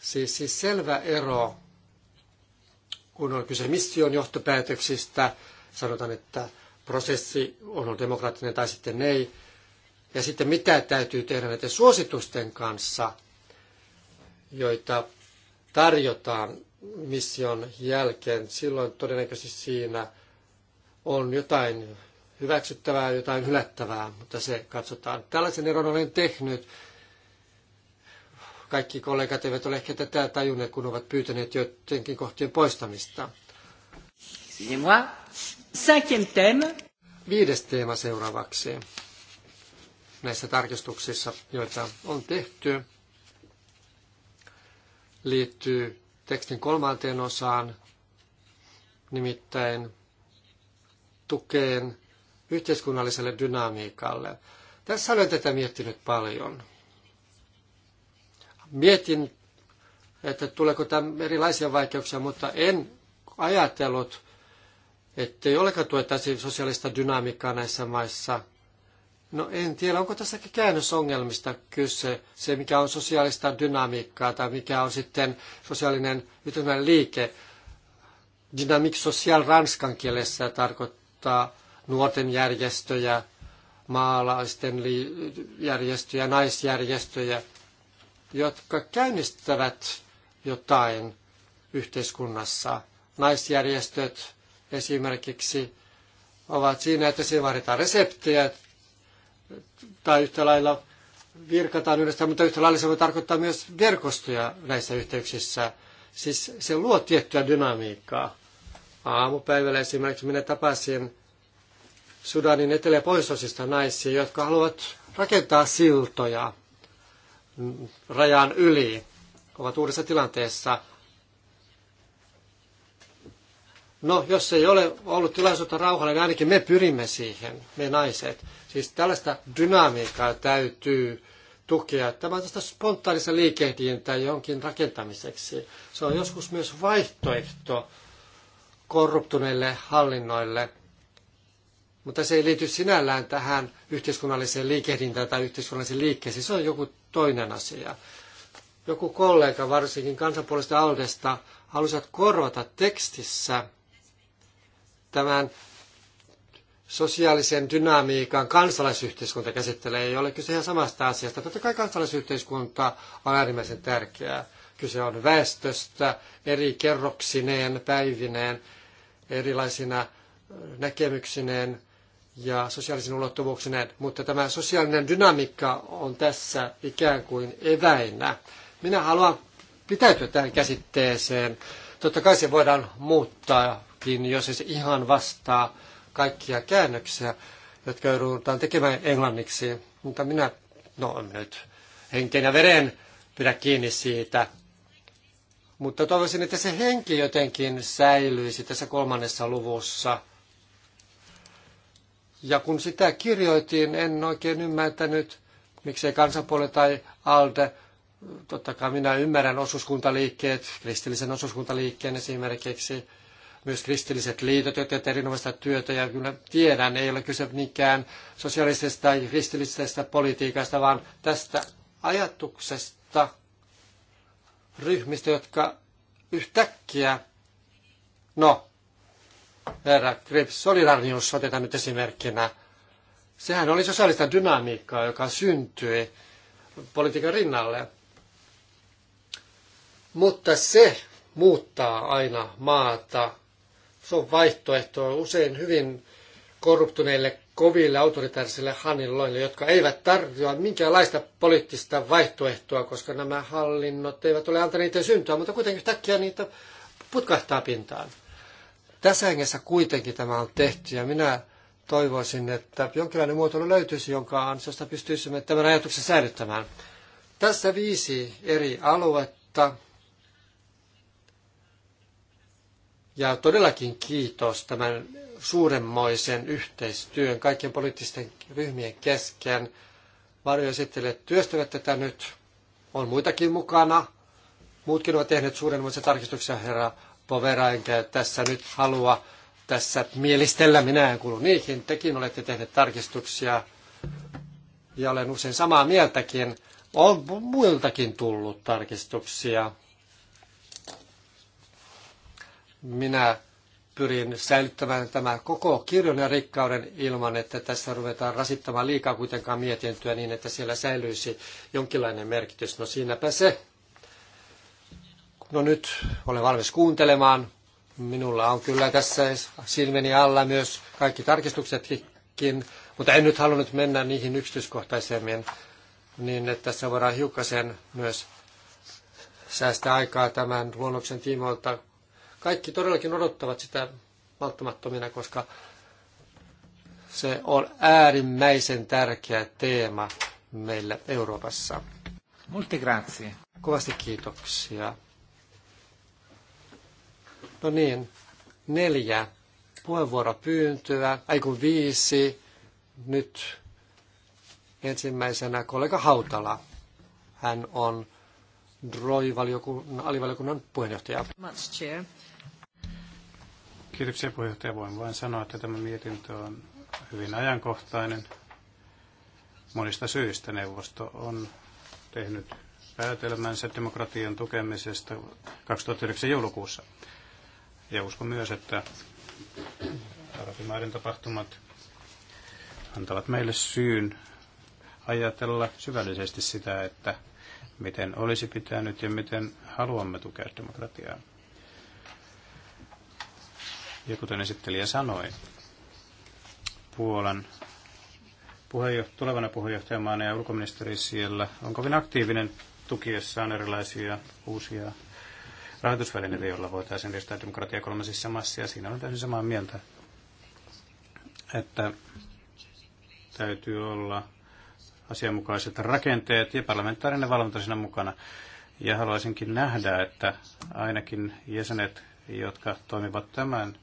Speaker 1: Siis, siis selvä ero, kun on kyse mission johtopäätöksistä, sanotaan, että prosessi on ollut demokraattinen tai sitten ei. Ja sitten mitä täytyy tehdä näiden suositusten kanssa, joita tarjotaan mission jälkeen, silloin todennäköisesti siinä on jotain hyväksyttävää, jotain hylättävää, mutta se katsotaan. Tällaisen eron olen tehnyt. Kaikki kollegat eivät ole ehkä tätä tajunneet, kun ovat pyytäneet jotenkin kohtien poistamista. Viides teema seuraavaksi näissä tarkistuksissa, joita on tehty liittyy tekstin kolmanteen osaan, nimittäin tukeen yhteiskunnalliselle dynamiikalle. Tässä olen tätä miettinyt paljon. Mietin, että tuleeko tämä erilaisia vaikeuksia, mutta en ajatellut, ei olekaan tuettaisi sosiaalista dynamiikkaa näissä maissa – No en tiedä, onko tässäkin käännösongelmista kyse, se mikä on sosiaalista dynamiikkaa tai mikä on sitten sosiaalinen yhteiskunnallinen liike. Dynamic social ranskan kielessä tarkoittaa nuorten järjestöjä, maalaisten järjestöjä, naisjärjestöjä, jotka käynnistävät jotain yhteiskunnassa. Naisjärjestöt esimerkiksi ovat siinä, että siinä vaaditaan reseptejä tai yhtä lailla virkataan yhdessä, mutta yhtä lailla se voi tarkoittaa myös verkostoja näissä yhteyksissä. Siis se luo tiettyä dynamiikkaa. Aamupäivällä esimerkiksi minä tapasin Sudanin etelä- ja pohjoisosista naisia, jotka haluavat rakentaa siltoja rajan yli, ovat uudessa tilanteessa – No, jos ei ole ollut tilaisuutta rauhalle, niin ainakin me pyrimme siihen, me naiset. Siis tällaista dynamiikkaa täytyy tukea. Tämä on tästä spontaanista liikehdintää jonkin rakentamiseksi. Se on joskus myös vaihtoehto korruptuneille hallinnoille, mutta se ei liity sinällään tähän yhteiskunnalliseen liikehdintään tai yhteiskunnalliseen liikkeeseen. Se on joku toinen asia. Joku kollega, varsinkin kansanpuolesta Aldesta, halusivat korvata tekstissä tämän sosiaalisen dynamiikan kansalaisyhteiskunta käsittelee. Ei ole kyse ihan samasta asiasta. Totta kai kansalaisyhteiskunta on äärimmäisen tärkeää. Kyse on väestöstä eri kerroksineen, päivineen, erilaisina näkemyksineen ja sosiaalisen ulottuvuuksineen, mutta tämä sosiaalinen dynamiikka on tässä ikään kuin eväinä. Minä haluan pitäytyä tähän käsitteeseen. Totta kai se voidaan muuttaa vaikkakin jos siis ei se ihan vastaa kaikkia käännöksiä, jotka joudutaan tekemään englanniksi. Mutta minä, no nyt henkeen ja veren pidä kiinni siitä. Mutta toivoisin, että se henki jotenkin säilyisi tässä kolmannessa luvussa. Ja kun sitä kirjoitin, en oikein ymmärtänyt, miksei kansanpuolue tai ALDE, totta kai minä ymmärrän osuuskuntaliikkeet, kristillisen osuuskuntaliikkeen esimerkiksi, myös kristilliset liitot, jotka teet erinomaista työtä ja kyllä tiedän, ei ole kyse niinkään sosiaalisesta tai kristillisestä politiikasta, vaan tästä ajatuksesta ryhmistä, jotka yhtäkkiä, no, herra Grips, solidarnius otetaan nyt esimerkkinä, sehän oli sosiaalista dynamiikkaa, joka syntyi politiikan rinnalle. Mutta se muuttaa aina maata se on vaihtoehto usein hyvin korruptuneille, koville, autoritaarisille hallinnoille, jotka eivät tarjoa minkäänlaista poliittista vaihtoehtoa, koska nämä hallinnot eivät ole antaneet syntyä, mutta kuitenkin yhtäkkiä niitä putkahtaa pintaan. Tässä hengessä kuitenkin tämä on tehty ja minä toivoisin, että jonkinlainen muotoilu löytyisi, jonka ansiosta pystyisimme tämän ajatuksen säilyttämään. Tässä viisi eri aluetta, Ja todellakin kiitos tämän suuremmoisen yhteistyön kaikkien poliittisten ryhmien kesken. Varjoesittelijät työstävät tätä nyt. On muitakin mukana. Muutkin ovat tehneet suurenmoisia tarkistuksia, herra Povera, enkä tässä nyt halua tässä mielistellä. Minä en kuulu niihin. Tekin olette tehneet tarkistuksia ja olen usein samaa mieltäkin. On muiltakin tullut tarkistuksia. Minä pyrin säilyttämään tämä koko kirjon ja rikkauden ilman, että tässä ruvetaan rasittamaan liikaa kuitenkaan mietintöä niin, että siellä säilyisi jonkinlainen merkitys. No siinäpä se. No nyt olen valmis kuuntelemaan. Minulla on kyllä tässä silmeni alla myös kaikki tarkistuksetkin, mutta en nyt halunnut mennä niihin yksityiskohtaisemmin, niin että tässä voidaan hiukkasen myös säästää aikaa tämän luonnoksen tiimoilta kaikki todellakin odottavat sitä malttamattomina, koska se on äärimmäisen tärkeä teema meillä Euroopassa. Multi grazie. Kovasti kiitoksia. No niin, neljä puheenvuoropyyntöä, ei kun viisi. Nyt ensimmäisenä kollega Hautala. Hän on DROI-alivaliokunnan puheenjohtaja. Much
Speaker 2: Kiitoksia puheenjohtaja. Voin vain sanoa, että tämä mietintö on hyvin ajankohtainen monista syistä. Neuvosto on tehnyt päätelmänsä demokratian tukemisesta 2009 joulukuussa. Ja uskon myös, että arabimaiden tapahtumat antavat meille syyn ajatella syvällisesti sitä, että miten olisi pitänyt ja miten haluamme tukea demokratiaa. Ja kuten esittelijä sanoi, Puolan puheenjohtaja, tulevana puheenjohtajamaana ja ulkoministeri siellä on kovin aktiivinen tukiessaan erilaisia uusia rahoitusvälineitä, joilla voitaisiin edistää demokratia kolmasissa maissa. Ja siinä on täysin samaa mieltä, että täytyy olla asianmukaiset rakenteet ja parlamentaarinen valvonta siinä mukana. Ja haluaisinkin nähdä, että ainakin jäsenet, jotka toimivat tämän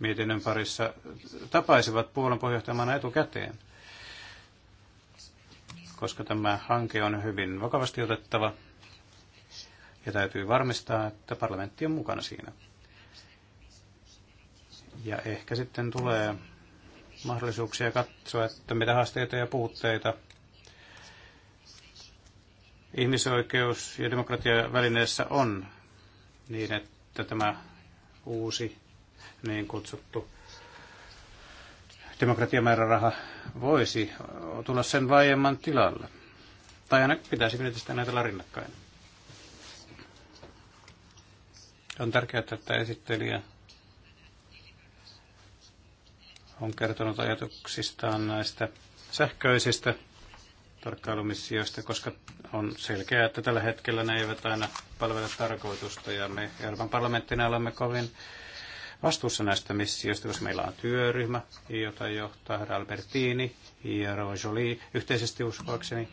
Speaker 2: mietinnön parissa tapaisivat Puolan puheenjohtajamana etukäteen, koska tämä hanke on hyvin vakavasti otettava ja täytyy varmistaa, että parlamentti on mukana siinä. Ja ehkä sitten tulee mahdollisuuksia katsoa, että mitä haasteita ja puutteita ihmisoikeus- ja demokratiavälineessä on, niin että tämä uusi niin kutsuttu demokratiamääräraha voisi tulla sen vaiemman tilalle. Tai aina pitäisi miettiä näitä rinnakkain. On tärkeää, että esittelijä on kertonut ajatuksistaan näistä sähköisistä tarkkailumissioista, koska on selkeää, että tällä hetkellä ne eivät aina palvele tarkoitusta ja me Euroopan parlamenttina olemme kovin vastuussa näistä missioista, koska meillä on työryhmä, jota johtaa herra Albertini ja Rojoli Yhteisesti uskoakseni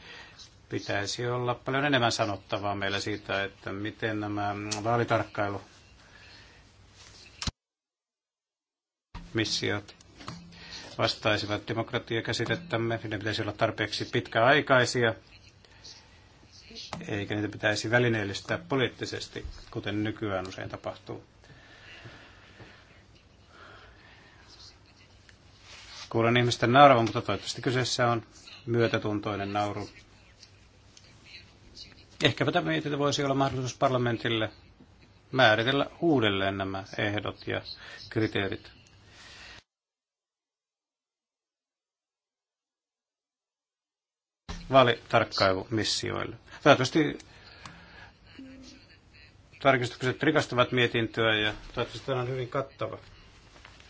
Speaker 2: pitäisi olla paljon enemmän sanottavaa meillä siitä, että miten nämä vaalitarkkailu missiot vastaisivat demokratiakäsitettämme. Ne pitäisi olla tarpeeksi pitkäaikaisia, eikä niitä pitäisi välineellistää poliittisesti, kuten nykyään usein tapahtuu. Kuulen ihmisten nauravan, mutta toivottavasti kyseessä on myötätuntoinen nauru. Ehkäpä tämä mietintö voisi olla mahdollisuus parlamentille määritellä uudelleen nämä ehdot ja kriteerit. missioille. Toivottavasti tarkistukset rikastavat mietintöä ja toivottavasti tämä on hyvin kattava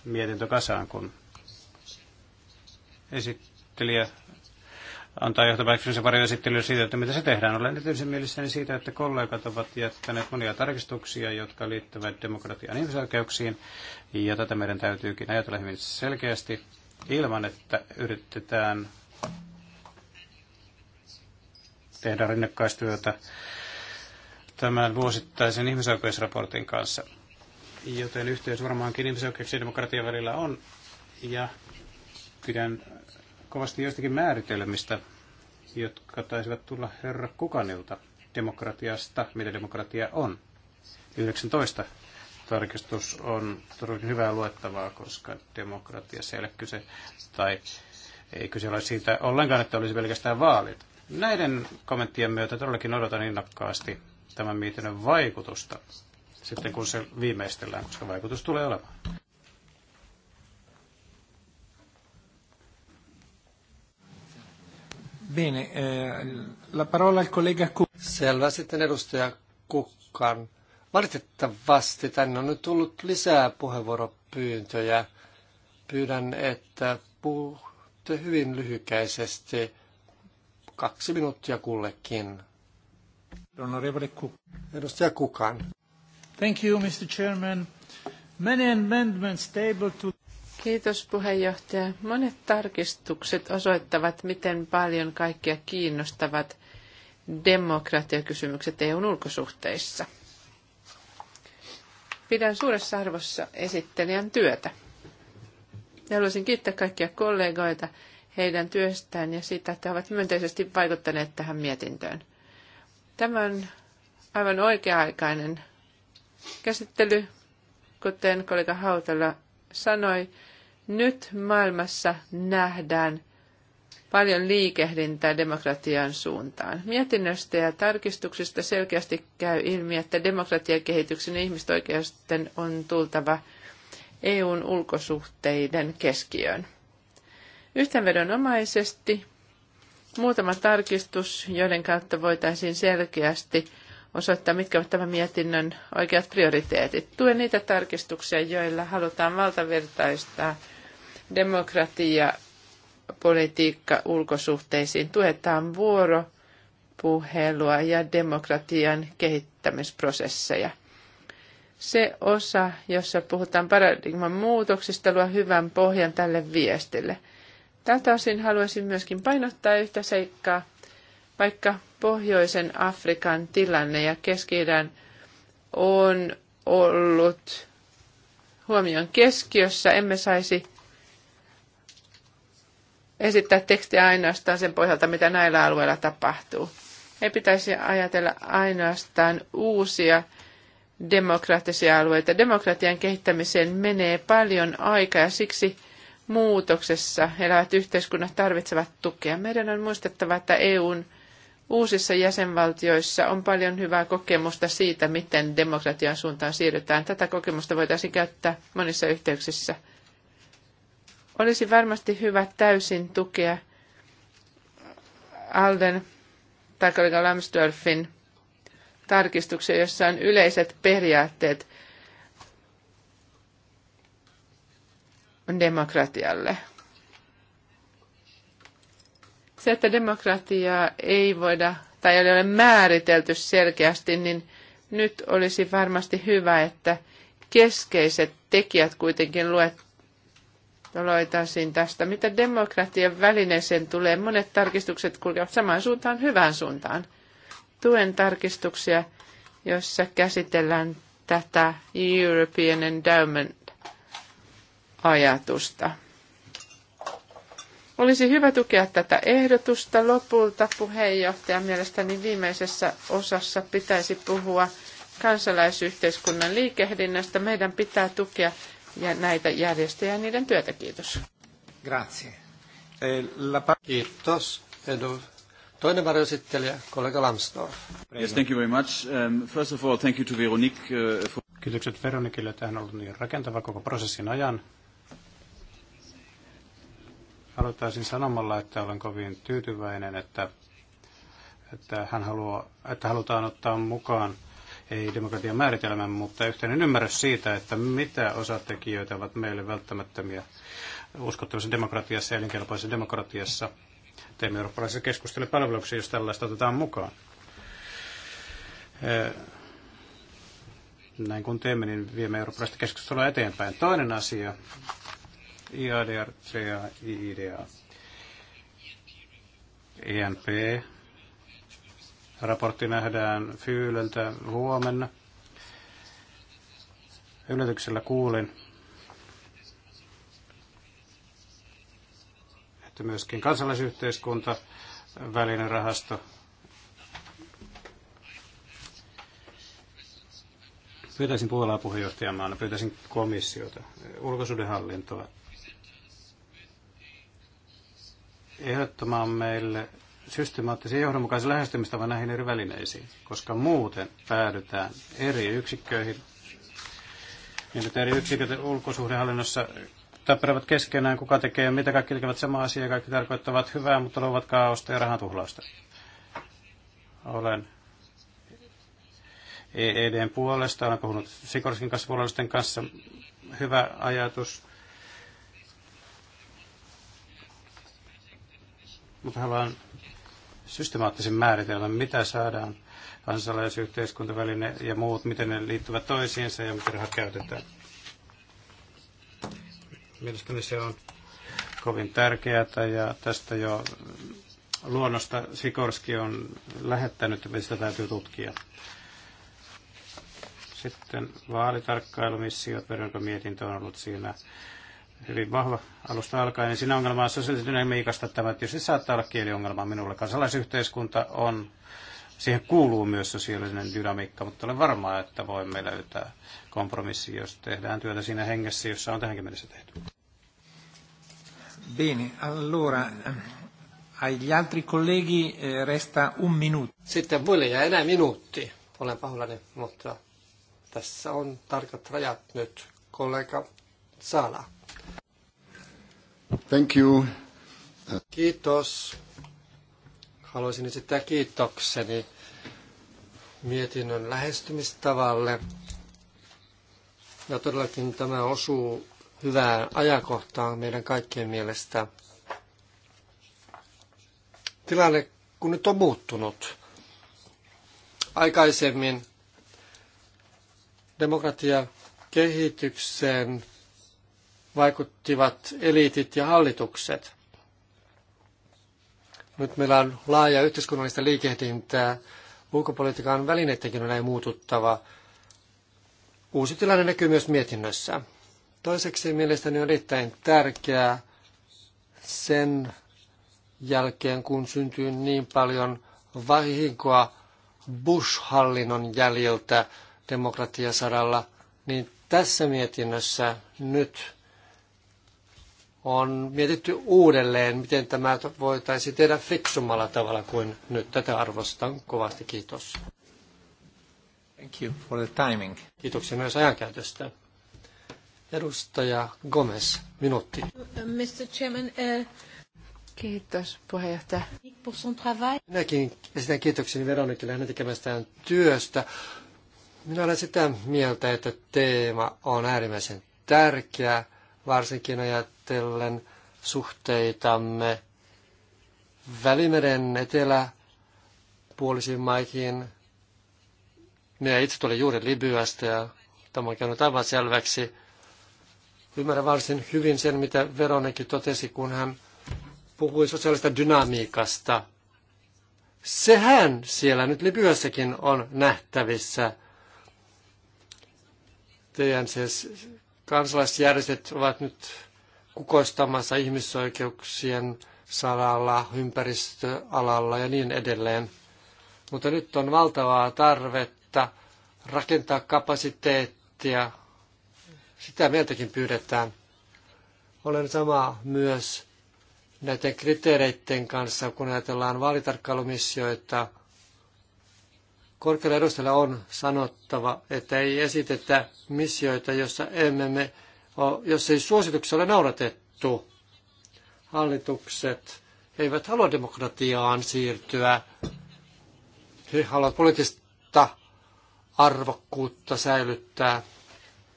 Speaker 2: mietintö kasaan, kun esittelijä antaa johtopäätöksensä esittelyä siitä, että mitä se tehdään. Olen erityisen mielissäni siitä, että kollegat ovat jättäneet monia tarkistuksia, jotka liittyvät demokratian ihmisoikeuksiin, ja tätä meidän täytyykin ajatella hyvin selkeästi ilman, että yritetään tehdä rinnakkaistyötä tämän vuosittaisen ihmisoikeusraportin kanssa. Joten yhteys varmaankin ihmisoikeuksien ja demokratian välillä on, ja pidän kovasti joistakin määritelmistä, jotka taisivat tulla herra Kukanilta demokratiasta, mitä demokratia on. 19 tarkistus on todellakin hyvää luettavaa, koska demokratia ei ole kyse, tai ei kyse ole siitä ollenkaan, että olisi pelkästään vaalit. Näiden kommenttien myötä todellakin odotan innokkaasti tämän mietinnön vaikutusta sitten, kun se viimeistellään, koska vaikutus tulee olemaan. Bene, eh, la parola al collega
Speaker 1: Selvä sitten edustaja Kukkan. Valitettavasti tänne on nyt tullut lisää puheenvuoropyyntöjä. Pyydän, että puhutte hyvin lyhykäisesti, kaksi minuuttia kullekin. Honorable Kuk. Edustaja Kukan.
Speaker 3: Thank you, Mr. Chairman. Many amendments tabled to... Kiitos puheenjohtaja. Monet tarkistukset osoittavat, miten paljon kaikkia kiinnostavat demokratiakysymykset EUn ulkosuhteissa. Pidän suuressa arvossa esittelijän työtä. haluaisin kiittää kaikkia kollegoita heidän työstään ja siitä, että he ovat myönteisesti vaikuttaneet tähän mietintöön. Tämä on aivan oikea-aikainen käsittely, kuten kollega Hautala sanoi nyt maailmassa nähdään paljon liikehdintää demokratian suuntaan. Mietinnöstä ja tarkistuksista selkeästi käy ilmi, että demokratiakehityksen ja ihmisoikeusten on tultava EUn ulkosuhteiden keskiöön. Yhteenvedonomaisesti muutama tarkistus, joiden kautta voitaisiin selkeästi osoittaa, mitkä ovat tämän mietinnön oikeat prioriteetit. Tuen niitä tarkistuksia, joilla halutaan valtavirtaistaa demokratia politiikka ulkosuhteisiin. Tuetaan vuoropuhelua ja demokratian kehittämisprosesseja. Se osa, jossa puhutaan paradigman muutoksista, luo hyvän pohjan tälle viestille. Tältä osin haluaisin myöskin painottaa yhtä seikkaa, vaikka Pohjoisen Afrikan tilanne ja keski on ollut huomion keskiössä, emme saisi esittää tekstiä ainoastaan sen pohjalta, mitä näillä alueilla tapahtuu. Ei pitäisi ajatella ainoastaan uusia demokraattisia alueita. Demokratian kehittämiseen menee paljon aikaa ja siksi muutoksessa elävät yhteiskunnat tarvitsevat tukea. Meidän on muistettava, että EUn uusissa jäsenvaltioissa on paljon hyvää kokemusta siitä, miten demokratian suuntaan siirrytään. Tätä kokemusta voitaisiin käyttää monissa yhteyksissä – olisi varmasti hyvä täysin tukea Alden tai kollega Lambsdorffin tarkistuksia, jossa on yleiset periaatteet demokratialle. Se, että demokratiaa ei voida tai ei ole määritelty selkeästi, niin nyt olisi varmasti hyvä, että keskeiset tekijät kuitenkin luettaisiin aloitaisin tästä. Mitä demokratian välineeseen tulee, monet tarkistukset kulkevat samaan suuntaan, hyvään suuntaan. Tuen tarkistuksia, joissa käsitellään tätä European Endowment-ajatusta. Olisi hyvä tukea tätä ehdotusta. Lopulta Puheenjohtaja mielestäni viimeisessä osassa pitäisi puhua kansalaisyhteiskunnan liikehdinnästä. Meidän pitää tukea ja näitä järjestöjä ja niiden työtä. Kiitos.
Speaker 1: Grazie. E, kiitos. Toinen varjoesittelijä, kollega Lambsdorff. Yes, thank
Speaker 2: you very much. Um, first of all, thank you to Veronique. Uh, for... Kiitokset Veronikille, että hän on ollut niin rakentava koko prosessin ajan. Aloittaisin sanomalla, että olen kovin tyytyväinen, että, että, hän haluaa, että halutaan ottaa mukaan ei demokratian määritelmän, mutta yhteinen ymmärrys siitä, että mitä osatekijöitä ovat meille välttämättömiä uskottavassa demokratiassa ja elinkelpoisessa demokratiassa. Teemme eurooppalaisessa keskustelupalveluksessa, jos tällaista otetaan mukaan. Näin kun teemme, niin viemme eurooppalaista keskustelua eteenpäin. Toinen asia, IADR, CA, IIDA, ENP, Raportti nähdään Fyyleltä huomenna. Yllätyksellä kuulin, että myöskin kansalaisyhteiskunta välinen rahasto pyytäisin Puolaa puheenjohtajamaana, pyytäisin komissiota, ulkosuudenhallintoa ehdottamaan meille systemaattisen johdonmukaisen lähestymistavan näihin eri välineisiin, koska muuten päädytään eri yksikköihin, niin että eri yksiköt ulkosuhdehallinnossa tappelevat keskenään, kuka tekee ja mitä kaikki tekevät sama asia, kaikki tarkoittavat hyvää, mutta luovat kaaosta ja tuhlausta. Olen EEDn puolesta, olen puhunut Sikorskin kanssa puolellisten kanssa. Hyvä ajatus. Mutta haluan systemaattisen määritelmän, mitä saadaan kansalaisyhteiskuntaväline ja muut, miten ne liittyvät toisiinsa ja miten rahat käytetään. Mielestäni se on kovin tärkeää ja tästä jo luonnosta Sikorski on lähettänyt, että sitä täytyy tutkia. Sitten vaalitarkkailumissiot, verranko mietintö on ollut siinä hyvin vahva alusta alkaen, siinä ongelma on sosiaalisen dynamiikasta. Tämä se saattaa olla kieliongelma minulle. Kansalaisyhteiskunta on, siihen kuuluu myös sosiaalinen dynamiikka, mutta olen varma, että voimme löytää kompromissi, jos tehdään työtä siinä hengessä, jossa on tähänkin mennessä tehty. Bene, allora agli altri colleghi eh, resta un minuto. Sitten muille jää enää
Speaker 1: minuutti. Olen pahoillani, mutta tässä on tarkat rajat nyt. Kollega Sala.
Speaker 2: Thank you.
Speaker 1: Kiitos. Haluaisin esittää kiitokseni mietinnön lähestymistavalle. Ja todellakin tämä osuu hyvään ajankohtaan meidän kaikkien mielestä. Tilanne kun nyt on muuttunut. Aikaisemmin demokratia kehitykseen vaikuttivat eliitit ja hallitukset. Nyt meillä on laaja yhteiskunnallista liikehdintää. Ulkopolitiikan välineidenkin on näin muututtava. Uusi tilanne näkyy myös mietinnössä. Toiseksi mielestäni on erittäin tärkeää sen jälkeen, kun syntyy niin paljon vahinkoa Bush-hallinnon jäljiltä demokratiasaralla, niin tässä mietinnössä nyt on mietitty uudelleen, miten tämä voitaisiin tehdä fiksummalla tavalla kuin nyt. Tätä arvostan kovasti. Kiitos.
Speaker 2: Thank you for the timing.
Speaker 1: Kiitoksia myös ajankäytöstä. Edustaja Gomez, minuutti.
Speaker 3: Mr. Chairman, uh... Kiitos puheenjohtaja.
Speaker 1: Minäkin esitän kiitokseni Veronikille hänen tekemästään työstä. Minä olen sitä mieltä, että teema on äärimmäisen tärkeä, varsinkin ajat ajatellen suhteitamme Välimeren eteläpuolisiin maihin. Minä itse tulin juuri Libyasta ja tämä on käynyt aivan selväksi. Ymmärrän varsin hyvin sen, mitä Veronekin totesi, kun hän puhui sosiaalista dynamiikasta. Sehän siellä nyt Libyassakin on nähtävissä. Teidän siis kansalaisjärjestöt ovat nyt kukoistamassa ihmisoikeuksien saralla, ympäristöalalla ja niin edelleen. Mutta nyt on valtavaa tarvetta rakentaa kapasiteettia. Sitä meiltäkin pyydetään. Olen sama myös näiden kriteereiden kanssa, kun ajatellaan vaalitarkkailumissioita. Korkealla edustajalla on sanottava, että ei esitetä missioita, jossa emme me jos ei suosituksia ole noudatettu. Hallitukset eivät halua demokratiaan siirtyä. He haluavat poliittista arvokkuutta säilyttää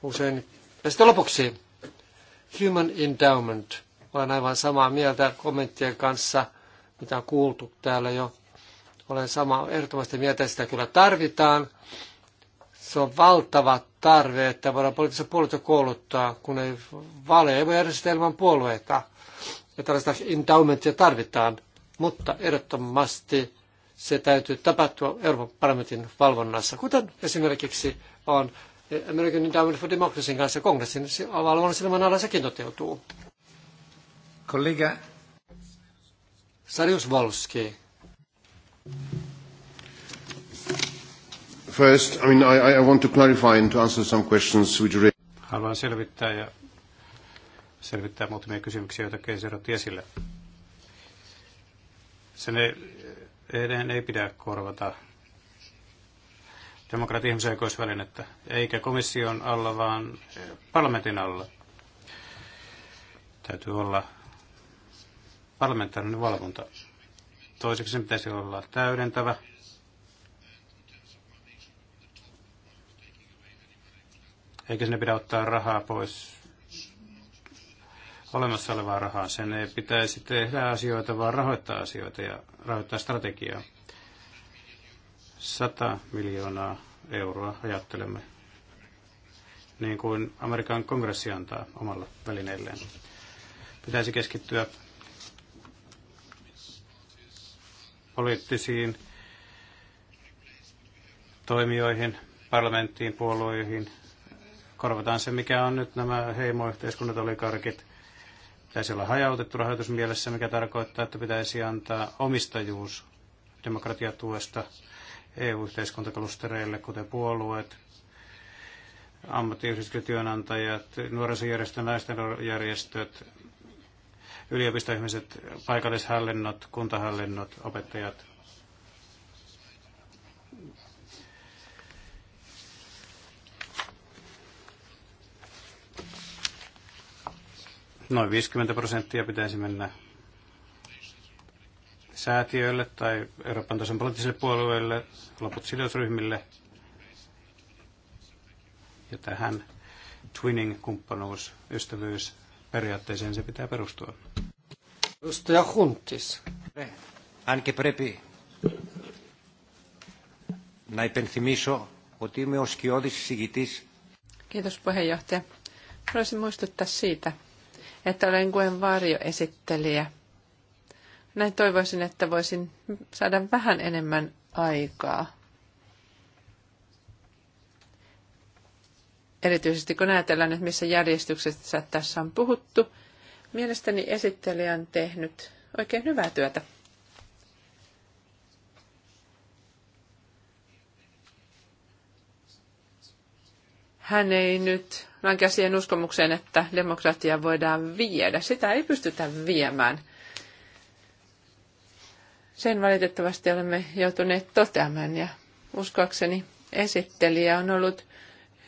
Speaker 1: usein. Ja sitten lopuksi Human Endowment. Olen aivan samaa mieltä kommenttien kanssa, mitä on kuultu täällä jo. Olen samaa ehdottomasti mieltä, sitä kyllä tarvitaan. Se on valtava tarve, että voidaan poliittisen puolueita kouluttaa, kun ei vale ei voi järjestää ilman puolueita. Ja tällaista endowmentia tarvitaan, mutta ehdottomasti se täytyy tapahtua Euroopan parlamentin valvonnassa, kuten esimerkiksi on American Endowment for Democracyn kanssa kongressin valvonnassa ilman alla sekin toteutuu. Kollega Sarius Volski.
Speaker 2: First, I mean, I, want to clarify and to answer some questions which Haluan selvittää ja selvittää muutamia kysymyksiä, joita Keiser otti esille. Sen ei, ei, pidä korvata demokratia- ihmisoikeusvälinettä, eikä komission alla, vaan parlamentin alla. Täytyy olla parlamentaarinen valvonta. Toiseksi sen pitäisi olla täydentävä eikä sinne pidä ottaa rahaa pois olemassa olevaa rahaa. Sen ei pitäisi tehdä asioita, vaan rahoittaa asioita ja rahoittaa strategiaa. 100 miljoonaa euroa ajattelemme, niin kuin Amerikan kongressi antaa omalla välineelleen. Pitäisi keskittyä poliittisiin toimijoihin, parlamenttiin, puolueihin, korvataan se, mikä on nyt nämä heimoyhteiskunnat olikarkit. Pitäisi olla hajautettu rahoitusmielessä, mikä tarkoittaa, että pitäisi antaa omistajuus demokratiatuesta EU-yhteiskuntaklustereille, kuten puolueet, ammattiyhdistyksen työnantajat, nuorisojärjestöt, naisten järjestöt, yliopistoihmiset, paikallishallinnot, kuntahallinnot, opettajat, Noin 50 prosenttia pitäisi mennä säätiöille tai Euroopan tason poliittisille puolueille, loput sidosryhmille. Ja tähän twinning, kumppanuus, ystävyys, periaatteeseen se pitää perustua. Edustaja Huntis. Anke prepi
Speaker 1: Näin ότι είμαι ο σκιώδης
Speaker 3: Kiitos puheenjohtaja. Haluaisin muistuttaa siitä, että olen Gwen varjoesittelijä. Näin toivoisin, että voisin saada vähän enemmän aikaa. Erityisesti kun ajatellaan, että missä järjestyksessä tässä on puhuttu, mielestäni esittelijä on tehnyt oikein hyvää työtä. Hän ei nyt vankia siihen uskomukseen, että demokratia voidaan viedä. Sitä ei pystytä viemään. Sen valitettavasti olemme joutuneet toteamaan ja uskoakseni esittelijä on ollut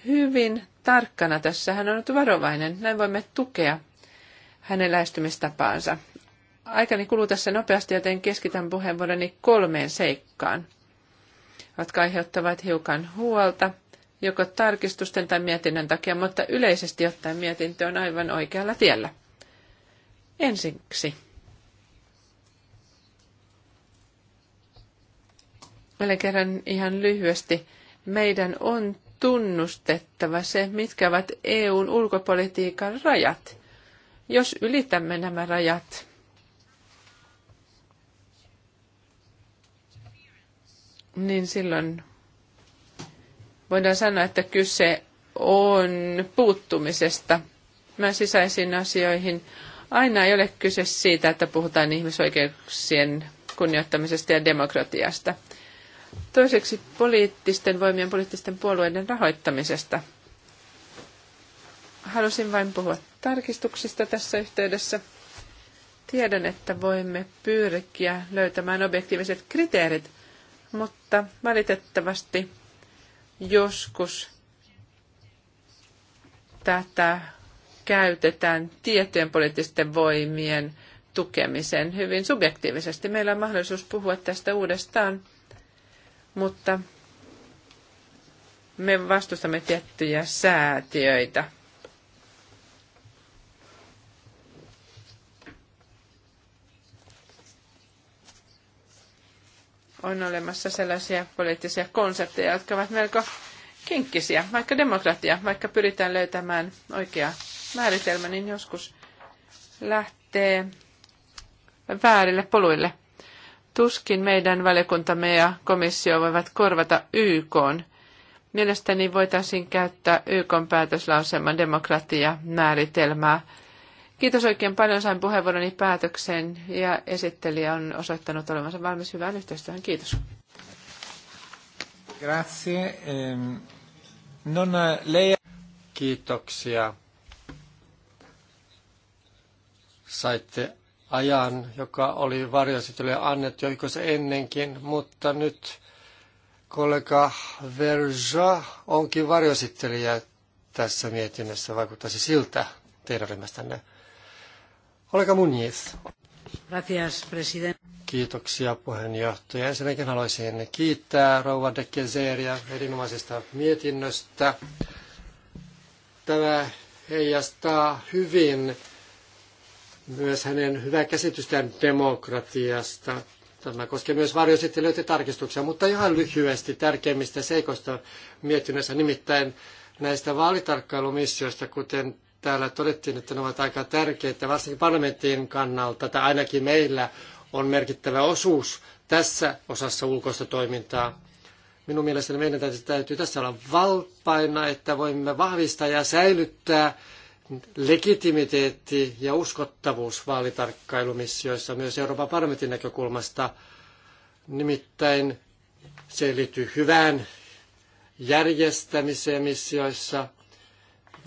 Speaker 3: hyvin tarkkana tässä. Hän on ollut varovainen. Näin voimme tukea hänen lähestymistapaansa. Aikani kuluu tässä nopeasti, joten keskitän puheenvuoroni kolmeen seikkaan, jotka aiheuttavat hiukan huolta – joko tarkistusten tai mietinnön takia, mutta yleisesti ottaen mietintö on aivan oikealla tiellä. Ensiksi. Vielä kerran ihan lyhyesti. Meidän on tunnustettava se, mitkä ovat EUn ulkopolitiikan rajat. Jos ylitämme nämä rajat, niin silloin voidaan sanoa, että kyse on puuttumisesta mä sisäisiin asioihin. Aina ei ole kyse siitä, että puhutaan ihmisoikeuksien kunnioittamisesta ja demokratiasta. Toiseksi poliittisten voimien, poliittisten puolueiden rahoittamisesta. Halusin vain puhua tarkistuksista tässä yhteydessä. Tiedän, että voimme pyrkiä löytämään objektiiviset kriteerit, mutta valitettavasti joskus tätä käytetään tieteen poliittisten voimien tukemiseen hyvin subjektiivisesti. Meillä on mahdollisuus puhua tästä uudestaan, mutta me vastustamme tiettyjä säätiöitä – on olemassa sellaisia poliittisia konsepteja, jotka ovat melko kinkkisiä, vaikka demokratia, vaikka pyritään löytämään oikea määritelmä, niin joskus lähtee väärille poluille. Tuskin meidän valiokuntamme ja komissio voivat korvata YK. Mielestäni voitaisiin käyttää YK päätöslauselman demokratia määritelmää Kiitos oikein paljon. Sain puheenvuoroni päätökseen ja esittelijä on osoittanut olevansa valmis hyvään yhteistyöhön. Kiitos.
Speaker 1: Grazie. Ehm, non eh, lei... Kiitoksia. Saitte ajan, joka oli varjoesittelylle annettu joiko se ennenkin, mutta nyt kollega Verja onkin varjoesittelijä tässä mietinnössä, vaikuttaisi siltä teidän ryhmästänne. Kollega Muniz. Gracias, president. Kiitoksia puheenjohtaja. Ensinnäkin haluaisin kiittää Rouva de Kezeria erinomaisesta mietinnöstä. Tämä heijastaa hyvin myös hänen hyvää käsitystään demokratiasta. Tämä koskee myös varjosittelijöiden tarkistuksia, mutta ihan lyhyesti tärkeimmistä seikoista mietinnössä, nimittäin näistä vaalitarkkailumissioista, kuten Täällä todettiin, että ne ovat aika tärkeitä, varsinkin parlamentin kannalta, tai ainakin meillä on merkittävä osuus tässä osassa ulkoista toimintaa. Minun mielestäni meidän täytyy, täytyy tässä olla valppaina, että voimme vahvistaa ja säilyttää legitimiteetti ja uskottavuus vaalitarkkailumissioissa myös Euroopan parlamentin näkökulmasta. Nimittäin se liittyy hyvään järjestämiseen missioissa,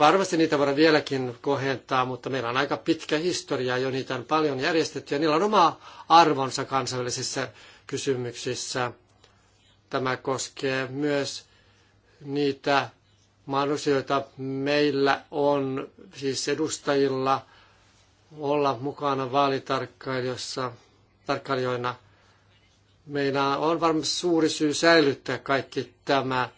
Speaker 1: Varmasti niitä voidaan vieläkin kohentaa, mutta meillä on aika pitkä historia jo, niitä on paljon järjestetty ja niillä on oma arvonsa kansainvälisissä kysymyksissä. Tämä koskee myös niitä mahdollisuuksia, joita meillä on, siis edustajilla, olla mukana vaalitarkkailijoina. Meillä on varmasti suuri syy säilyttää kaikki tämä –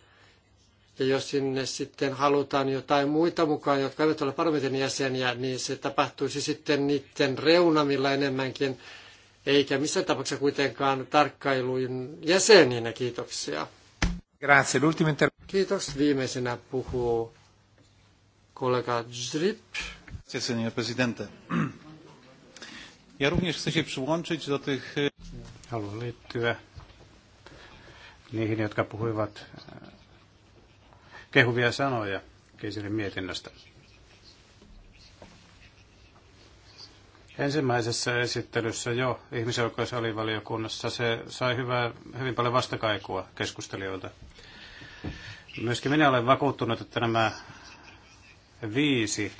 Speaker 1: ja jos sinne sitten halutaan jotain muita mukaan, jotka eivät ole parlamentin jäseniä, niin se tapahtuisi sitten niiden reunamilla enemmänkin, eikä missään tapauksessa kuitenkaan tarkkailuin jäseninä. Kiitoksia. Grazie. L'ultimo Kiitos. Viimeisenä puhuu kollega Zrip.
Speaker 2: Ja Haluan liittyä niihin, jotka puhuivat kehuvia sanoja Keisarin mietinnöstä. Ensimmäisessä esittelyssä jo ihmisoikeusalivaliokunnassa se sai hyvää, hyvin paljon vastakaikua keskustelijoilta. Myöskin minä olen vakuuttunut, että nämä viisi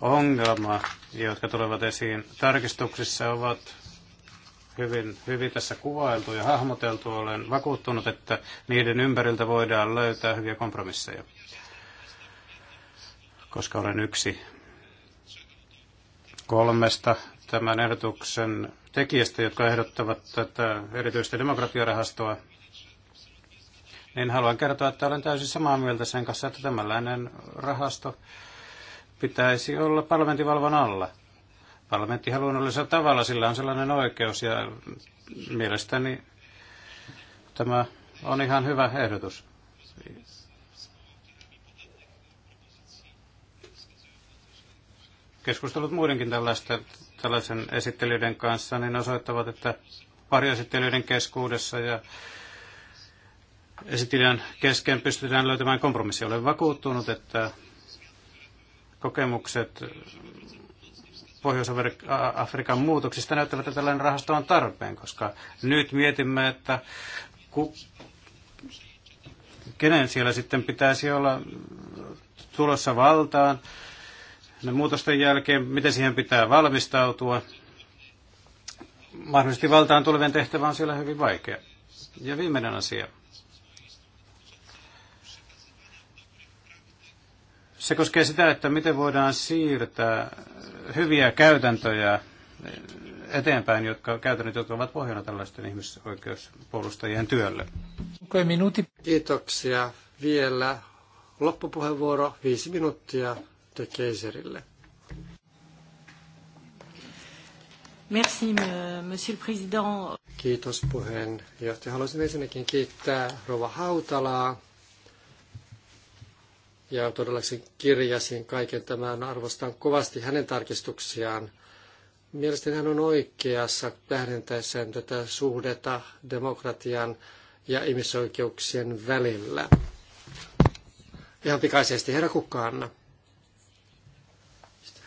Speaker 2: ongelmaa, jotka tulevat esiin tarkistuksissa, ovat hyvin, hyvin tässä kuvailtu ja hahmoteltu. Olen vakuuttunut, että niiden ympäriltä voidaan löytää hyviä kompromisseja, koska olen yksi kolmesta tämän ehdotuksen tekijästä, jotka ehdottavat tätä erityistä demokratiarahastoa, niin haluan kertoa, että olen täysin samaa mieltä sen kanssa, että tämänlainen rahasto pitäisi olla parlamentivalvon alla. Parlamentti halunnollisella tavalla, sillä on sellainen oikeus ja mielestäni tämä on ihan hyvä ehdotus. Keskustelut muidenkin tällaista, tällaisen esittelyiden kanssa niin osoittavat, että varjoesittelyiden keskuudessa ja esittelijän kesken pystytään löytämään kompromissi. Olen vakuuttunut, että kokemukset Pohjois-Afrikan muutoksista näyttävät, että tällainen rahasto on tarpeen, koska nyt mietimme, että ku, kenen siellä sitten pitäisi olla tulossa valtaan ne muutosten jälkeen, miten siihen pitää valmistautua. Mahdollisesti valtaan tulevien tehtävä on siellä hyvin vaikea. Ja viimeinen asia – Se koskee sitä, että miten voidaan siirtää hyviä käytäntöjä eteenpäin, jotka käytännöt, jotka ovat pohjana tällaisten ihmisoikeuspuolustajien työlle.
Speaker 1: Minuutti. Kiitoksia vielä. Loppupuheenvuoro viisi minuuttia te keiserille. Merci, monsieur le président. Kiitos puheenjohtaja. Haluaisin ensinnäkin kiittää Rova Hautalaa ja todellakin kirjasin kaiken tämän. Arvostan kovasti hänen tarkistuksiaan. Mielestäni hän on oikeassa tähdentäessään tätä suhdetta demokratian ja ihmisoikeuksien välillä. Ihan pikaisesti herra Kukkaanna.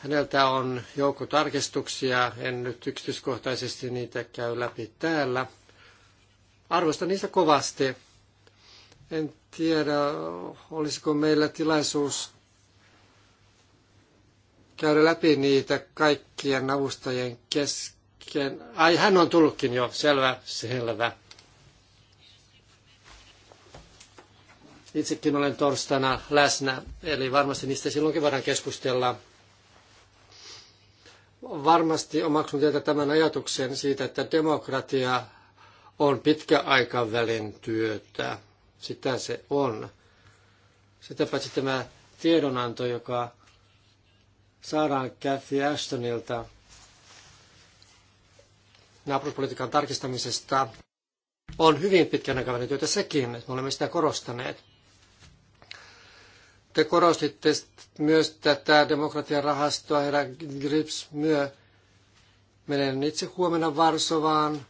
Speaker 1: Häneltä on joukko tarkistuksia, en nyt yksityiskohtaisesti niitä käy läpi täällä. Arvostan niistä kovasti. En tiedä, olisiko meillä tilaisuus käydä läpi niitä kaikkien avustajien kesken. Ai, hän on tullutkin jo. Selvä, selvä. Itsekin olen torstaina läsnä, eli varmasti niistä silloinkin voidaan keskustella. Varmasti omaksun tietä tämän ajatuksen siitä, että demokratia on pitkäaikavälin työtä. Sitä se on. Sitä paitsi tämä tiedonanto, joka saadaan Cathy Ashtonilta naapuruspolitiikan tarkistamisesta, on hyvin pitkän aikavälin työtä sekin, että me olemme sitä korostaneet. Te korostitte myös tätä demokratian rahastoa, herra Grips, myö. Menen itse huomenna Varsovaan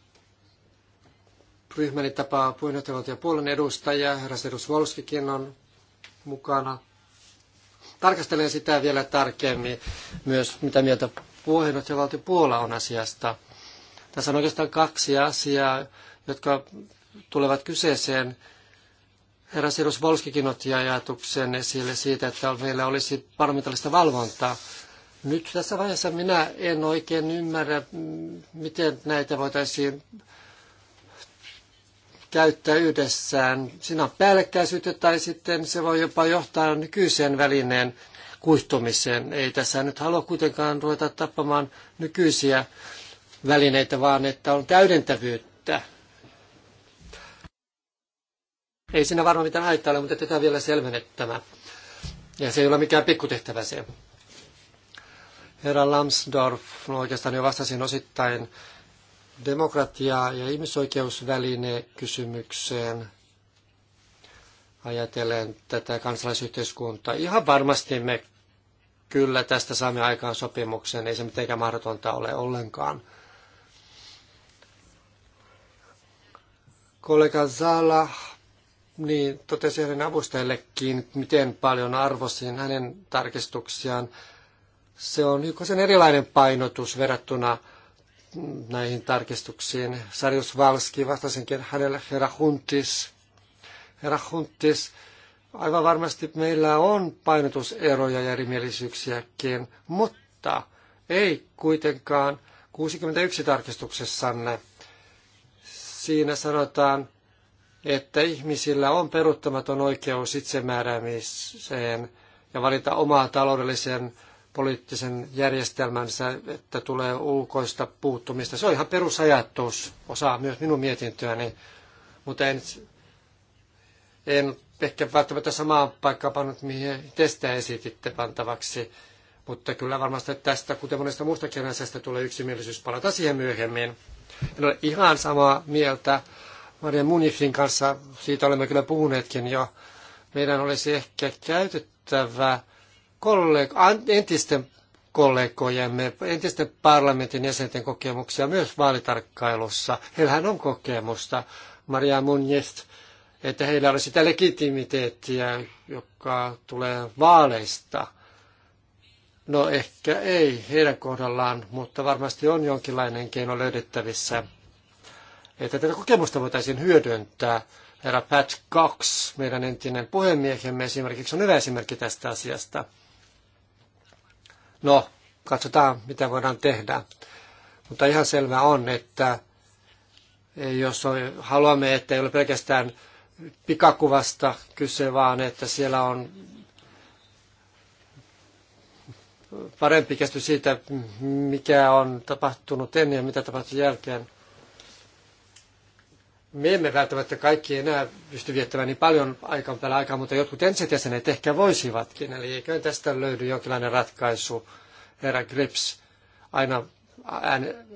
Speaker 1: ryhmäni tapaa puheenjohtajavaltion puolen edustajia, herras edus Volskikin on mukana. Tarkastelen sitä vielä tarkemmin myös, mitä mieltä puheenjohtajavaltio Puola on asiasta. Tässä on oikeastaan kaksi asiaa, jotka tulevat kyseeseen. Herras Sirus Volskikin otti ajatuksen esille siitä, että meillä olisi parlamentaarista valvontaa. Nyt tässä vaiheessa minä en oikein ymmärrä, miten näitä voitaisiin käyttää yhdessään. Siinä on päällekkäisyyttä tai sitten se voi jopa johtaa nykyiseen välineen kuihtumiseen. Ei tässä nyt halua kuitenkaan ruveta tappamaan nykyisiä välineitä, vaan että on täydentävyyttä. Ei siinä varmaan mitään haittaa ole, mutta tätä vielä selvennettävä. Ja se ei ole mikään pikkutehtävä se. Herra Lamsdorf no oikeastaan jo vastasin osittain demokratia ja ihmisoikeusväline kysymykseen ajatellen tätä kansalaisyhteiskuntaa. Ihan varmasti me kyllä tästä saamme aikaan sopimuksen, ei se mitenkään mahdotonta ole ollenkaan. Kollega Zala niin totesi hänen avustajallekin, miten paljon arvostin hänen tarkistuksiaan. Se on hiukan erilainen painotus verrattuna näihin tarkistuksiin. Sarius Valski vastasinkin hänelle herra Huntis. Herra Huntis, aivan varmasti meillä on painotuseroja ja erimielisyyksiäkin, mutta ei kuitenkaan 61 tarkistuksessanne. Siinä sanotaan, että ihmisillä on peruuttamaton oikeus itsemääräämiseen ja valita omaa taloudellisen poliittisen järjestelmänsä, että tulee ulkoista puuttumista. Se on ihan perusajatus, osaa myös minun mietintyäni, mutta en, en ehkä välttämättä samaan paikkaan pannut, mihin testä esititte pantavaksi. Mutta kyllä varmasti tästä, kuten monesta muustakin asiasta, tulee yksimielisyys. Palata siihen myöhemmin. En ole ihan samaa mieltä Maria Munifin kanssa. Siitä olemme kyllä puhuneetkin jo. Meidän olisi ehkä käytettävä kollega, entisten kollegojemme, entisten parlamentin jäsenten kokemuksia myös vaalitarkkailussa. Heillähän on kokemusta, Maria Munjest, että heillä olisi sitä legitimiteettiä, joka tulee vaaleista. No ehkä ei heidän kohdallaan, mutta varmasti on jonkinlainen keino löydettävissä, että tätä kokemusta voitaisiin hyödyntää. Herra Pat Cox, meidän entinen puhemiehemme esimerkiksi, on hyvä esimerkki tästä asiasta – No, katsotaan mitä voidaan tehdä. Mutta ihan selvää on, että jos on, haluamme, että ei ole pelkästään pikakuvasta kyse, vaan että siellä on parempi käsitys siitä, mikä on tapahtunut ennen ja mitä tapahtui jälkeen, me emme välttämättä kaikki enää pysty viettämään niin paljon aikaa päällä aikaa, mutta jotkut entiset jäsenet ehkä voisivatkin. Eli eiköhän tästä löydy jonkinlainen ratkaisu. Herra Grips, aina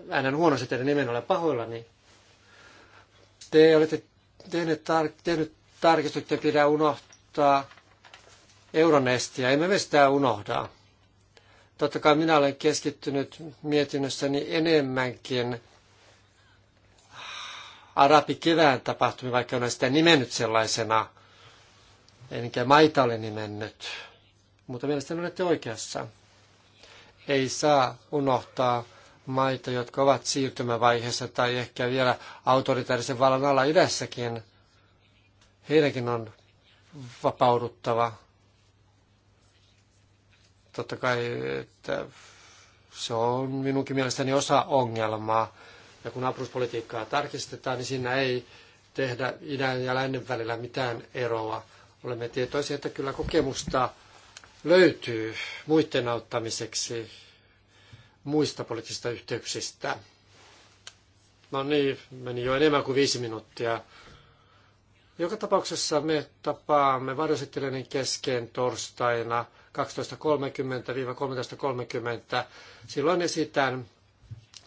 Speaker 1: äänen huonosti teidän nimen olen pahoillani. Te olette tehneet, tar- tehneet tarkistut ja pidä unohtaa Euronestia. Emme me sitä unohda. Totta kai minä olen keskittynyt mietinnössäni enemmänkin arabikevään tapahtumia, vaikka en ole sitä nimennyt sellaisena, enkä maita ole nimennyt. Mutta mielestäni olette oikeassa. Ei saa unohtaa maita, jotka ovat siirtymävaiheessa tai ehkä vielä autoritaarisen vallan alla idässäkin. Heidänkin on vapauduttava. Totta kai, että se on minunkin mielestäni osa ongelmaa ja kun naapuruspolitiikkaa tarkistetaan, niin siinä ei tehdä idän ja lännen välillä mitään eroa. Olemme tietoisia, että kyllä kokemusta löytyy muiden auttamiseksi muista poliittisista yhteyksistä. No niin, meni jo enemmän kuin viisi minuuttia. Joka tapauksessa me tapaamme varjosittelijöiden kesken torstaina 12.30-13.30. Silloin esitän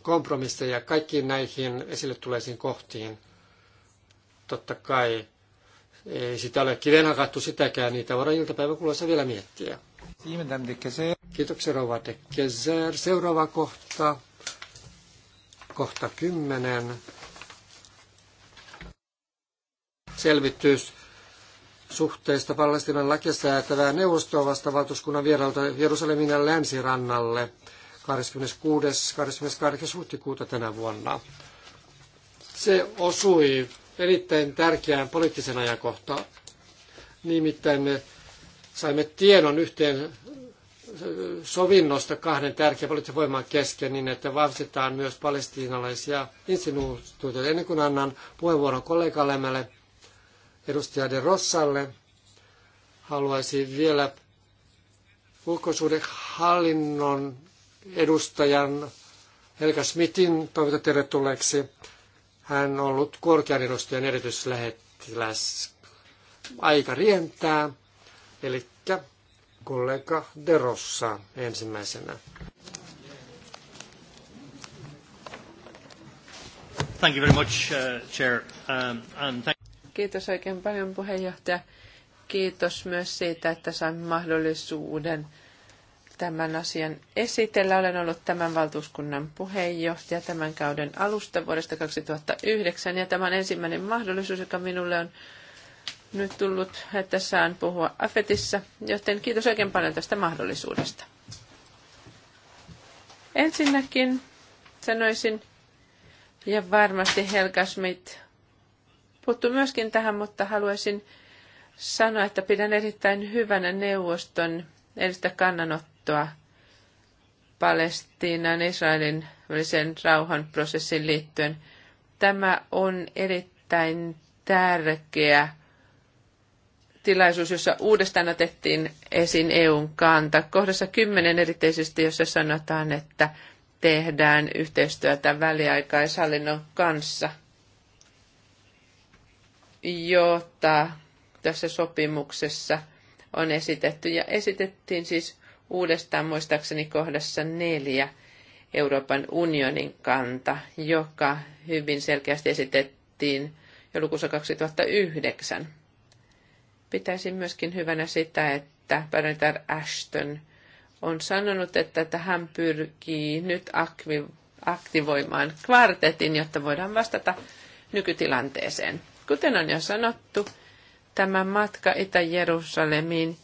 Speaker 1: kompromisseja kaikkiin näihin esille tulleisiin kohtiin. Totta kai ei sitä ole kiven hakattu sitäkään, niitä voidaan iltapäivän kuluessa vielä miettiä. Kiitoksia rouva de Kezer. Seuraava kohta, kohta kymmenen Selvitys suhteista Palestinan lakia säätävää neuvostoa vasta valtuuskunnan vierailta Jerusalemin ja länsirannalle – 26. 28. huhtikuuta tänä vuonna. Se osui erittäin tärkeään poliittisen ajankohtaan. Nimittäin me saimme tiedon yhteen sovinnosta kahden tärkeän poliittisen voiman kesken niin, että vahvistetaan myös palestiinalaisia instituutioita. Ennen kuin annan puheenvuoron kollegalle edustaja De Rossalle, haluaisin vielä hallinnon edustajan Helga Smithin toivota tervetulleeksi. Hän on ollut korkean edustajan erityislähettiläs. Aika rientää, eli kollega Derossa ensimmäisenä. Thank you very much, uh, Chair. Um, and thank
Speaker 3: Kiitos oikein paljon puheenjohtaja. Kiitos myös siitä, että sain mahdollisuuden tämän asian esitellä. Olen ollut tämän valtuuskunnan puheenjohtaja tämän kauden alusta vuodesta 2009 ja tämä on ensimmäinen mahdollisuus, joka minulle on nyt tullut, että saan puhua AFETissa, joten kiitos oikein paljon tästä mahdollisuudesta. Ensinnäkin sanoisin, ja varmasti Helga Schmidt puuttuu myöskin tähän, mutta haluaisin sanoa, että pidän erittäin hyvänä neuvoston edistä kannanottoa joustoa Palestiinan Israelin välisen rauhanprosessin liittyen. Tämä on erittäin tärkeä tilaisuus, jossa uudestaan otettiin esiin EUn kanta. Kohdassa kymmenen erityisesti, jossa sanotaan, että tehdään yhteistyötä väliaikaishallinnon kanssa, jota tässä sopimuksessa on esitetty. Ja esitettiin siis uudestaan muistaakseni kohdassa neljä Euroopan unionin kanta, joka hyvin selkeästi esitettiin joulukuussa 2009. Pitäisin myöskin hyvänä sitä, että Baronetar Ashton on sanonut, että hän pyrkii nyt aktivoimaan kvartetin, jotta voidaan vastata nykytilanteeseen. Kuten on jo sanottu, tämä matka Itä-Jerusalemiin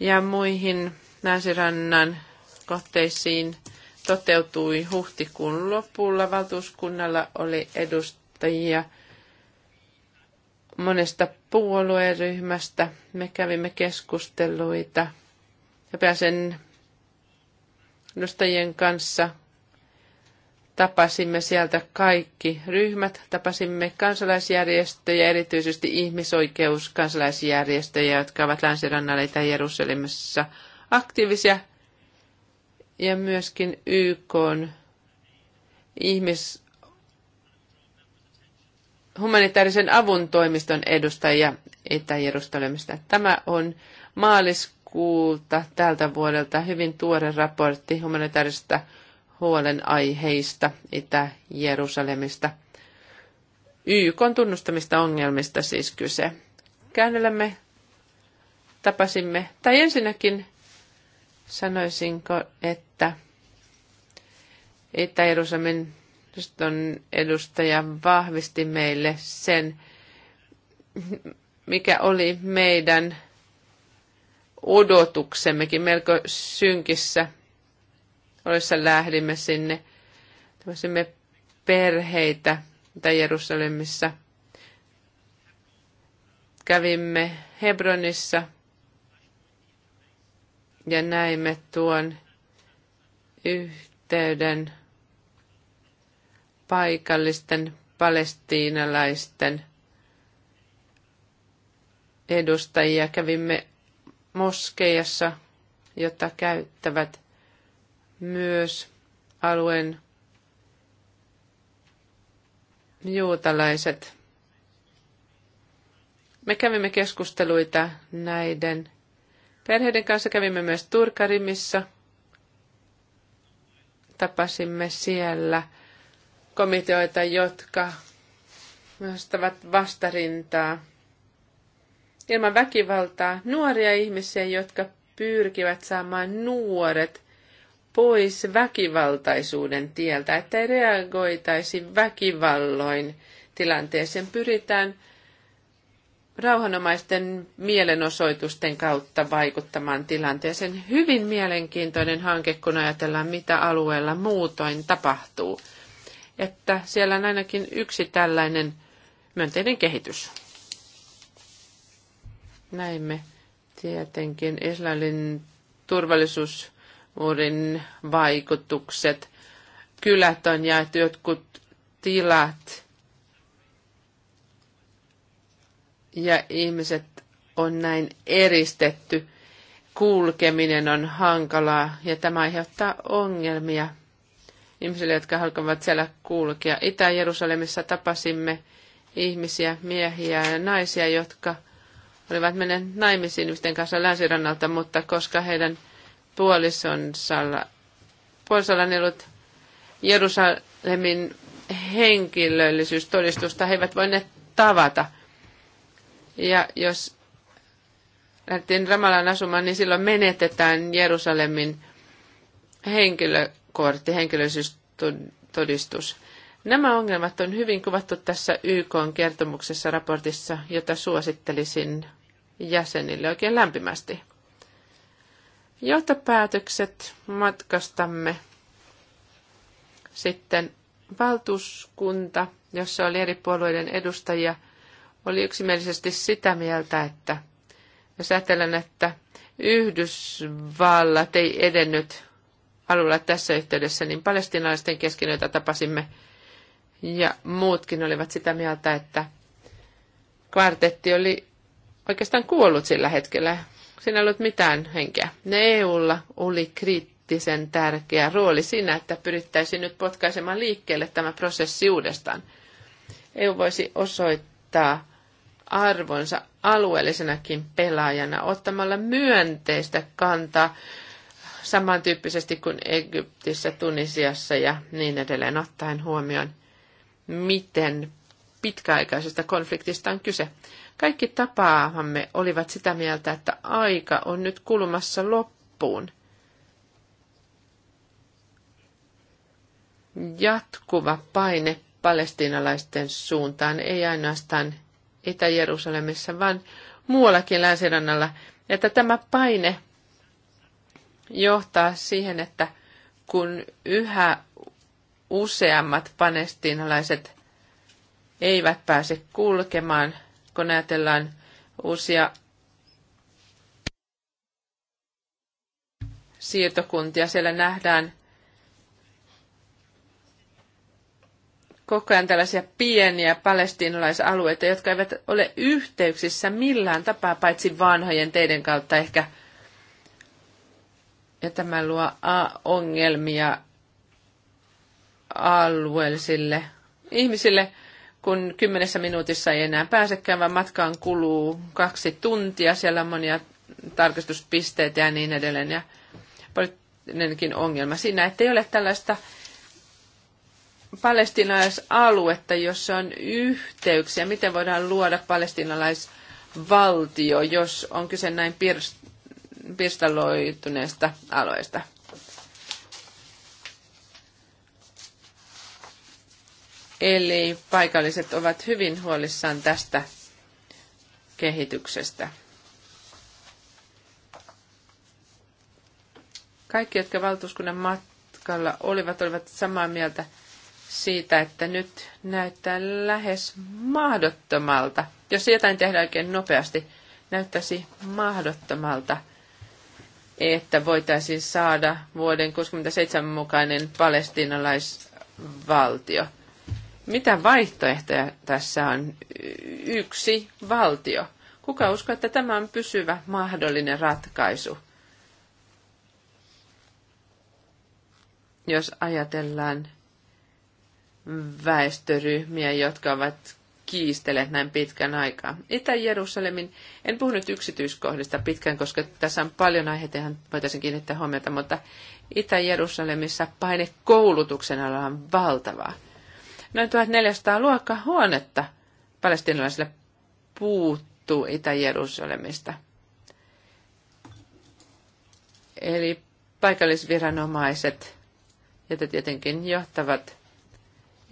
Speaker 3: ja muihin länsirannan kohteisiin toteutui huhtikuun lopulla. Valtuuskunnalla oli edustajia monesta puolueryhmästä. Me kävimme keskusteluita ja pääsen edustajien kanssa. Tapasimme sieltä kaikki ryhmät, tapasimme kansalaisjärjestöjä, erityisesti ihmisoikeuskansalaisjärjestöjä, jotka ovat Länsirannalla itä Jerusalemissa – aktiivisia ja myöskin YK on ihmis humanitaarisen avun toimiston edustajia Itä-Jerusalemista. Tämä on maaliskuulta tältä vuodelta hyvin tuore raportti humanitaarisesta huolenaiheista Itä-Jerusalemista. YK on tunnustamista ongelmista siis kyse. Käännelemme, tapasimme, tai ensinnäkin Sanoisinko, että Itä-Jerusalemin edustaja vahvisti meille sen, mikä oli meidän odotuksemmekin melko synkissä olessa lähdimme sinne. Tämmöisimme perheitä tai Jerusalemissa. Kävimme Hebronissa ja näimme tuon yhteyden paikallisten palestiinalaisten edustajia. Kävimme moskeijassa, jota käyttävät myös alueen juutalaiset. Me kävimme keskusteluita näiden Perheiden kanssa kävimme myös Turkarimissa. Tapasimme siellä komiteoita, jotka nostavat vastarintaa ilman väkivaltaa nuoria ihmisiä, jotka pyrkivät saamaan nuoret pois väkivaltaisuuden tieltä, ei reagoitaisi väkivalloin tilanteeseen. Pyritään rauhanomaisten mielenosoitusten kautta vaikuttamaan tilanteeseen. Hyvin mielenkiintoinen hanke, kun ajatellaan, mitä alueella muutoin tapahtuu. Että siellä on ainakin yksi tällainen myönteinen kehitys. Näimme tietenkin Israelin turvallisuusmuurin vaikutukset. Kylät on jaettu, jotkut tilat ja ihmiset on näin eristetty. Kulkeminen on hankalaa ja tämä aiheuttaa ongelmia ihmisille, jotka haluavat siellä kulkea. Itä-Jerusalemissa tapasimme ihmisiä, miehiä ja naisia, jotka olivat menneet naimisiin ihmisten kanssa länsirannalta, mutta koska heidän puolisonsalla, puolisolla on ollut Jerusalemin henkilöllisyystodistusta, he eivät voineet tavata – ja jos lähdettiin Ramallaan asumaan, niin silloin menetetään Jerusalemin henkilökortti, henkilöllisyystodistus. Nämä ongelmat on hyvin kuvattu tässä YK-kertomuksessa raportissa, jota suosittelisin jäsenille oikein lämpimästi. Johtopäätökset matkastamme sitten valtuuskunta, jossa oli eri puolueiden edustajia – oli yksimielisesti sitä mieltä, että jos ajatellaan, että Yhdysvallat ei edennyt alulla tässä yhteydessä, niin palestinaisten kesken, joita tapasimme, ja muutkin olivat sitä mieltä, että kvartetti oli oikeastaan kuollut sillä hetkellä. Siinä ei ollut mitään henkeä. Ne EUlla oli kriittisen tärkeä rooli siinä, että pyrittäisiin nyt potkaisemaan liikkeelle tämä prosessi uudestaan. EU voisi osoittaa arvonsa alueellisenakin pelaajana ottamalla myönteistä kantaa samantyyppisesti kuin Egyptissä, Tunisiassa ja niin edelleen ottaen huomioon, miten pitkäaikaisesta konfliktista on kyse. Kaikki tapaamamme olivat sitä mieltä, että aika on nyt kulumassa loppuun. Jatkuva paine palestiinalaisten suuntaan ei ainoastaan Itä-Jerusalemissa, vaan muuallakin länsirannalla. Että tämä paine johtaa siihen, että kun yhä useammat palestiinalaiset eivät pääse kulkemaan, kun ajatellaan uusia siirtokuntia, siellä nähdään – koko ajan tällaisia pieniä palestiinalaisalueita, jotka eivät ole yhteyksissä millään tapaa, paitsi vanhojen teiden kautta ehkä. Ja tämä luo ongelmia alueellisille ihmisille, kun kymmenessä minuutissa ei enää pääsekään, vaan matkaan kuluu kaksi tuntia. Siellä on monia tarkastuspisteitä ja niin edelleen. Ja poliittinenkin ongelma siinä, että ei ole tällaista palestinalaisaluetta, jossa on yhteyksiä? Miten voidaan luoda palestinalaisvaltio, jos on kyse näin pirst- pirstaloituneesta alueesta? Eli paikalliset ovat hyvin huolissaan tästä kehityksestä. Kaikki, jotka valtuuskunnan matkalla olivat, olivat samaa mieltä – siitä, että nyt näyttää lähes mahdottomalta. Jos jotain tehdään oikein nopeasti, näyttäisi mahdottomalta, että voitaisiin saada vuoden 67 mukainen palestinalaisvaltio. Mitä vaihtoehtoja tässä on? Yksi valtio. Kuka uskoo, että tämä on pysyvä mahdollinen ratkaisu? Jos ajatellaan väestöryhmiä, jotka ovat kiistelleet näin pitkän aikaa. Itä-Jerusalemin, en puhu nyt yksityiskohdista pitkään, koska tässä on paljon aiheita, johon voitaisiin kiinnittää huomiota, mutta Itä-Jerusalemissa paine koulutuksen alalla on valtavaa. Noin 1400 huonetta palestinalaisille puuttuu Itä-Jerusalemista. Eli paikallisviranomaiset, joita tietenkin johtavat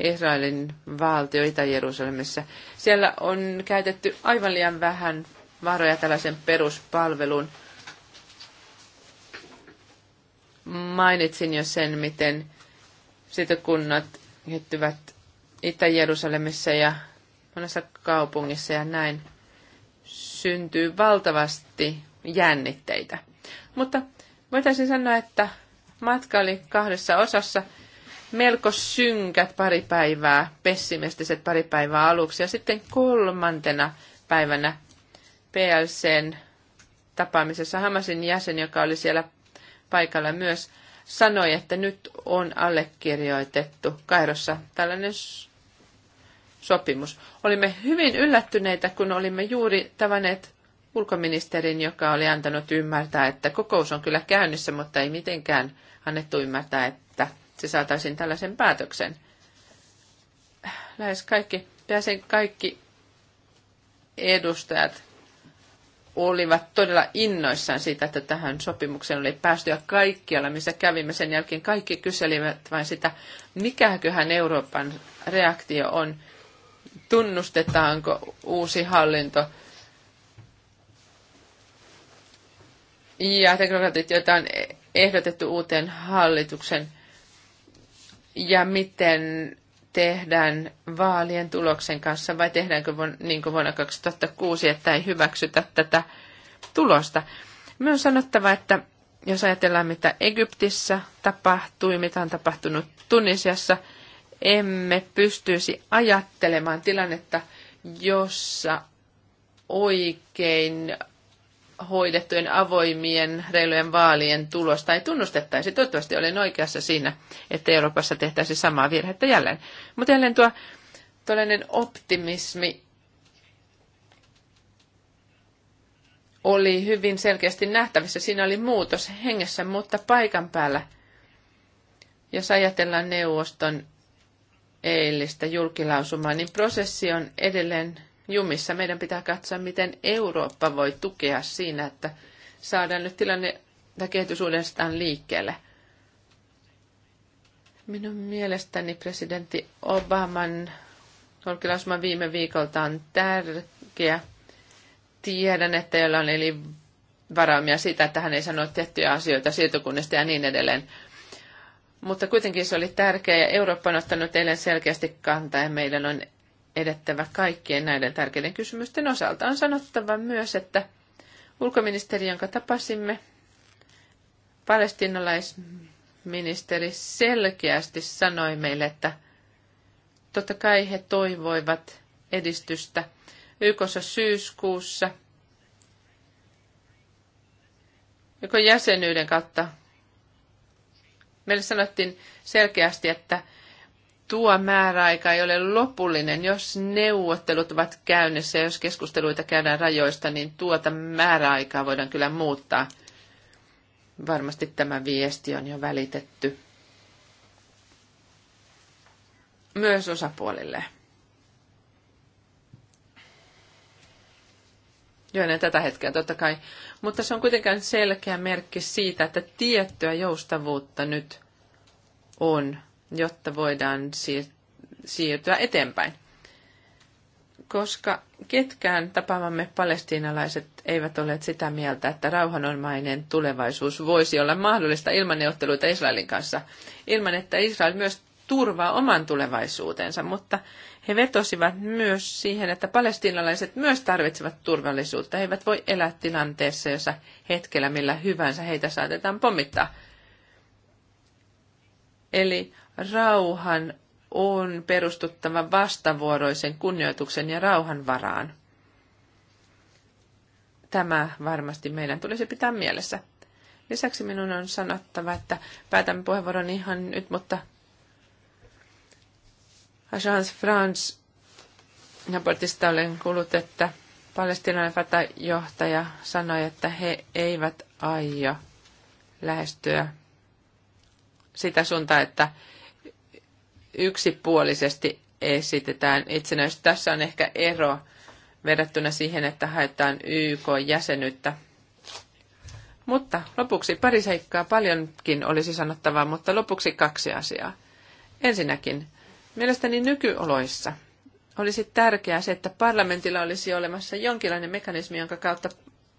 Speaker 3: Israelin valtio Itä-Jerusalemissa. Siellä on käytetty aivan liian vähän varoja tällaisen peruspalvelun. Mainitsin jo sen, miten sitokunnat kehittyvät Itä-Jerusalemissa ja monessa kaupungissa ja näin syntyy valtavasti jännitteitä. Mutta voitaisiin sanoa, että matka oli kahdessa osassa – melko synkät pari päivää, pessimistiset pari päivää aluksi. Ja sitten kolmantena päivänä PLCn tapaamisessa Hamasin jäsen, joka oli siellä paikalla myös, sanoi, että nyt on allekirjoitettu Kairossa tällainen sopimus. Olimme hyvin yllättyneitä, kun olimme juuri tavanneet ulkoministerin, joka oli antanut ymmärtää, että kokous on kyllä käynnissä, mutta ei mitenkään annettu ymmärtää, että se saataisiin tällaisen päätöksen. Lähes kaikki, pääsen kaikki edustajat olivat todella innoissaan siitä, että tähän sopimukseen oli päästy ja kaikkialla, missä kävimme sen jälkeen, kaikki kyselivät vain sitä, mikäköhän Euroopan reaktio on, tunnustetaanko uusi hallinto ja teknokratit, joita on ehdotettu uuteen hallituksen ja miten tehdään vaalien tuloksen kanssa vai tehdäänkö niin kuin vuonna 2006, että ei hyväksytä tätä tulosta. Minun on sanottava, että jos ajatellaan mitä Egyptissä tapahtui, mitä on tapahtunut Tunisiassa, emme pystyisi ajattelemaan tilannetta, jossa oikein hoidettujen avoimien reilujen vaalien tulosta ei tunnustettaisi. Toivottavasti olen oikeassa siinä, että Euroopassa tehtäisiin samaa virhettä jälleen. Mutta jälleen tuo todellinen optimismi oli hyvin selkeästi nähtävissä. Siinä oli muutos hengessä, mutta paikan päällä, jos ajatellaan neuvoston eilistä julkilausumaa, niin prosessi on edelleen jumissa. Meidän pitää katsoa, miten Eurooppa voi tukea siinä, että saadaan nyt tilanne tai kehitys uudestaan liikkeelle. Minun mielestäni presidentti Obaman julkilausuma viime viikolta on tärkeä. Tiedän, että jolla on eli varaumia sitä, että hän ei sano tiettyjä asioita siirtokunnista ja niin edelleen. Mutta kuitenkin se oli tärkeä ja Eurooppa on ottanut eilen selkeästi kantaa ja meidän on edettävä kaikkien näiden tärkeiden kysymysten osalta. On sanottava myös, että ulkoministeri, jonka tapasimme, palestinalaisministeri selkeästi sanoi meille, että totta kai he toivoivat edistystä YKssa syyskuussa, joko jäsenyyden kautta. Meille sanottiin selkeästi, että tuo määräaika ei ole lopullinen. Jos neuvottelut ovat käynnissä ja jos keskusteluita käydään rajoista, niin tuota määräaikaa voidaan kyllä muuttaa. Varmasti tämä viesti on jo välitetty myös osapuolille. Joo, ne tätä hetkeä totta kai. Mutta se on kuitenkin selkeä merkki siitä, että tiettyä joustavuutta nyt on jotta voidaan siirtyä eteenpäin. Koska ketkään tapaamamme palestiinalaiset eivät ole sitä mieltä, että rauhanomainen tulevaisuus voisi olla mahdollista ilman neuvotteluita Israelin kanssa, ilman että Israel myös turvaa oman tulevaisuutensa, mutta he vetosivat myös siihen, että palestiinalaiset myös tarvitsevat turvallisuutta. He eivät voi elää tilanteessa, jossa hetkellä millä hyvänsä heitä saatetaan pommittaa. Eli Rauhan on perustuttava vastavuoroisen kunnioituksen ja rauhan varaan. Tämä varmasti meidän tulisi pitää mielessä. Lisäksi minun on sanottava, että päätämme puheenvuoron ihan nyt, mutta Agence France raportista olen kuullut, että palestinan johtaja sanoi, että he eivät aio lähestyä sitä suuntaa, että yksipuolisesti esitetään itsenäisyys. Tässä on ehkä ero verrattuna siihen, että haetaan YK-jäsenyyttä. Mutta lopuksi pari seikkaa paljonkin olisi sanottavaa, mutta lopuksi kaksi asiaa. Ensinnäkin, mielestäni nykyoloissa olisi tärkeää se, että parlamentilla olisi olemassa jonkinlainen mekanismi, jonka kautta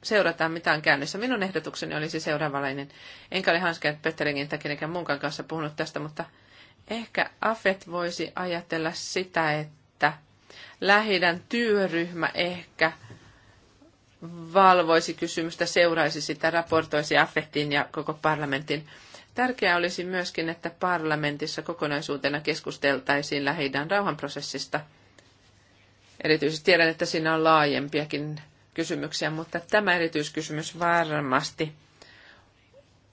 Speaker 3: seurataan, mitään käynnissä. Minun ehdotukseni olisi seuraavanlainen. Enkä ole Hanske Petteringin tai kenenkään muunkaan kanssa puhunut tästä, mutta Ehkä AFET voisi ajatella sitä, että lähidän työryhmä ehkä valvoisi kysymystä, seuraisi sitä, raportoisi AFETin ja koko parlamentin. Tärkeää olisi myöskin, että parlamentissa kokonaisuutena keskusteltaisiin lähidän rauhanprosessista. Erityisesti tiedän, että siinä on laajempiakin kysymyksiä, mutta tämä erityiskysymys varmasti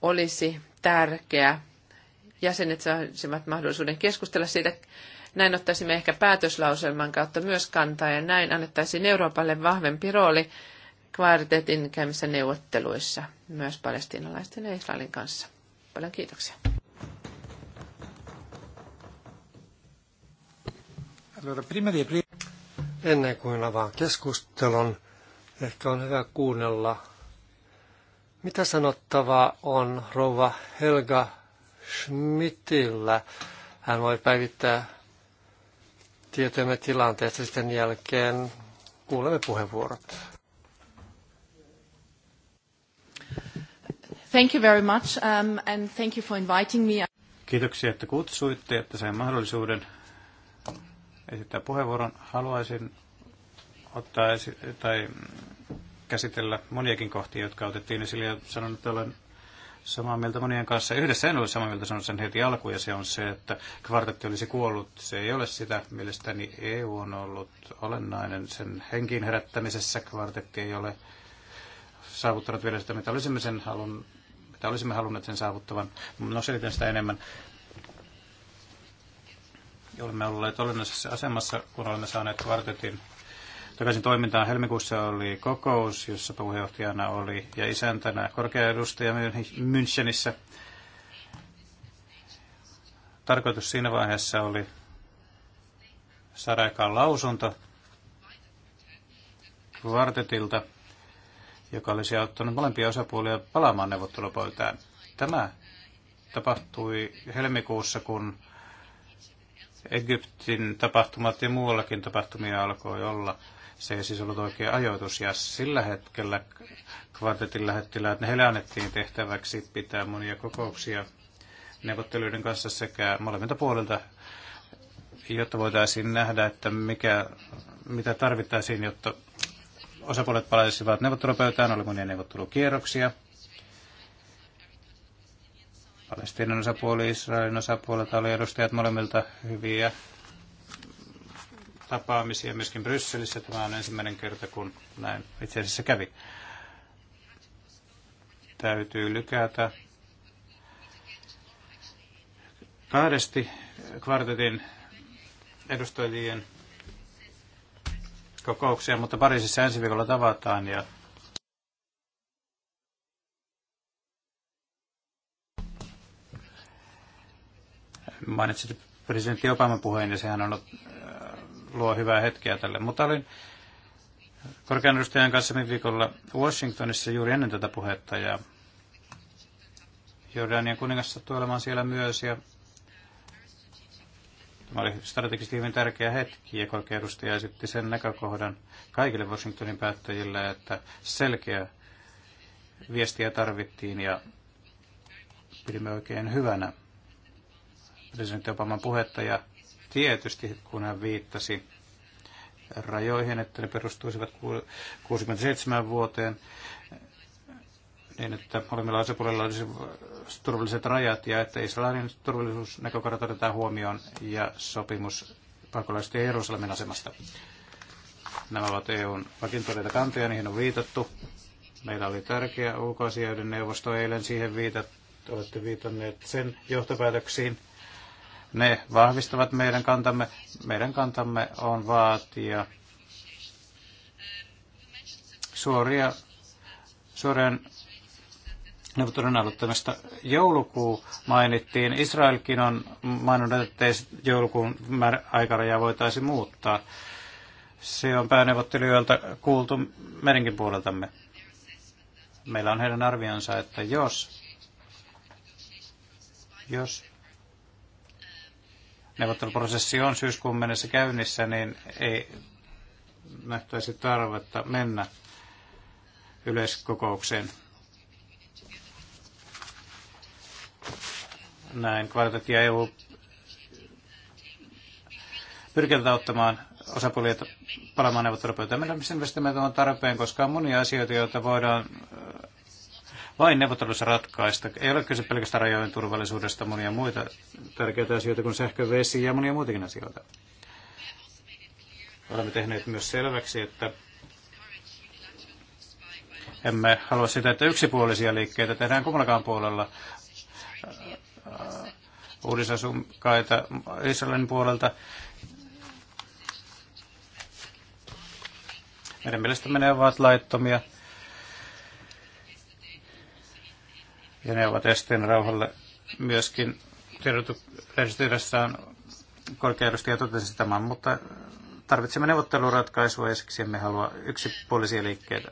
Speaker 3: olisi tärkeä jäsenet saisivat mahdollisuuden keskustella siitä. Näin ottaisimme ehkä päätöslauselman kautta myös kantaa ja näin annettaisiin Euroopalle vahvempi rooli kvartetin käymissä neuvotteluissa myös palestiinalaisten ja Israelin kanssa. Paljon kiitoksia.
Speaker 1: Ennen kuin avaan keskustelun, ehkä on hyvä kuunnella, mitä sanottavaa on rouva Helga Schmidtillä. Hän voi päivittää tietoimme tilanteesta sitten jälkeen. Kuulemme puheenvuorot.
Speaker 3: Thank you very much um, and thank you for inviting me.
Speaker 2: Kiitoksia, että kutsuitte, että sain mahdollisuuden esittää puheenvuoron. Haluaisin ottaa esi- tai mm, käsitellä moniakin kohtia, jotka otettiin esille ja sanon, että olen samaa mieltä monien kanssa. Yhdessä en ole samaa mieltä, sanonut sen heti alkuun, ja se on se, että kvartetti olisi kuollut. Se ei ole sitä. Mielestäni EU on ollut olennainen sen henkiin herättämisessä. Kvartetti ei ole saavuttanut vielä sitä, mitä olisimme, sen halun, mitä olisimme halunneet sen saavuttavan. No selitän sitä enemmän. Olemme olleet olennaisessa asemassa, kun olemme saaneet kvartetin takaisin toimintaan. Helmikuussa oli kokous, jossa puheenjohtajana oli ja isäntänä korkea edustaja Münchenissä. Tarkoitus siinä vaiheessa oli saada aikaan lausunto vartetilta, joka olisi auttanut molempia osapuolia palaamaan neuvottelupöytään. Tämä tapahtui helmikuussa, kun Egyptin tapahtumat ja muuallakin tapahtumia alkoi olla. Se ei siis ollut oikea ajoitus ja sillä hetkellä kvartetin lähettiläät, ne heille annettiin tehtäväksi pitää monia kokouksia neuvotteluiden kanssa sekä molemmilta puolilta, jotta voitaisiin nähdä, että mikä, mitä tarvittaisiin, jotta osapuolet palaisivat neuvottelupöytään. Oli monia neuvottelukierroksia. Palestiinan osapuoli, Israelin osapuolelta oli edustajat molemmilta hyviä tapaamisia myöskin Brysselissä. Tämä on ensimmäinen kerta, kun näin itse asiassa kävi. Täytyy lykätä kahdesti kvartetin edustajien kokouksia, mutta Pariisissa ensi viikolla tavataan ja mainitsit presidentti Obama puheen ja sehän on luo hyvää hetkeä tälle. Mutta olin korkean edustajan kanssa viikolla Washingtonissa juuri ennen tätä puhetta ja Jordanian kuningas sattui olemaan siellä myös ja Tämä oli strategisesti hyvin tärkeä hetki ja korkean edustaja esitti sen näkökohdan kaikille Washingtonin päättäjille, että selkeä viestiä tarvittiin ja pidimme oikein hyvänä presidentti Obaman puhetta ja tietysti, kun hän viittasi rajoihin, että ne perustuisivat 67 vuoteen, niin että molemmilla asepuolilla olisi turvalliset rajat ja että Israelin turvallisuusnäkökohdat otetaan huomioon ja sopimus pakolaisten ja Jerusalemin asemasta. Nämä ovat EUn vakiintuneita kantoja, niihin on viitattu. Meillä oli tärkeä ulkoasioiden neuvosto eilen siihen viitattu. olette viitanneet sen johtopäätöksiin. Ne vahvistavat meidän kantamme. Meidän kantamme on vaatia suoria, suorien neuvottelun aloittamista. Joulukuu mainittiin. Israelkin on maininnut, että joulukuun aikaraja voitaisiin muuttaa. Se on pääneuvottelijoilta kuultu meidänkin puoleltamme. Meillä on heidän arvionsa, että jos, jos neuvotteluprosessi on syyskuun mennessä käynnissä, niin ei nähtäisi tarvetta mennä yleiskokoukseen. Näin kvartet ja EU pyrkivät ottamaan osapuolia palaamaan neuvottelupöytään. Meillä on tarpeen, koska on monia asioita, joita voidaan vain neuvotteluissa ratkaista. Ei ole kyse pelkästään rajojen turvallisuudesta, monia muita tärkeitä asioita kuin sähkö, vesi ja monia muitakin asioita. Olemme tehneet myös selväksi, että emme halua sitä, että yksipuolisia liikkeitä tehdään kummallakaan puolella
Speaker 1: äh,
Speaker 2: uudisasukkaita Israelin puolelta. Meidän mielestämme ne ovat laittomia Ja ne ovat esteen rauhalle myöskin tiedotusyhdessä on korkea edustaja totesi tämän, mutta tarvitsemme neuvotteluratkaisua ja siksi emme halua yksipuolisia liikkeitä.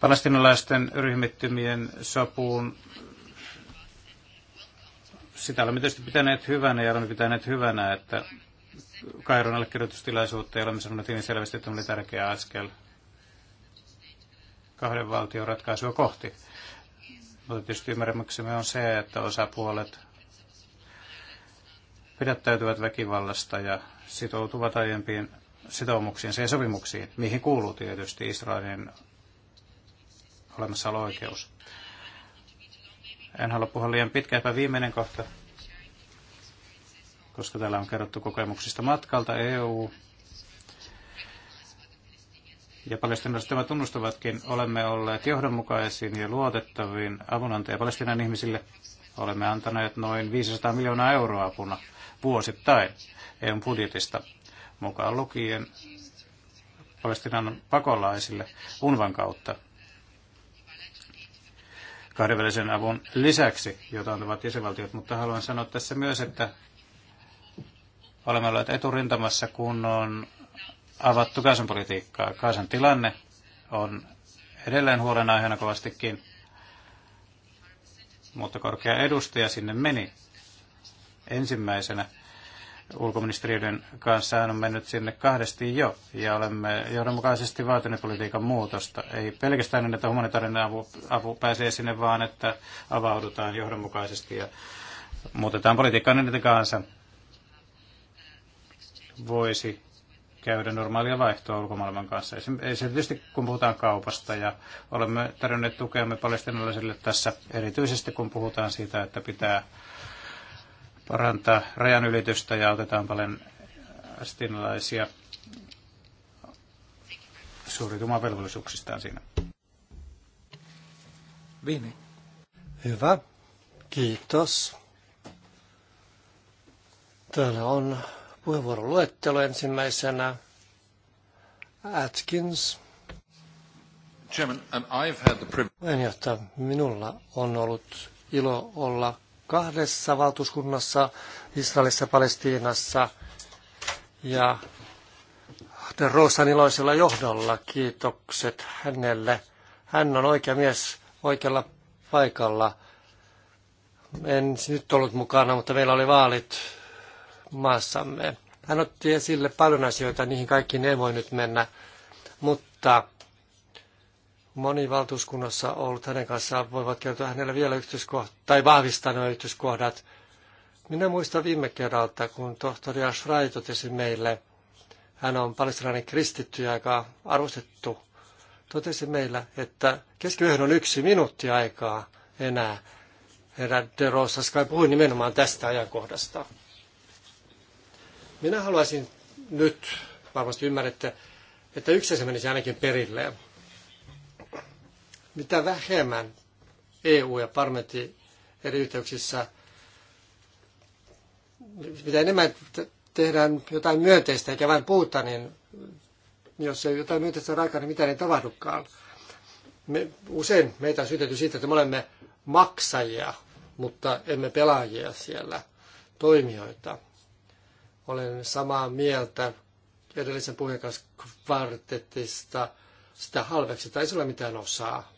Speaker 2: Palestinalaisten ryhmittymien sopuun sitä olemme tietysti pitäneet hyvänä ja olemme pitäneet hyvänä, että Kairon allekirjoitustilaisuutta ja olemme sanoneet niin selvästi, että oli tärkeä askel kahden valtion ratkaisua kohti. Mutta tietysti ymmärrämyksemme on se, että osapuolet pidättäytyvät väkivallasta ja sitoutuvat aiempiin sitoumuksiin ja sopimuksiin, mihin kuuluu tietysti Israelin olemassaolo-oikeus. En halua puhua liian pitkään, viimeinen kohta, koska täällä on kerrottu kokemuksista matkalta EU. Ja palestinaiset tämä tunnustavatkin, olemme olleet johdonmukaisin ja luotettavin avunantaja Palestinan ihmisille. Olemme antaneet noin 500 miljoonaa euroa apuna vuosittain EUn budjetista, mukaan lukien Palestinan pakolaisille UNVAN kautta kahdenvälisen avun lisäksi, jota antavat jäsenvaltiot, mutta haluan sanoa tässä myös, että olemme olleet eturintamassa, kun on avattu Kaasan politiikkaa. Kaasan tilanne on edelleen huolenaiheena kovastikin, mutta korkea edustaja sinne meni ensimmäisenä ulkoministeriöiden kanssa on mennyt sinne kahdesti jo, ja olemme johdonmukaisesti vaatineet politiikan muutosta. Ei pelkästään niin, että humanitaarinen apu, apu pääsee sinne, vaan että avaudutaan johdonmukaisesti ja muutetaan politiikkaa niin, että kansa voisi käydä normaalia vaihtoa ulkomaailman kanssa. Esimerkiksi kun puhutaan kaupasta ja olemme tarjonneet tukeamme palestinalaisille tässä erityisesti, kun puhutaan siitä, että pitää parantaa rajanylitystä ja autetaan paljon astinalaisia suoritumaan velvollisuuksistaan siinä. Vini. Hyvä. Kiitos.
Speaker 1: Täällä on luettelo ensimmäisenä. Atkins. Chairman, and I've had the privilege... minulla on ollut ilo olla kahdessa valtuuskunnassa Israelissa ja Palestiinassa ja Roosan iloisella johdolla. Kiitokset hänelle. Hän on oikea mies oikealla paikalla. En nyt ollut mukana, mutta meillä oli vaalit maassamme. Hän otti esille paljon asioita, niihin kaikkiin ei voi nyt mennä, mutta moni valtuuskunnassa ollut hänen kanssaan voivat kertoa hänelle vielä yksityiskohdat tai vahvistaa nämä yhtyskohdat. Minä muistan viime kerralta, kun tohtori Ashray totesi meille, hän on palestinainen kristitty ja aika arvostettu, totesi meillä, että keskiyöhön on yksi minuutti aikaa enää. Herra De Rosas kai puhui nimenomaan tästä ajankohdasta. Minä haluaisin nyt, varmasti ymmärrätte, että yksi asia menisi ainakin perilleen mitä vähemmän EU ja parlamentti eri yhteyksissä, mitä enemmän tehdään jotain myönteistä eikä vain puhuta, niin jos ei jotain myönteistä aikaa, niin mitä ei tapahdukaan. Me, usein meitä on syytetty siitä, että me olemme maksajia, mutta emme pelaajia siellä, toimijoita. Olen samaa mieltä edellisen puheen kanssa kvartetista, sitä halveksi, tai ei ole mitään osaa.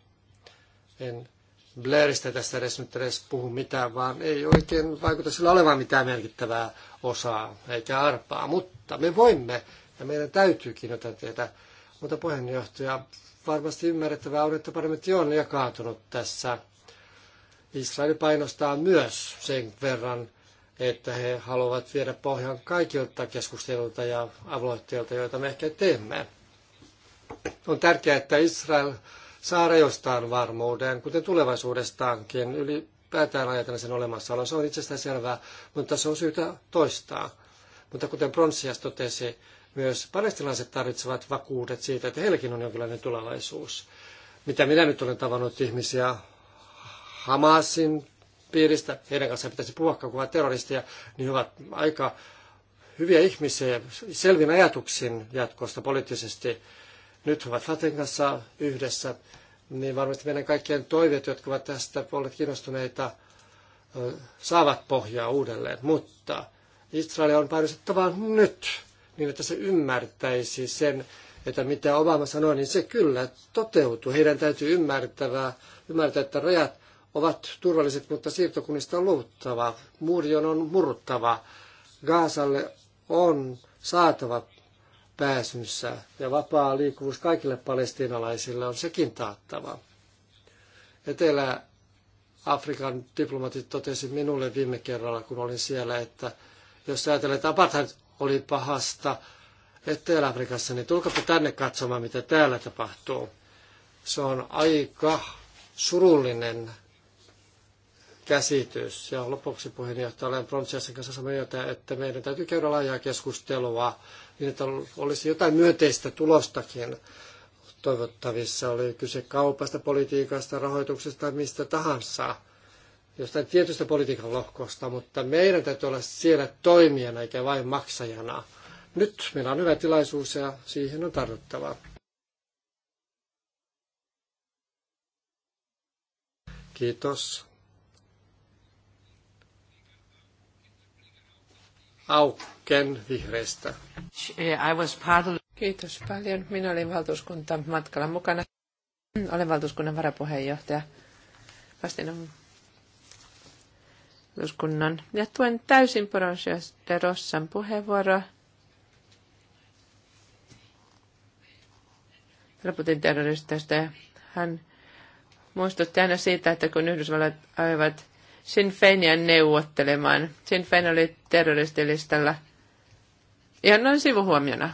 Speaker 1: En Blairista tässä edes nyt edes puhu mitään, vaan ei oikein vaikuta sillä olevan mitään merkittävää osaa eikä arpaa. Mutta me voimme ja meidän täytyykin jotain tietää. Mutta puheenjohtaja, varmasti ymmärrettävää on, että parlamentti on jakaantunut tässä. Israel painostaa myös sen verran, että he haluavat viedä pohjan kaikilta keskustelulta ja avoitteilta, joita me ehkä teemme. On tärkeää, että Israel saa rajoistaan varmuuden, kuten tulevaisuudestaankin. Ylipäätään ajatellen sen olemassaolo, se on itsestään selvää, mutta se on syytä toistaa. Mutta kuten Bronssias totesi, myös palestinaiset tarvitsevat vakuudet siitä, että heilläkin on jonkinlainen tulevaisuus. Mitä minä nyt olen tavannut ihmisiä Hamasin piiristä, heidän kanssaan pitäisi puhua, kun ovat terroristeja, niin he ovat aika hyviä ihmisiä selvin ajatuksin jatkosta poliittisesti nyt ovat Faten kanssa yhdessä, niin varmasti meidän kaikkien toiveet, jotka ovat tästä olleet kiinnostuneita, saavat pohjaa uudelleen. Mutta Israel on painostettava nyt, niin että se ymmärtäisi sen, että mitä Obama sanoi, niin se kyllä toteutuu. Heidän täytyy ymmärtää, ymmärtää että rajat ovat turvalliset, mutta siirtokunnista on luuttava. Muurion on murruttava. Gaasalle on saatava pääsynsä ja vapaa liikkuvuus kaikille palestiinalaisille on sekin taattava. Etelä-Afrikan diplomatit totesi minulle viime kerralla, kun olin siellä, että jos ajatellaan, että apartheid oli pahasta Etelä-Afrikassa, niin tulkapa tänne katsomaan, mitä täällä tapahtuu. Se on aika surullinen käsitys. Ja lopuksi puheenjohtaja olen Pronsiassa kanssa samaa mieltä, että meidän täytyy käydä laajaa keskustelua niin että olisi jotain myönteistä tulostakin toivottavissa, oli kyse kaupasta, politiikasta, rahoituksesta tai mistä tahansa, jostain tietystä politiikan lohkosta, mutta meidän täytyy olla siellä toimijana eikä vain maksajana. Nyt meillä on hyvä tilaisuus ja siihen on tartuttava. Kiitos. Auken vihreistä.
Speaker 3: I was part of... Kiitos paljon. Minä olin valtuuskunta matkalla mukana. Olen valtuuskunnan varapuheenjohtaja. Vastin valtuuskunnan. Ja tuen täysin Porosios de Rossan puheenvuoroa. Raputin terroristista. Hän muistutti aina siitä, että kun Yhdysvallat aivat Sinn Feiniä neuvottelemaan. Sinn Fein oli terroristilistalla. Ihan noin sivuhuomiona.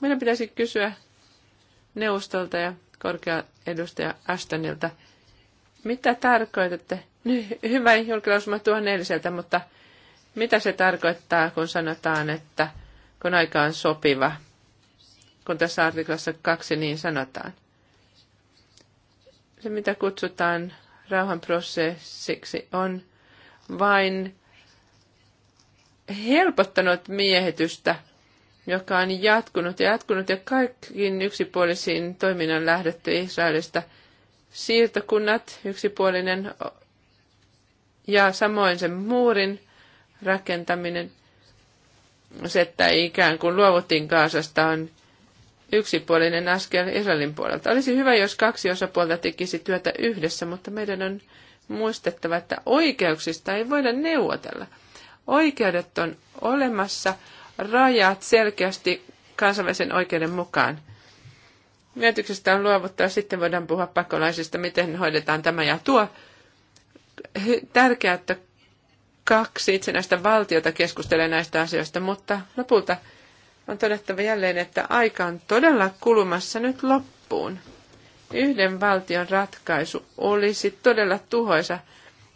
Speaker 3: Meidän pitäisi kysyä neuvostolta ja korkea edustaja Ashtonilta, mitä tarkoitatte? Niin, hyvä julkilausuma tuohon eiliseltä, mutta mitä se tarkoittaa, kun sanotaan, että kun aika on sopiva, kun tässä artiklassa kaksi niin sanotaan? Se, mitä kutsutaan rauhanprosessiksi on vain helpottanut miehitystä, joka on jatkunut ja jatkunut ja kaikkiin yksipuolisiin toiminnan lähdetty Israelista. Siirtokunnat yksipuolinen ja samoin sen muurin rakentaminen. Se, että ikään kuin luovuttiin Kaasasta, on yksipuolinen askel Israelin puolelta. Olisi hyvä, jos kaksi osapuolta tekisi työtä yhdessä, mutta meidän on muistettava, että oikeuksista ei voida neuvotella. Oikeudet on olemassa, rajat selkeästi kansainvälisen oikeuden mukaan. Mietyksestä on luovuttaa, sitten voidaan puhua pakolaisista, miten hoidetaan tämä ja tuo. Tärkeää, että kaksi itsenäistä valtiota keskustelee näistä asioista, mutta lopulta on todettava jälleen, että aika on todella kulumassa nyt loppuun. Yhden valtion ratkaisu olisi todella tuhoisa.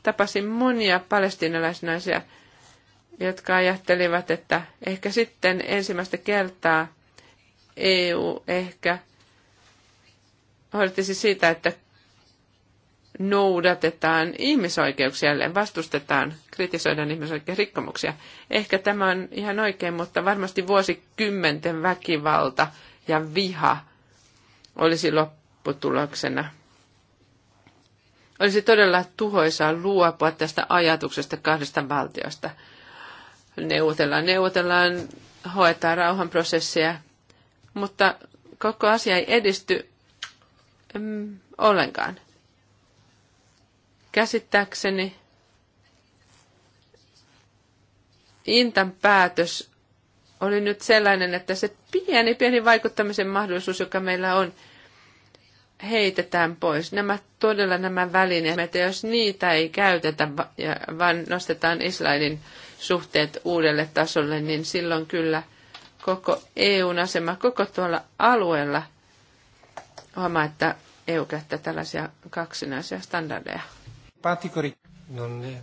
Speaker 3: Tapasin monia palestinalaisnaisia, jotka ajattelivat, että ehkä sitten ensimmäistä kertaa EU ehkä hoidettisi siitä, että noudatetaan ihmisoikeuksia, jälleen vastustetaan, kritisoidaan ihmisoikeusrikkomuksia. Ehkä tämä on ihan oikein, mutta varmasti vuosikymmenten väkivalta ja viha olisi lopputuloksena. Olisi todella tuhoisaa luopua tästä ajatuksesta kahdesta valtiosta. Neuvotellaan, neuvotellaan, hoetaan rauhanprosessia, mutta koko asia ei edisty mm, ollenkaan Käsittääkseni Intan päätös oli nyt sellainen, että se pieni, pieni vaikuttamisen mahdollisuus, joka meillä on, heitetään pois. Nämä todella nämä välineet, jos niitä ei käytetä, vaan nostetaan Israelin suhteet uudelle tasolle, niin silloin kyllä koko EUn asema, koko tuolla alueella, huomaa, että EU käyttää tällaisia kaksinaisia standardeja
Speaker 1: particularly... No niin.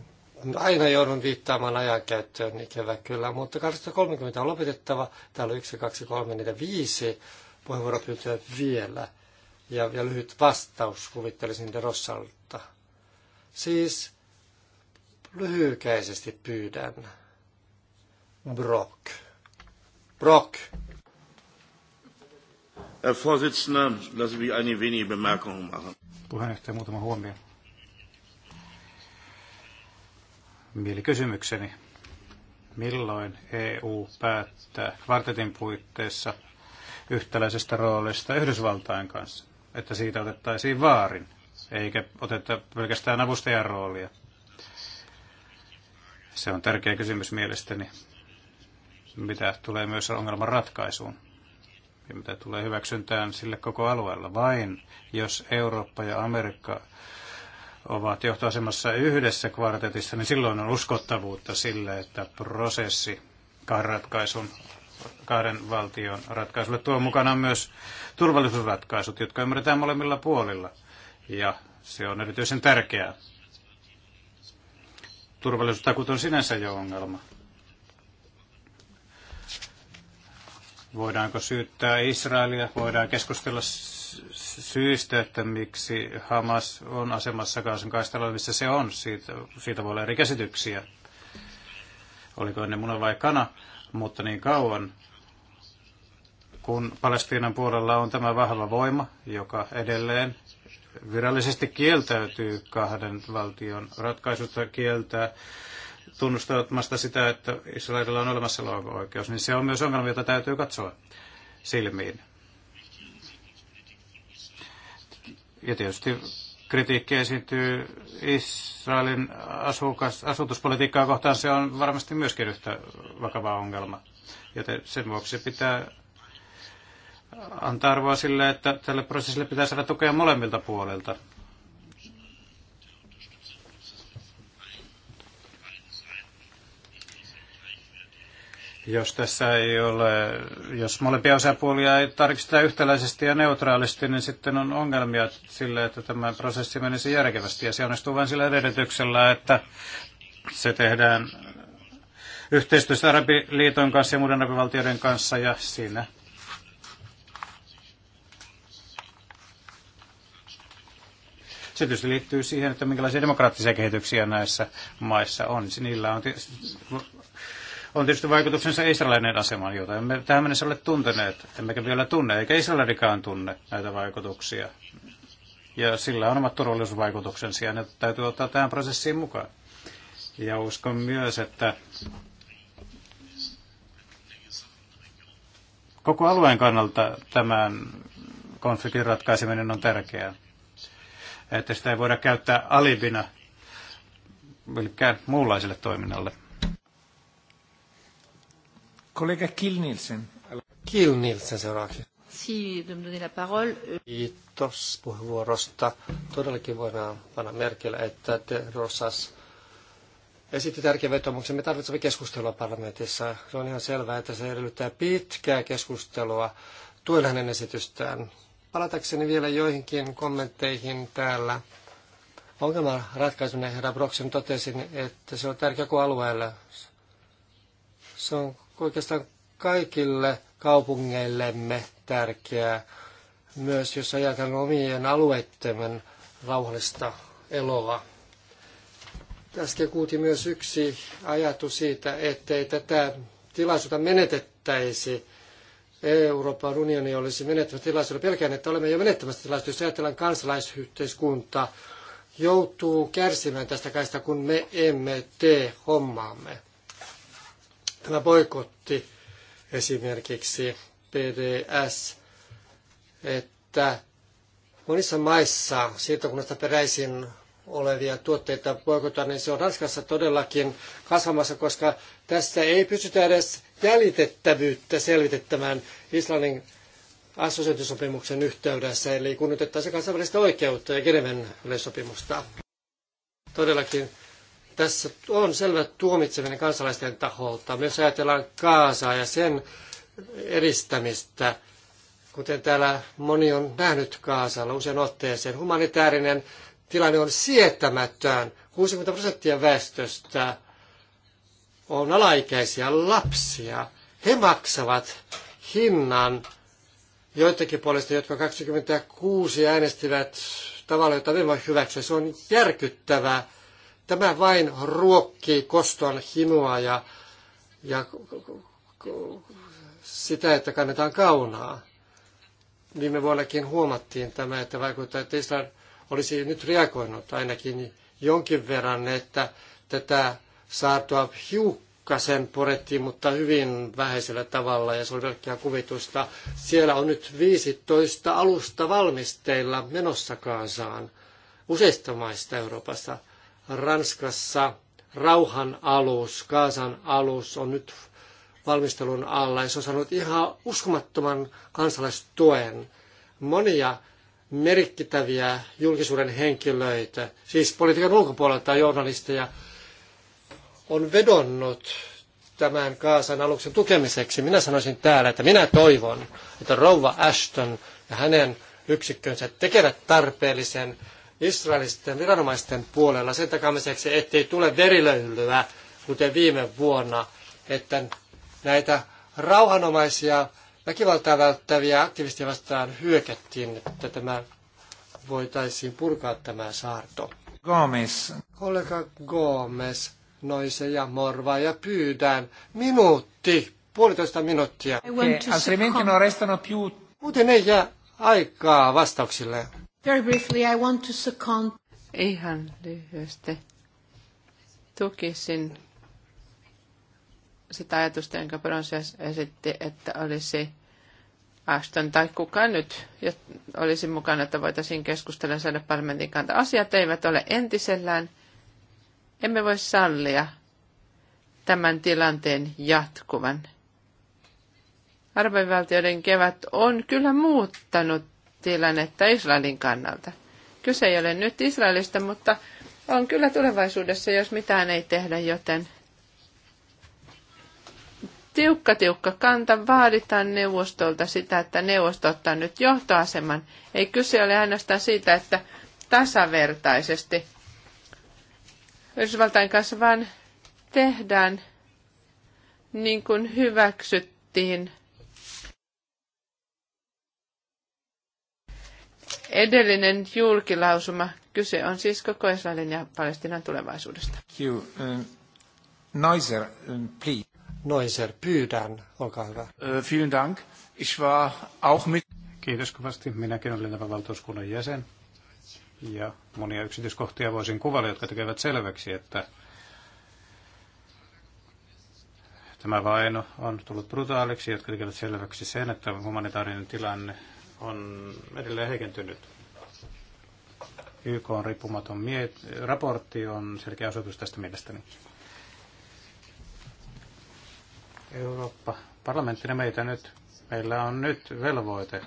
Speaker 1: Aina joudun viittaamaan ajankäyttöön, ikävä kyllä, mutta 2030 on lopetettava. Täällä on 1, 2, 3, 4, 5 puheenvuoropyyntöjä vielä. Ja, ja lyhyt vastaus kuvittelisin De Rossalta. Siis lyhykäisesti pyydän. Brock. Brock. Herr Vorsitzender, lassen Sie
Speaker 2: mich einige wenige Bemerkungen machen. Puheenjohtaja, muutama huomio. mielikysymykseni. Milloin EU päättää kvartetin puitteissa yhtäläisestä roolista Yhdysvaltain kanssa, että siitä otettaisiin vaarin, eikä oteta pelkästään avustajan roolia? Se on tärkeä kysymys mielestäni, mitä tulee myös ongelman ratkaisuun ja mitä tulee hyväksyntään sille koko alueella. Vain jos Eurooppa ja Amerikka ovat johtoasemassa yhdessä kvartetissa, niin silloin on uskottavuutta sille, että prosessi kahden, ratkaisun, kahden valtion ratkaisulle tuo mukana myös turvallisuusratkaisut, jotka ymmärretään molemmilla puolilla. Ja se on erityisen tärkeää. Turvallisuustakut on sinänsä jo ongelma. Voidaanko syyttää Israelia? Voidaan keskustella syystä, että miksi Hamas on asemassa kaistalla, missä se on. Siitä, siitä voi olla eri käsityksiä. Oliko ne muna vai kana, mutta niin kauan kun Palestiinan puolella on tämä vahva voima, joka edelleen virallisesti kieltäytyy kahden valtion ratkaisusta kieltää tunnustamasta sitä, että Israelilla on olemassa oikeus, niin se on myös ongelma, jota täytyy katsoa silmiin. Ja tietysti kritiikki esiintyy Israelin asukas, asutuspolitiikkaa kohtaan, se on varmasti myöskin yhtä vakava ongelma. Joten sen vuoksi pitää antaa arvoa sille, että tälle prosessille pitää saada tukea molemmilta puolilta. Jos tässä ei ole, jos molempia osapuolia ei tarkisteta yhtäläisesti ja neutraalisti, niin sitten on ongelmia sille, että tämä prosessi menisi järkevästi. Ja se onnistuu vain sillä edellytyksellä, että se tehdään yhteistyössä Arabiliiton kanssa ja muiden arabivaltioiden kanssa ja siinä Se tietysti liittyy siihen, että minkälaisia demokraattisia kehityksiä näissä maissa on. Niillä on on tietysti vaikutuksensa israelinen asemaan, jota emme tähän mennessä ole tunteneet, emmekä vielä tunne, eikä Israelikaan tunne näitä vaikutuksia. Ja sillä on omat turvallisuusvaikutuksensa ja ne täytyy ottaa tähän prosessiin mukaan. Ja uskon myös, että koko alueen kannalta tämän konfliktin ratkaiseminen on tärkeää. Että sitä ei voida käyttää alibina millekään muunlaiselle toiminnalle. Kollega
Speaker 1: Kill Nielsen. Kill Nielsen seuraavaksi.
Speaker 3: Si, de me donner la parole.
Speaker 1: Kiitos puheenvuorosta. Todellakin voidaan panna merkille, että te Rosas esitti tärkeän vetomuksen. Me tarvitsemme keskustelua parlamentissa. Se on ihan selvää, että se edellyttää pitkää keskustelua. Tuen hänen esitystään. Palatakseni vielä joihinkin kommentteihin täällä. Ongelman ratkaisuna herra Broksen totesin, että se on tärkeä kuin alueelle. Se on oikeastaan kaikille kaupungeillemme tärkeää, myös jos ajatellaan omien alueittemme rauhallista eloa. Tästä kuuti myös yksi ajatus siitä, ettei tätä tilaisuutta menetettäisi. Euroopan unioni olisi menettämässä tilaisuutta Pelkään, että olemme jo menettämässä tilaisuutta, jos ajatellaan kansalaisyhteiskunta joutuu kärsimään tästä kaista, kun me emme tee hommaamme. Tämä boikotti esimerkiksi PDS, että monissa maissa siirtokunnasta peräisin olevia tuotteita boikotaan, niin se on Ranskassa todellakin kasvamassa, koska tässä ei pystytä edes jäljitettävyyttä selvitettämään Islannin assosiointisopimuksen yhteydessä, eli kunnioitettaisiin kansainvälistä oikeutta ja Geneven yleissopimusta. Todellakin tässä on selvä tuomitseminen kansalaisten taholta. Myös ajatellaan Kaasaa ja sen eristämistä, kuten täällä moni on nähnyt Kaasalla usein otteeseen. Humanitaarinen tilanne on sietämätön. 60 prosenttia väestöstä on alaikäisiä lapsia. He maksavat hinnan joitakin puolesta, jotka 26 äänestivät tavalla, jota me hyväksyä. Se on järkyttävää Tämä vain ruokkii koston himoa ja, ja sitä, että kannetaan kaunaa. Viime vuonnakin huomattiin tämä, että vaikuttaa, että Israel olisi nyt reagoinut ainakin jonkin verran, että tätä saatua hiukkasen purettiin, mutta hyvin vähäisellä tavalla ja se oli pelkkää kuvitusta. Siellä on nyt 15 alusta valmisteilla menossa Kaasaan useista maista Euroopassa – Ranskassa rauhan alus, Kaasan alus on nyt valmistelun alla ja se on saanut ihan uskomattoman kansalaistuen. Monia merkittäviä julkisuuden henkilöitä, siis politiikan ulkopuolelta journalisteja, on vedonnut tämän Kaasan aluksen tukemiseksi. Minä sanoisin täällä, että minä toivon, että rouva Ashton ja hänen yksikkönsä tekevät tarpeellisen Israelisten viranomaisten puolella sen takamiseksi, ettei tule verilöylyä, kuten viime vuonna, että näitä rauhanomaisia väkivaltaa välttäviä aktivisteja vastaan hyökättiin, että tämä voitaisiin purkaa tämä saarto. Gomes. Kollega Gomes, noise ja morva ja pyydän minuutti, puolitoista minuuttia.
Speaker 3: Muuten ei jää
Speaker 1: aikaa vastauksille.
Speaker 3: Very briefly, I want to second. Ihan lyhyesti. Tukisin sitä ajatusta, jonka Bronsias esitti, että olisi Ashton tai kuka nyt olisi mukana, että voitaisiin keskustella saada parlamentin kanta. Asiat eivät ole entisellään. Emme voi sallia tämän tilanteen jatkuvan. Arvoinvaltioiden kevät on kyllä muuttanut tilannetta Israelin kannalta. Kyse ei ole nyt Israelista, mutta on kyllä tulevaisuudessa, jos mitään ei tehdä, joten tiukka tiukka kanta vaaditaan neuvostolta sitä, että neuvosto ottaa nyt johtoaseman. Ei kyse ole ainoastaan siitä, että tasavertaisesti Yhdysvaltain kanssa vaan tehdään niin kuin hyväksyttiin edellinen julkilausuma. Kyse on siis koko Israelin ja Palestinan tulevaisuudesta.
Speaker 1: Noiser, uh, um, please. Noiser, pyydän, olkaa
Speaker 2: hyvä. Uh, vielen dank. Ich war auch mit... Kiitos kovasti. Minäkin olen Lentävän valtuuskunnan jäsen. Ja monia yksityiskohtia voisin kuvata, jotka tekevät selväksi, että tämä vaino on tullut brutaaliksi, jotka tekevät selväksi sen, että humanitaarinen tilanne on edelleen heikentynyt. YK on riippumaton miet- raportti on selkeä osoitus tästä mielestäni. Eurooppa parlamenttina meitä nyt, meillä on nyt velvoite.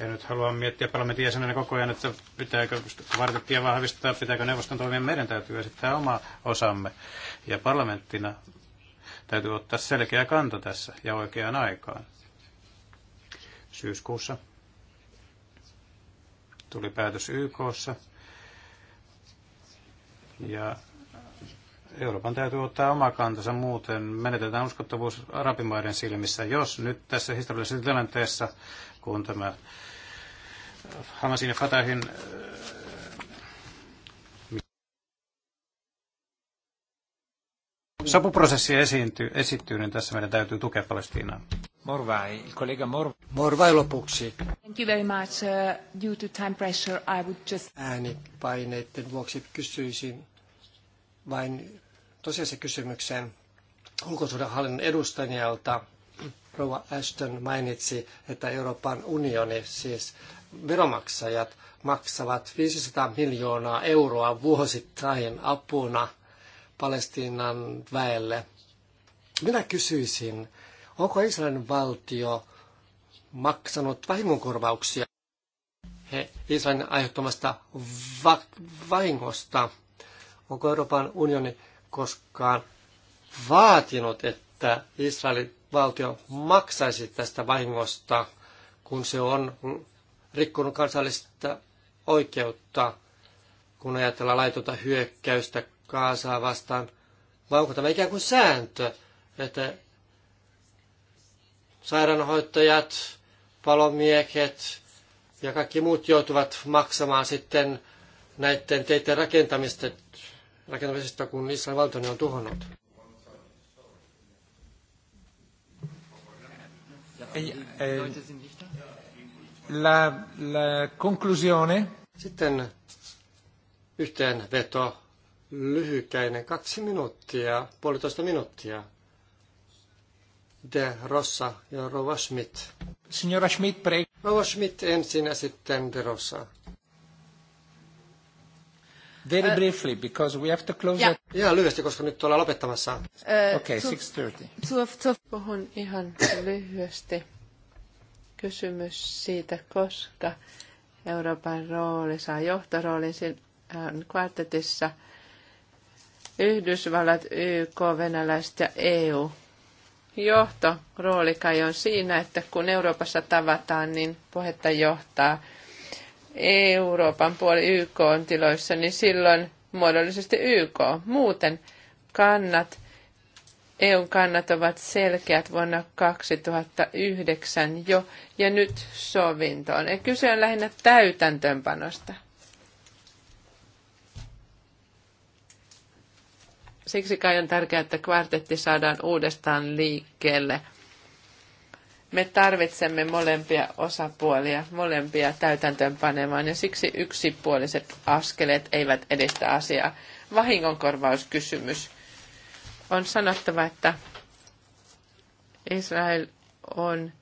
Speaker 2: En nyt halua miettiä parlamentin jäsenenä koko ajan, että pitääkö vartettia vahvistaa, pitääkö neuvoston toimia. Meidän täytyy esittää oma osamme. Ja parlamenttina täytyy ottaa selkeä kanta tässä ja oikeaan aikaan syyskuussa. Tuli päätös YKssa. Ja Euroopan täytyy ottaa oma kantansa, muuten menetetään uskottavuus arabimaiden silmissä, jos nyt tässä historiallisessa tilanteessa, kun tämä Hamasin ja Fatahin äh,
Speaker 3: sopuprosessi
Speaker 2: esiintyy, esittyy, niin tässä meidän täytyy tukea Palestiinaa. Morvai, il collega Mor... Morvai lopuksi.
Speaker 3: Thank you very much. Uh, due to time pressure, I would just... Äänipaineiden
Speaker 1: vuoksi kysyisin vain tosiasiassa kysymyksen ulkosuhdehallinnon edustajalta. Rova Ashton mainitsi, että Euroopan unioni, siis veromaksajat, maksavat 500 miljoonaa euroa vuosittain apuna Palestiinan väelle. Minä kysyisin, Onko Israelin valtio maksanut vahingonkorvauksia he Israelin aiheuttamasta va- vahingosta? Onko Euroopan unioni koskaan vaatinut, että Israelin valtio maksaisi tästä vahingosta, kun se on rikkonut kansallista oikeutta, kun ajatellaan laitonta hyökkäystä Kaasaa vastaan? Vai onko tämä ikään kuin sääntö, että sairaanhoitajat, palomiehet ja kaikki muut joutuvat maksamaan sitten näiden teiden rakentamista, rakentamisesta, kun Israelin valtio on tuhonnut. La, la conclusione. Sitten yhteenveto lyhykäinen, kaksi minuuttia, puolitoista minuuttia de Rossa ja Rova Schmidt. Signora Schmidt, preg. Rova Schmidt ensin ja sitten de Rossa. Very äh, briefly, because we have to
Speaker 3: close yeah. that. Ihan lyhyesti,
Speaker 1: koska nyt ollaan lopettamassa. Uh, okay, 6.30.
Speaker 3: Tuof, puhun ihan lyhyesti. Kysymys siitä, koska Euroopan rooli saa johtoroolin äh, kvartetissa Yhdysvallat, YK, venäläiset ja EU – Johto kai on siinä, että kun Euroopassa tavataan, niin puhetta johtaa Euroopan puoli YK on tiloissa, niin silloin muodollisesti YK. Muuten kannat, EUn kannat ovat selkeät vuonna 2009 jo, ja nyt sovintoon. Ja kyse on lähinnä täytäntöönpanosta. Siksi kai on tärkeää, että kvartetti saadaan uudestaan liikkeelle. Me tarvitsemme molempia osapuolia, molempia täytäntöönpanemaan ja siksi yksipuoliset askeleet eivät edistä asiaa. Vahingonkorvauskysymys. On sanottava, että Israel on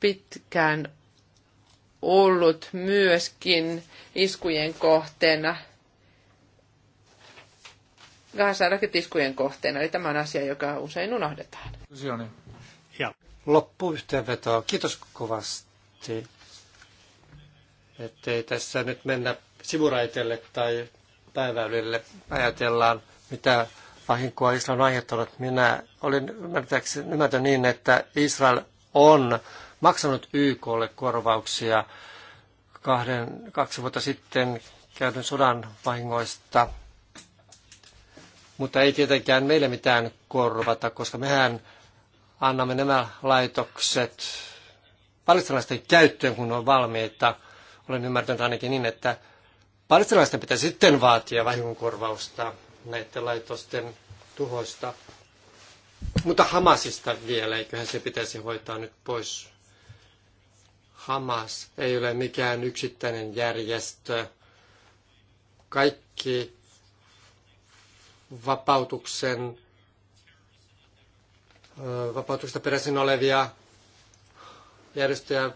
Speaker 3: pitkään ollut myöskin iskujen kohteena – Gaasan raketiskujen kohteena, eli tämä on asia, joka usein unohdetaan.
Speaker 1: Ja loppuyhteenveto. Kiitos kovasti, ettei tässä nyt mennä sivuraitelle tai päiväylille. Ajatellaan, mitä vahinkoa Israel on aiheuttanut. Minä olin ymmärtänyt niin, että Israel on maksanut YKlle korvauksia kahden, kaksi vuotta sitten käydyn sodan vahingoista mutta ei tietenkään meille mitään korvata, koska mehän annamme nämä laitokset palestinaisten käyttöön, kun on valmiita. Olen ymmärtänyt ainakin niin, että palestinaisten pitää sitten vaatia vahingonkorvausta näiden laitosten tuhoista. Mutta Hamasista vielä, eiköhän se pitäisi hoitaa nyt pois. Hamas ei ole mikään yksittäinen järjestö. Kaikki vapautuksen, vapautuksesta peräisin olevia järjestöjä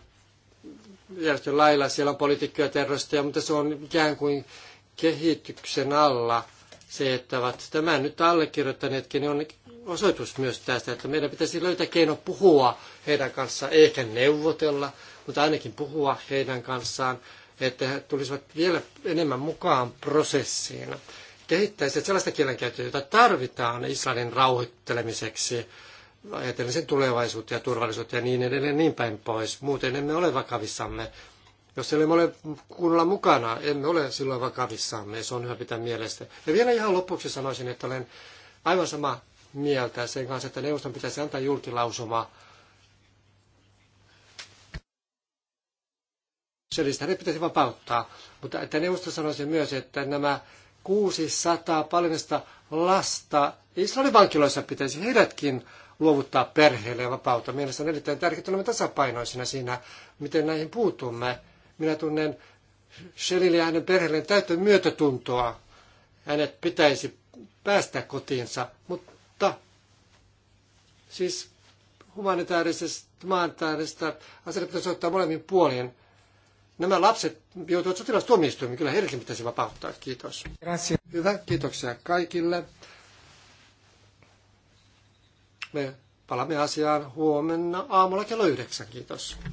Speaker 1: järjestön lailla. Siellä on poliitikkoja terroristeja, mutta se on ikään kuin kehityksen alla se, että ovat tämän nyt allekirjoittaneetkin, on osoitus myös tästä, että meidän pitäisi löytää keino puhua heidän kanssaan, eikä neuvotella, mutta ainakin puhua heidän kanssaan, että he tulisivat vielä enemmän mukaan prosessiin kehittäisivät sellaista kielenkäyttöä, jota tarvitaan Israelin rauhoittelemiseksi, ajatellen sen tulevaisuutta ja turvallisuutta ja niin edelleen niin päin pois. Muuten emme ole vakavissamme. Jos emme ole kunnolla mukana, emme ole silloin vakavissamme. Se on hyvä pitää mielessä. Ja vielä ihan lopuksi sanoisin, että olen aivan sama mieltä sen kanssa, että neuvoston pitäisi antaa julkilausuma Selistä ne pitäisi vapauttaa, mutta että neuvosto sanoisi myös, että nämä 600 paljonesta lasta Israelin vankiloissa pitäisi heidätkin luovuttaa perheelle ja vapautta. Mielestäni on erittäin tärkeää, että olemme tasapainoisina siinä, miten näihin puutumme. Minä tunnen Shelille ja hänen perheelleen täyttä myötätuntoa. Hänet pitäisi päästä kotiinsa, mutta siis humanitaarisesta maantaarista asia pitäisi ottaa molemmin puolin nämä lapset joutuvat sotilastuomioistuimiin. Kyllä heidätkin pitäisi vapauttaa. Kiitos. Gracias. Hyvä, kiitoksia kaikille. Me palaamme asiaan huomenna aamulla kello yhdeksän. Kiitos.